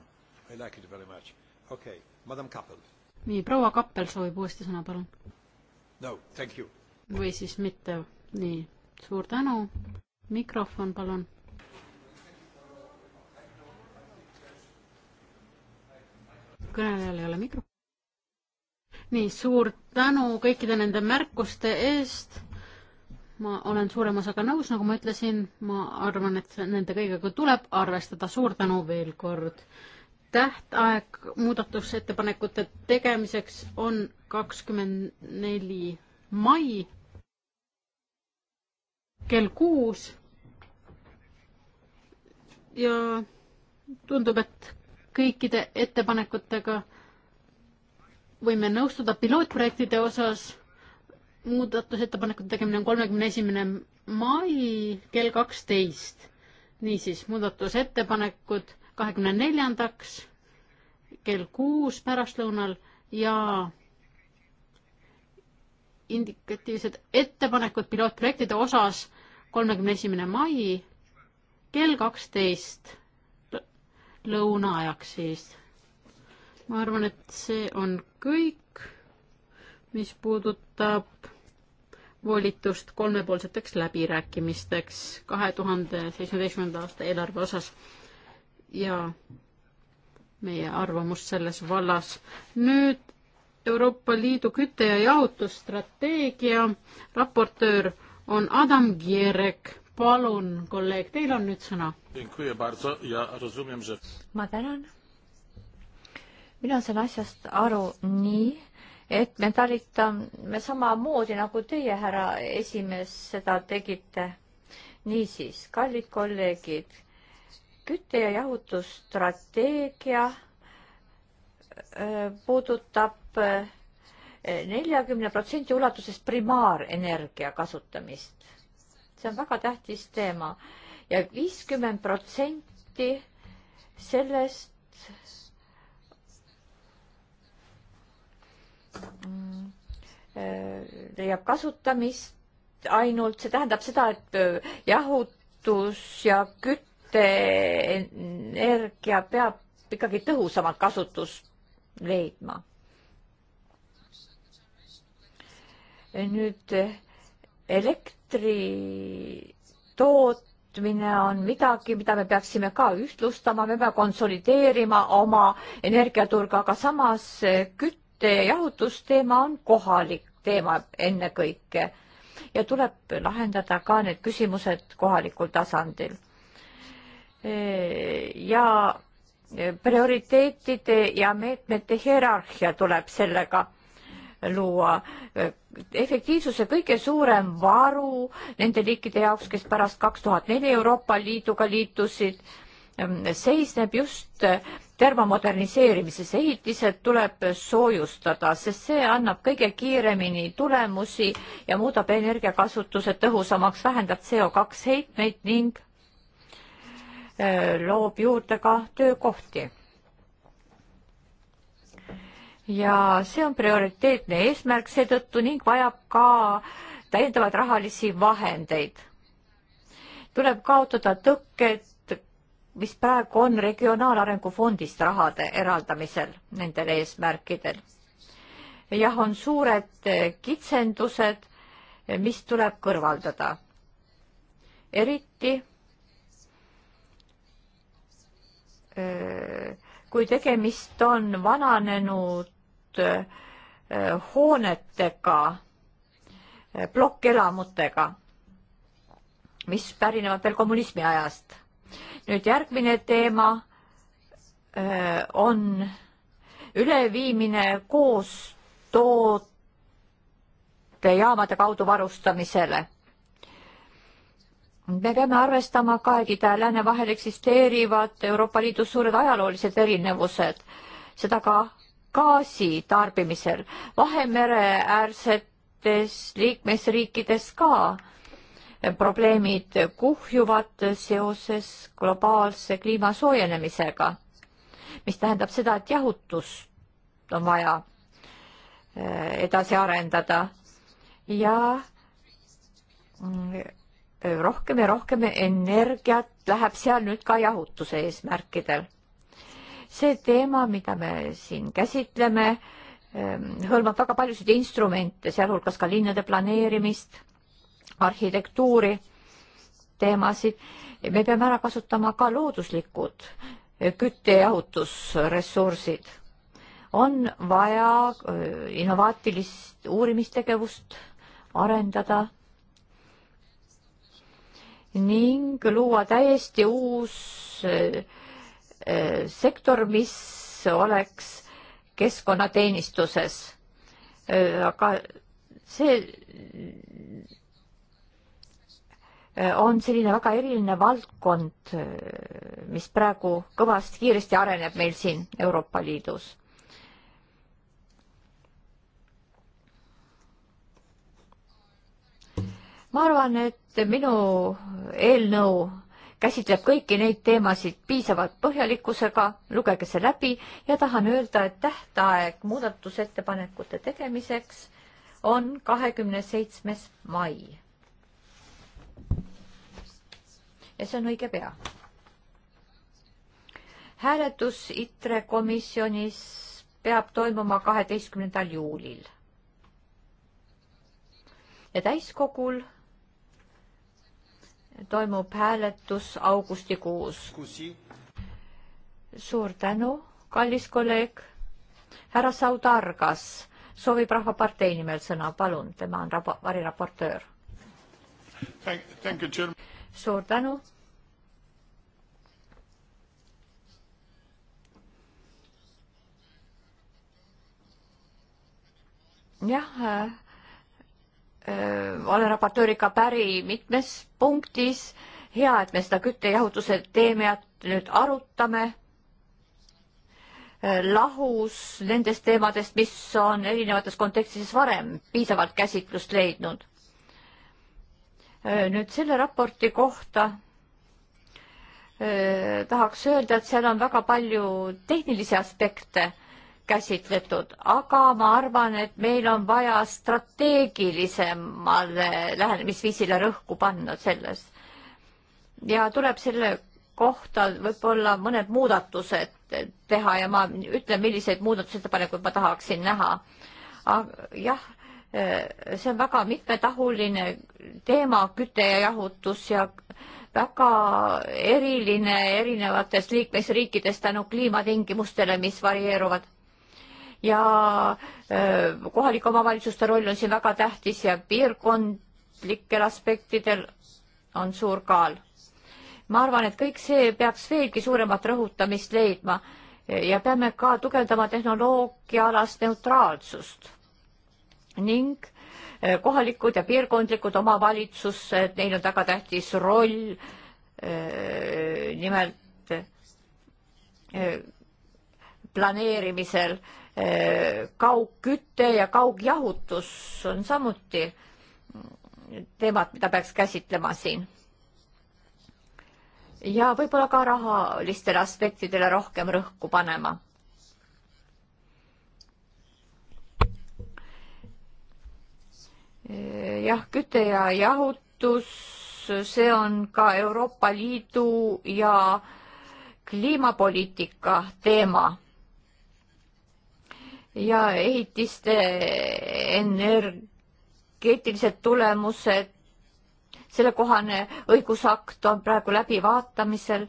I like it very much. Okay, Madam Kappel. nii, proua Kappel soovib uuesti sõna, palun. no, thank you. või siis mitte, nii suur tänu, mikrofon palun. kõnelejal ei ole mikro-. nii, suur tänu kõikide nende märkuste eest. ma olen suurema osaga nõus, nagu ma ütlesin, ma arvan, et nende kõigega tuleb arvestada, suur tänu veel kord. tähtaeg muudatusettepanekute tegemiseks on kakskümmend neli mai kell kuus. ja tundub, et kõikide ettepanekutega võime nõustuda pilootprojektide osas. muudatusettepanekute tegemine on kolmekümne esimene mai kell kaksteist. niisiis muudatusettepanekud kahekümne neljandaks kell kuus pärastlõunal ja indikatiivsed ettepanekud pilootprojektide osas kolmekümne esimene mai kell kaksteist lõuna ajaks siis. ma arvan, et see on kõik, mis puudutab volitust kolmepoolseteks läbirääkimisteks kahe tuhande seitsmeteistkümnenda aasta eelarve osas ja meie arvamust selles vallas. nüüd Euroopa Liidu küte- ja jahutusstrateegia. raportöör on Adam Gierek. palun, kolleeg, teil on nüüd sõna. ma tänan. mina saan asjast aru nii, et me talitame samamoodi nagu teie, härra esimees, seda tegite. niisiis, kallid kolleegid, küte- ja jahutusstrateegia puudutab eh, neljakümne protsendi ulatuses primaarenergia kasutamist. see on väga tähtis teema ja viiskümmend protsenti sellest leiab mm, eh, kasutamist ainult, see tähendab seda, et eh, jahutus ja kütteenergia peab ikkagi tõhusamat kasutust leidma. nüüd elektri tootmine on midagi, mida me peaksime ka ühtlustama, me peame konsolideerima oma energiaturga, aga samas kütte ja jahutusteema on kohalik teema ennekõike ja tuleb lahendada ka need küsimused kohalikul tasandil. ja prioriteetide ja meetmete hierarhia tuleb sellega luua. efektiivsuse kõige suurem varu nende liikide jaoks, kes pärast kaks tuhat neli Euroopa Liiduga liitusid, ehm, seisneb just termomoderniseerimises. ehitised tuleb soojustada, sest see annab kõige kiiremini tulemusi ja muudab energiakasutuse tõhusamaks, vähendab CO2 heitmeid ning Äh, loob juurde ka töökohti. ja see on prioriteetne eesmärk seetõttu ning vajab ka täiendavaid rahalisi vahendeid. tuleb kaotada tõkked, mis praegu on Regionaalarengu Fondist rahade eraldamisel nendel eesmärkidel. jah, on suured kitsendused, mis tuleb kõrvaldada. eriti Äh, kui tegemist on vananenud äh, hoonetega, äh, plokkelamutega, mis pärinevad veel kommunismi ajast. nüüd järgmine teema on üleviimine koos tootejaamade kaudu varustamisele me peame arvestama ka, et ida ja lääne vahel eksisteerivad Euroopa Liidus suured ajaloolised erinevused, seda ka gaasi tarbimisel, Vahemereäärsetes liikmesriikides ka probleemid kuhjuvad seoses globaalse kliima soojenemisega, mis tähendab seda, et jahutust on vaja eh, edasi arendada ja mm, rohkem ja rohkem energiat läheb seal nüüd ka jahutuse eesmärkidel. see teema, mida me siin käsitleme, ehm, hõlmab väga paljusid instrumente, sealhulgas ka linnade planeerimist, arhitektuuri teemasid. me peame ära kasutama ka looduslikud küttejahutusressursid. on vaja ehm, innovaatilist uurimistegevust arendada ning luua täiesti uus äh, äh, sektor, mis oleks keskkonnateenistuses. Äh, aga see on selline väga eriline valdkond, mis praegu kõvasti kiiresti areneb meil siin Euroopa Liidus. ma arvan, et minu eelnõu käsitleb kõiki neid teemasid piisavalt põhjalikkusega, lugege see läbi ja tahan öelda, et tähtaeg muudatusettepanekute tegemiseks on kahekümne seitsmes mai. ja see on õige pea. hääletus ITRE komisjonis peab toimuma kaheteistkümnendal juulil. ja täiskogul toimub hääletus augustikuus. suur tänu, kallis kolleeg. härra Saudargas soovib Rahvapartei nimel sõna, palun, tema on variraportöör. suur tänu. jah äh, olen raportööriga päri mitmes punktis. hea, et me seda küttejahutuse teemat nüüd arutame lahus nendest teemadest, mis on erinevates kontekstides varem piisavalt käsitlust leidnud. nüüd selle raporti kohta tahaks öelda, et seal on väga palju tehnilisi aspekte käsitletud, aga ma arvan, et meil on vaja strateegilisemale lähenemisviisile rõhku panna selles. ja tuleb selle kohta võib-olla mõned muudatused teha ja ma ütlen, milliseid muudatusettepanekuid ma tahaksin näha. jah, see on väga mitmetahuline teema, küte ja jahutus ja väga eriline erinevates liikmesriikides tänu kliimatingimustele, mis varieeruvad ja äh, kohalike omavalitsuste roll on siin väga tähtis ja piirkondlikel aspektidel on suur kaal. ma arvan, et kõik see peaks veelgi suuremat rõhutamist leidma ja peame ka tugevdama tehnoloogiaalast neutraalsust ning äh, kohalikud ja piirkondlikud omavalitsused, neil on väga tähtis roll. Äh, nimelt planeerimisel kaugküte ja kaugjahutus on samuti teemad, mida peaks käsitlema siin. ja võib-olla ka rahalistele aspektidele rohkem rõhku panema. jah, küte ja jahutus, see on ka Euroopa Liidu ja kliimapoliitika teema ja ehitiste energeetilised tulemused, sellekohane õigusakt on praegu läbivaatamisel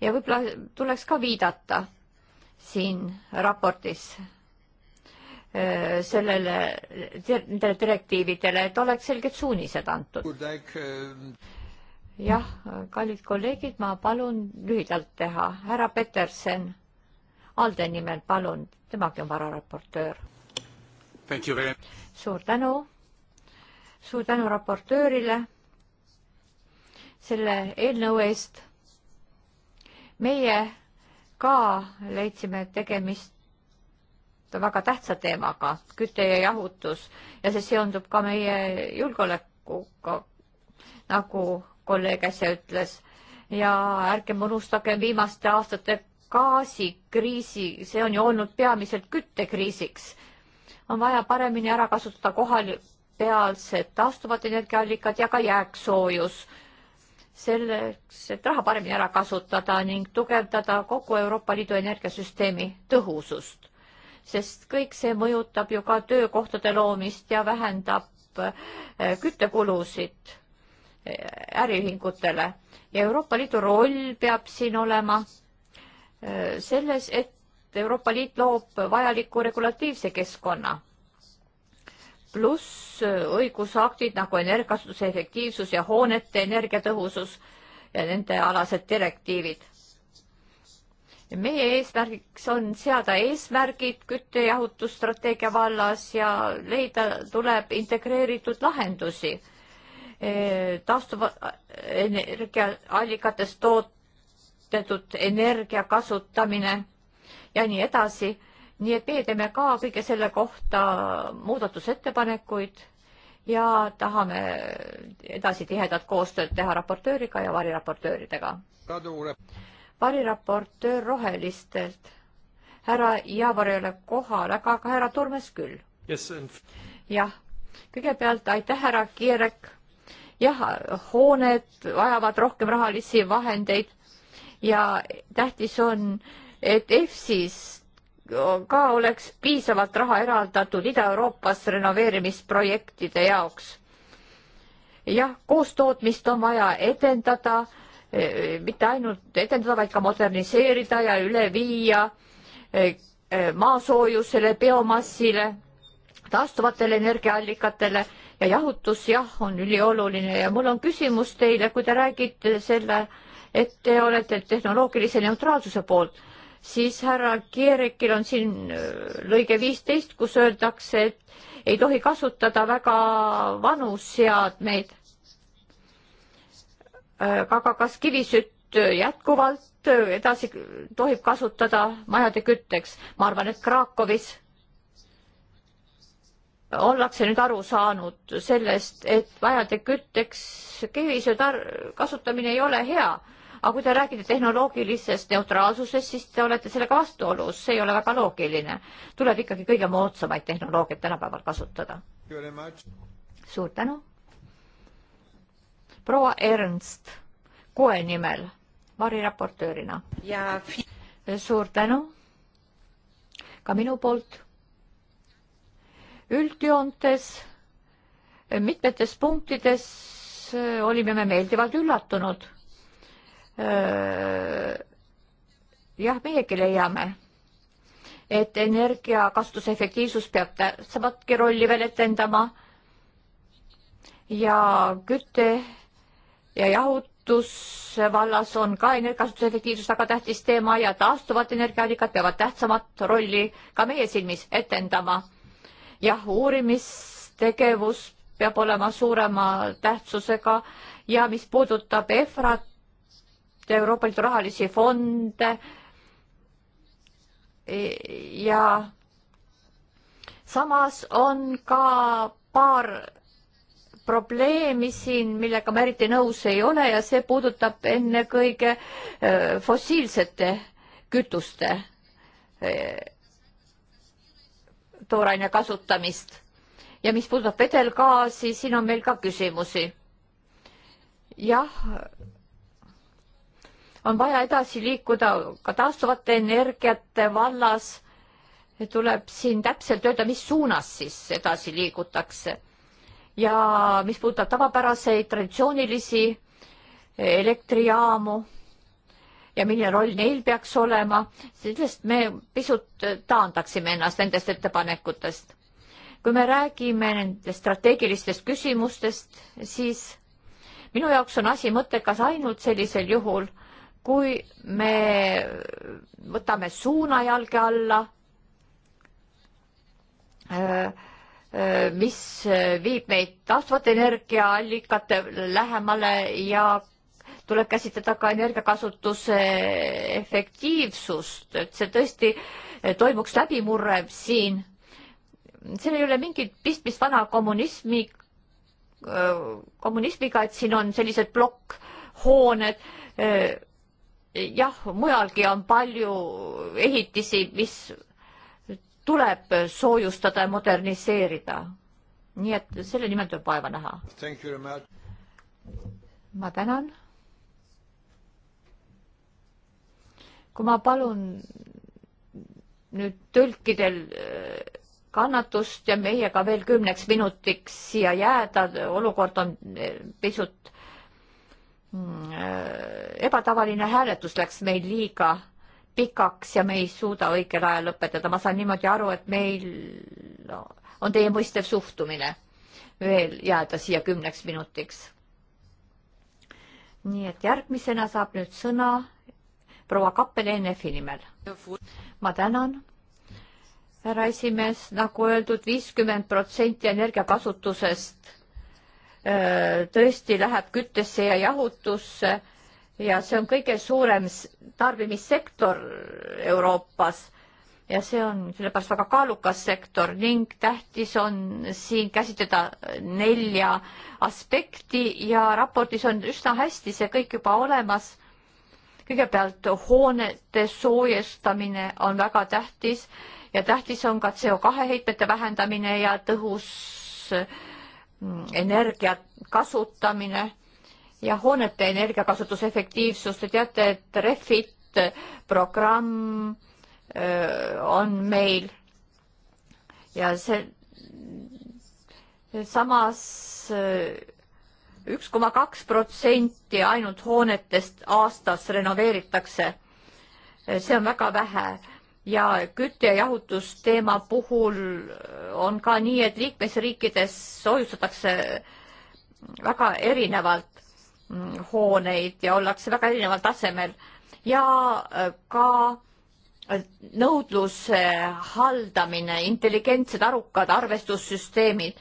ja võib-olla tuleks ka viidata siin raportis äh, sellele, nendele direktiividele, et oleks selged suunised antud. jah, kallid kolleegid, ma palun lühidalt teha. härra Peterson Alde nimel, palun, temagi on vararaportöör. suur tänu, suur tänu raportöörile selle eelnõu eest. meie ka leidsime tegemist väga tähtsa teemaga, küte ja jahutus ja see seondub ka meie julgeolekuga, nagu kolleeg äsja ütles. ja ärgem unustagem viimaste aastate gaasikriisi, see on ju olnud peamiselt küttekriisiks, on vaja paremini ära kasutada kohalpealsed taastuvad energiaallikad ja ka jääksoojus. selleks, et raha paremini ära kasutada ning tugevdada kogu Euroopa Liidu energiasüsteemi tõhusust. sest kõik see mõjutab ju ka töökohtade loomist ja vähendab eh, küttekulusid eh, äriühingutele ja Euroopa Liidu roll peab siin olema selles, et Euroopa Liit loob vajaliku regulatiivse keskkonna. pluss õigusaktid nagu energiakasutuse efektiivsus ja hoonete energiatõhusus ja nende alased direktiivid. meie eesmärgiks on seada eesmärgid küttejahutusstrateegia vallas ja leida tuleb integreeritud lahenduva eh, energiaallikatest toot-, taastutud energia kasutamine ja nii edasi. nii et meie teeme ka kõige selle kohta muudatusettepanekuid ja tahame edasi tihedat koostööd teha raportööriga ja variraportööridega. variraportöör Rohelistelt, härra Javor ei ole kohal, aga ka härra Turmes küll. jah, kõigepealt aitäh, härra Kiirek. jah, hooned vajavad rohkem rahalisi vahendeid ja tähtis on, et EFSis ka oleks piisavalt raha eraldatud Ida-Euroopas renoveerimisprojektide jaoks. jah, koostootmist on vaja edendada, e, mitte ainult edendada, vaid ka moderniseerida ja üle viia e, e, maasoojusele, biomassile, taastuvatele energiaallikatele ja jahutus jah, on ülioluline ja mul on küsimus teile, kui te räägite selle äh, et te olete tehnoloogilise neutraalsuse poolt, siis härra Kierekil on siin äh, lõige viisteist, kus öeldakse, et ei tohi kasutada väga vanu seadmeid. Äh, aga kas kivisütt äh, jätkuvalt edasi tohib kasutada majade kütteks? ma arvan, et Krakowis ollakse nüüd aru saanud sellest, et majade kütteks kivisöe tar-, kasutamine ei ole hea aga kui te räägite tehnoloogilisest neutraalsusest, siis te olete sellega vastuolus, see ei ole väga loogiline. tuleb ikkagi kõige moodsamaid tehnoloogiaid tänapäeval kasutada. suur tänu. proua Ernst, koe nimel, variraportöörina. suur tänu ka minu poolt. üldjoontes mitmetes punktides eh, olime me meeldivalt üllatunud jah, meiegi leiame, et energia kasutuse efektiivsus peab tähtsamatki rolli veel etendama ja küte ja jahutus vallas on ka energiakasutuse efektiivsus väga tähtis teema ja taastuvad energiaallikad peavad tähtsamat rolli ka meie silmis etendama. jah, uurimistegevus peab olema suurema tähtsusega ja mis puudutab EFRAT, Euroopa Liidu rahalisi fonde e, ja samas on ka paar probleemi siin, millega ma eriti nõus ei ole ja see puudutab ennekõige e, fossiilsete kütuste e, tooraine kasutamist. ja mis puudutab vedelgaasi, siin on meil ka küsimusi. jah on vaja edasi liikuda ka taastuvate energiate vallas. tuleb siin täpselt öelda, mis suunas siis edasi liigutakse. ja mis puudutab tavapäraseid traditsioonilisi elektrijaamu ja milline roll neil peaks olema, sellest me pisut taandaksime ennast nendest ettepanekutest. kui me räägime nendest strateegilistest küsimustest, siis minu jaoks on asi mõttekas ainult sellisel juhul, kui me võtame suuna jalge alla, mis viib meid taastuvate energiaallikate lähemale ja tuleb käsitleda ka energiakasutuse efektiivsust, et see tõesti toimuks läbimurre siin. seal ei ole mingit pistmist vana kommunismi, kommunismiga, et siin on sellised plokkhooned jah, mujalgi on palju ehitisi, mis tuleb soojustada ja moderniseerida. nii et selle nimel tuleb vaeva näha. ma tänan. kui ma palun nüüd tõlkidel äh, kannatust ja meiega veel kümneks minutiks siia jääda, olukord on äh, pisut Mm, äh, ebatavaline hääletus läks meil liiga pikaks ja me ei suuda õigel ajal lõpetada. ma saan niimoodi aru, et meil no, on teie mõistev suhtumine veel jääda siia kümneks minutiks. nii et järgmisena saab nüüd sõna proua Kappel NF-i nimel. ma tänan, härra esimees, nagu öeldud, viiskümmend protsenti energiakasutusest tõesti läheb küttesse ja jahutusse ja see on kõige suurem tarbimissektor Euroopas ja see on sellepärast väga kaalukas sektor ning tähtis on siin käsitleda nelja aspekti ja raportis on üsna hästi see kõik juba olemas. kõigepealt hoonete soojestamine on väga tähtis ja tähtis on ka CO2 heitmete vähendamine ja tõhus äh, Mm, energia kasutamine ja hoonete energiakasutusefektiivsus. Te teate, et Refit programm on meil ja see samas üks koma kaks protsenti ainult hoonetest aastas renoveeritakse. see on väga vähe ja kütte- ja jahutusteema puhul on ka nii, et liikmesriikides soojustatakse väga erinevalt mm, hooneid ja ollakse väga erineval tasemel ja äh, ka äh, nõudluse haldamine, intelligentsed, arukad arvestussüsteemid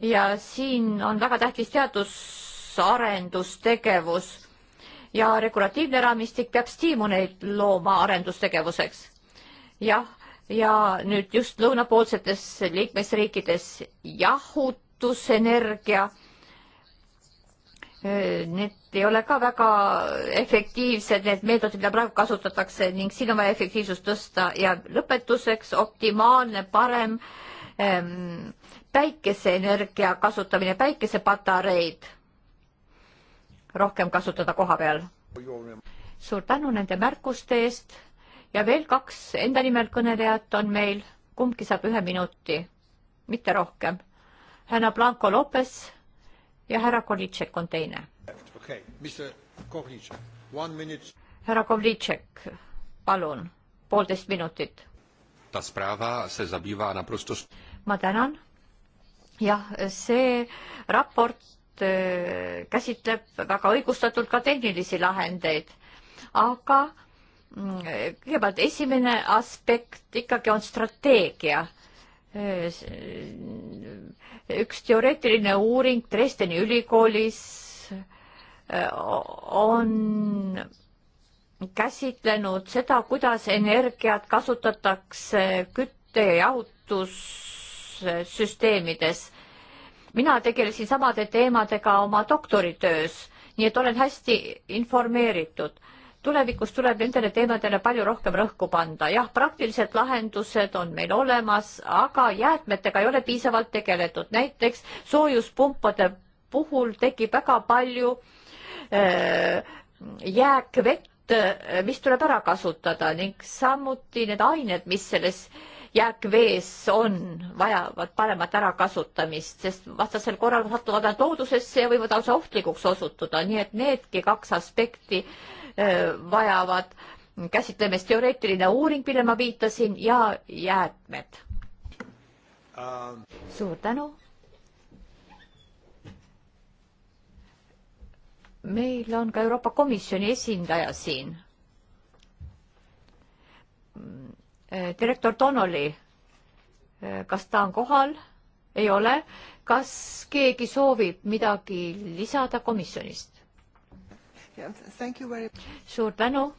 ja siin on väga tähtis teadusarendustegevus ja regulatiivne raamistik peab stiimuleid looma arendustegevuseks jah, ja nüüd just lõunapoolsetes liikmesriikides jahutusenergia. Need ei ole ka väga efektiivsed, need meetodid, mida praegu kasutatakse ning siin on vaja efektiivsust tõsta ja lõpetuseks optimaalne, parem ähm, päikeseenergia kasutamine, päikesepatareid rohkem kasutada koha peal. suur tänu nende märkuste eest ja veel kaks enda nimel kõnelejat on meil, kumbki saab ühe minuti, mitte rohkem. härra Blanco Lopez ja härra Kolitšek on teine. härra Kolitšek, palun, poolteist minutit. ma tänan. jah, see raport e, käsitleb väga õigustatult ka tehnilisi lahendeid, aga kõigepealt esimene aspekt ikkagi on strateegia. Äh, üks teoreetiline uuring Dresdeni ülikoolis äh, on käsitlenud seda, kuidas energiat kasutatakse kütte- ja jahutussüsteemides. mina tegelesin samade teemadega oma doktoritöös, nii et olen hästi informeeritud tulevikus tuleb nendele teemadele palju rohkem rõhku panda. jah, praktilised lahendused on meil olemas, aga jäätmetega ei ole piisavalt tegeletud. näiteks soojuspumpade puhul tekib väga palju äh, jääkvett, äh, mis tuleb ära kasutada ning samuti need ained, mis selles äh, jääk vees on, vajavad paremat ärakasutamist, sest vastasel korral satuvad nad loodusesse ja võivad lausa ohtlikuks osutuda, nii et needki kaks aspekti äh, vajavad käsitlemist. teoreetiline uuring, mille ma viitasin ja jäätmed um.... suur tänu. meil on ka Euroopa Komisjoni esindaja siin Eh, direktor Donnelly, eh, kas ta on kohal? ei ole. kas keegi soovib midagi lisada komisjonist? suur tänu.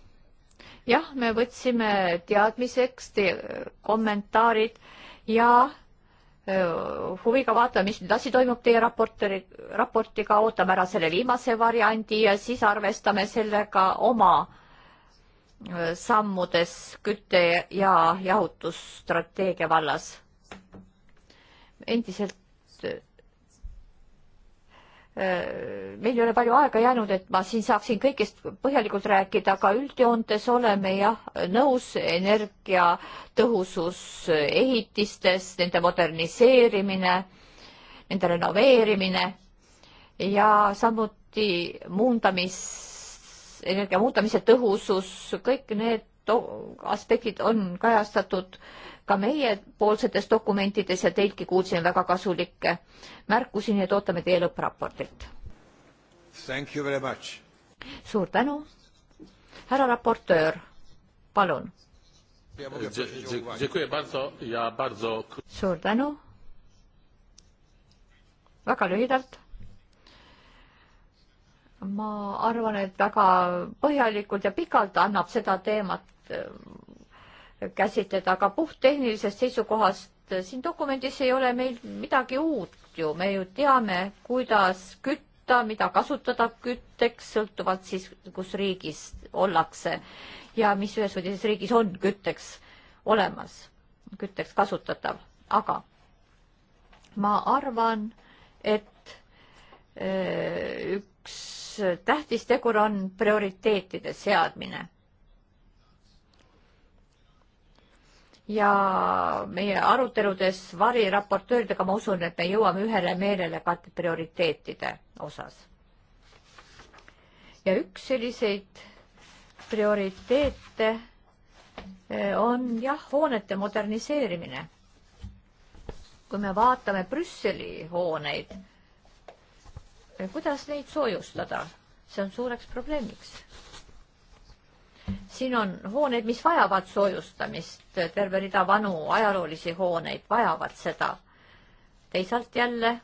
jah, me võtsime teadmiseks teie kommentaarid ja eh, huviga vaatame, mis nüüd asi toimub teie raportööri, raportiga, ootame ära selle viimase variandi ja siis arvestame sellega oma äh, Äh, sammudes kütte- ja jahutusstrateegia vallas. endiselt äh, meil ei ole palju aega jäänud, et ma siin saaksin kõigest põhjalikult rääkida, aga üldjoontes oleme jah nõus energiatõhusus ehitistes, nende moderniseerimine, nende renoveerimine ja samuti muundamis energia muutamise tõhusus, kõik need aspektid on kajastatud ka meiepoolsetes dokumentides ja teiltki kuulsin väga kasulikke märkusi, nii et ootame teie lõppraportit. suur tänu. härra raportöör, palun. suur tänu. väga lühidalt ma arvan, et väga põhjalikult ja pikalt annab seda teemat äh, käsitleda, aga puhttehnilisest seisukohast äh, siin dokumendis ei ole meil midagi uut ju, me ju teame, kuidas kütta, mida kasutada kütteks, sõltuvalt siis, kus riigis ollakse ja mis ühes või teises riigis on kütteks olemas, kütteks kasutatav, aga ma arvan, et öö, äh, üks tähtis tegur on prioriteetide seadmine. ja meie aruteludes variraportööridega ma usun, et me jõuame ühele meelele ka prioriteetide osas. ja üks selliseid prioriteete eh, on jah, hoonete moderniseerimine. kui me vaatame Brüsseli hooneid kuidas neid soojustada? see on suureks probleemiks. siin on hooneid, mis vajavad soojustamist, terve rida vanu ajaloolisi hooneid vajavad seda. teisalt jälle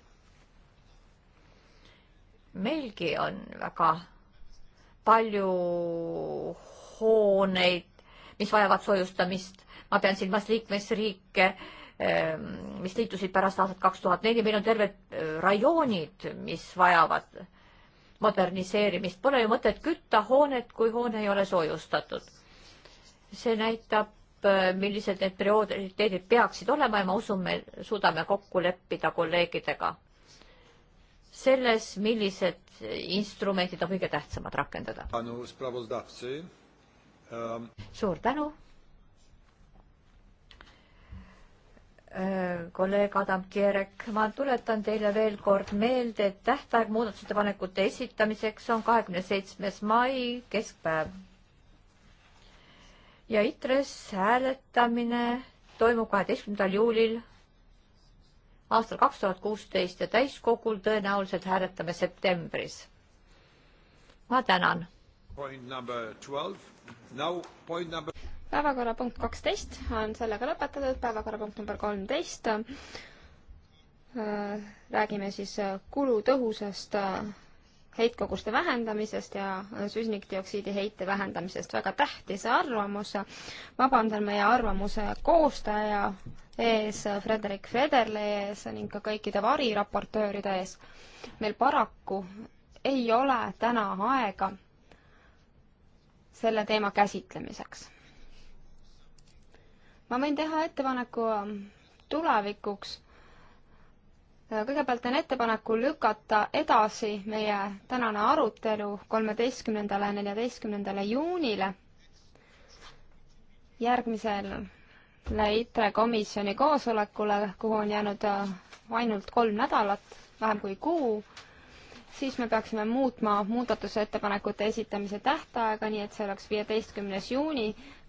meilgi on väga palju hooneid, mis vajavad soojustamist. ma pean silmas liikmesriike Ehm, mis liitusid pärast aastat kaks tuhat neli, meil on terved äh, rajoonid, mis vajavad moderniseerimist, pole ju mõtet kütta hoonet, kui hoone ei ole soojustatud. see näitab, äh, millised need prioriteedid peaksid olema ja ma usun, me suudame kokku leppida kolleegidega selles, millised instrumendid on kõige tähtsamad rakendada. Ehm, suur tänu Äh, kolleeg Adam Kierek, ma tuletan teile veel kord meelde, et tähtaeg muudatusettepanekute esitamiseks on kahekümne seitsmes mai keskpäev. ja ITRES hääletamine toimub kaheteistkümnendal juulil aastal kaks tuhat kuusteist ja täiskogul tõenäoliselt hääletame septembris. ma tänan. Number päevakorrapunkt kaksteist on sellega lõpetatud, päevakorrapunkt number kolmteist. Äh, räägime siis äh, kulutõhusast äh, heitkoguste vähendamisest ja süsinikdioksiidi heite vähendamisest. väga tähtis arvamus. vabandan meie arvamuse koostaja ees, Frederik Federle ees ning ka kõikide variraportööride ees. meil paraku ei ole täna aega selle teema käsitlemiseks ma võin teha ettepaneku ähm, tulevikuks. Äh, kõigepealt teen ettepaneku lükata edasi meie tänane arutelu kolmeteistkümnendale, neljateistkümnendale juunile järgmisele ITRE komisjoni koosolekule, kuhu on jäänud äh, ainult kolm nädalat, vähem kui kuu, siis me peaksime muutma muudatusettepanekute esitamise tähtaega, nii et see oleks viieteistkümnes juuni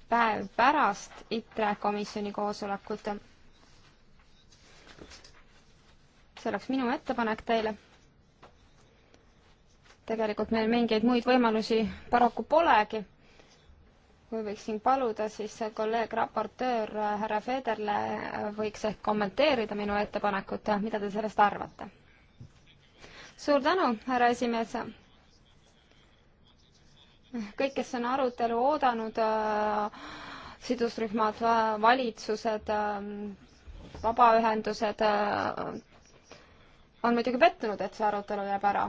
päev pärast ITRE komisjoni koosolekut. see oleks minu ettepanek teile. tegelikult meil mingeid muid võimalusi paraku polegi. kui võiksin paluda, siis kolleeg raportöör härra Federle võiks ehk kommenteerida minu ettepanekut, mida te sellest arvate? suur tänu, härra esimees kõik, kes on arutelu oodanud, äh, sidusrühmad, äh, valitsused, äh, vabaühendused, on muidugi pettunud, et see arutelu jääb ära,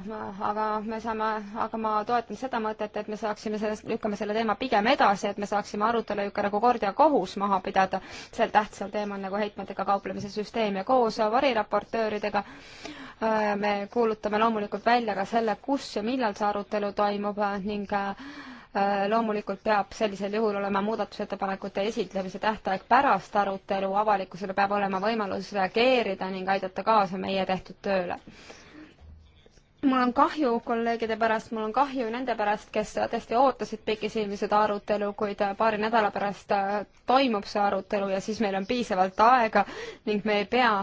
aga me saame, aga ma toetan seda mõtet, et me saaksime sellest, lükkame selle teema pigem edasi, et me saaksime arutelu ikka nagu kord ja kohus maha pidada sel tähtsal teemal nagu heitmetega kauplemise süsteem ja koos variraportööridega äh, me kuulutame loomulikult välja ka selle, kus ja millal see arutelu toimub ning äh, Äh, loomulikult peab sellisel juhul olema muudatusettepanekute esitlemise tähtaeg pärast arutelu, avalikkusele peab olema võimalus reageerida ning aidata kaasa meie tehtud tööle. mul on kahju kolleegide pärast, mul on kahju nende pärast, kes tõesti ootasid pikisilmi seda arutelu, kuid äh, paari nädala pärast äh, toimub see arutelu ja siis meil on piisavalt aega ning me ei pea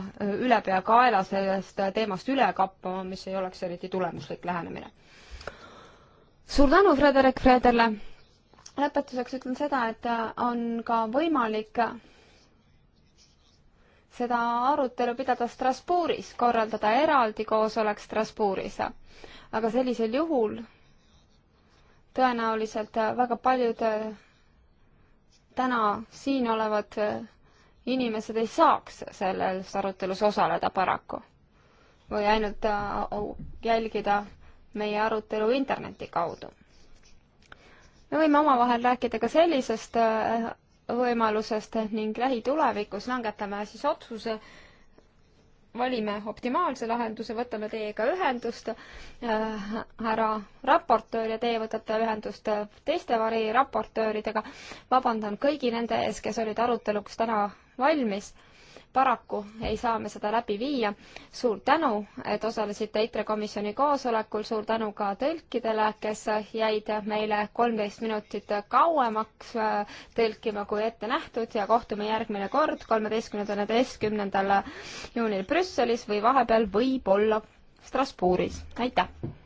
ülepeakaela sellest teemast üle kappama, mis ei oleks eriti tulemuslik lähenemine suur tänu Frederik Frederle. lõpetuseks ütlen seda, et on ka võimalik seda arutelu pidada Strasbourgis, korraldada eraldi koosolek Strasbourgis. aga sellisel juhul tõenäoliselt väga paljud täna siin olevad inimesed ei saaks selles arutelus osaleda paraku või ainult jälgida meie arutelu interneti kaudu. me võime omavahel rääkida ka sellisest äh, võimalusest ning lähitulevikus langetame siis otsuse, valime optimaalse lahenduse, võtame teiega ühendust äh,, härra raportöör ja teie võtate ühendust äh, teiste variraportööridega. vabandan kõigi nende ees, kes olid aruteluks täna valmis paraku ei saa me seda läbi viia. suur tänu, et osalesite EITRE komisjoni koosolekul, suur tänu ka tõlkidele, kes jäid meile kolmteist minutit kauemaks äh, tõlkima kui ette nähtud ja kohtume järgmine kord, kolmeteistkümnendal, üheteistkümnendal juunil Brüsselis või vahepeal võib-olla Strasbourgis, aitäh!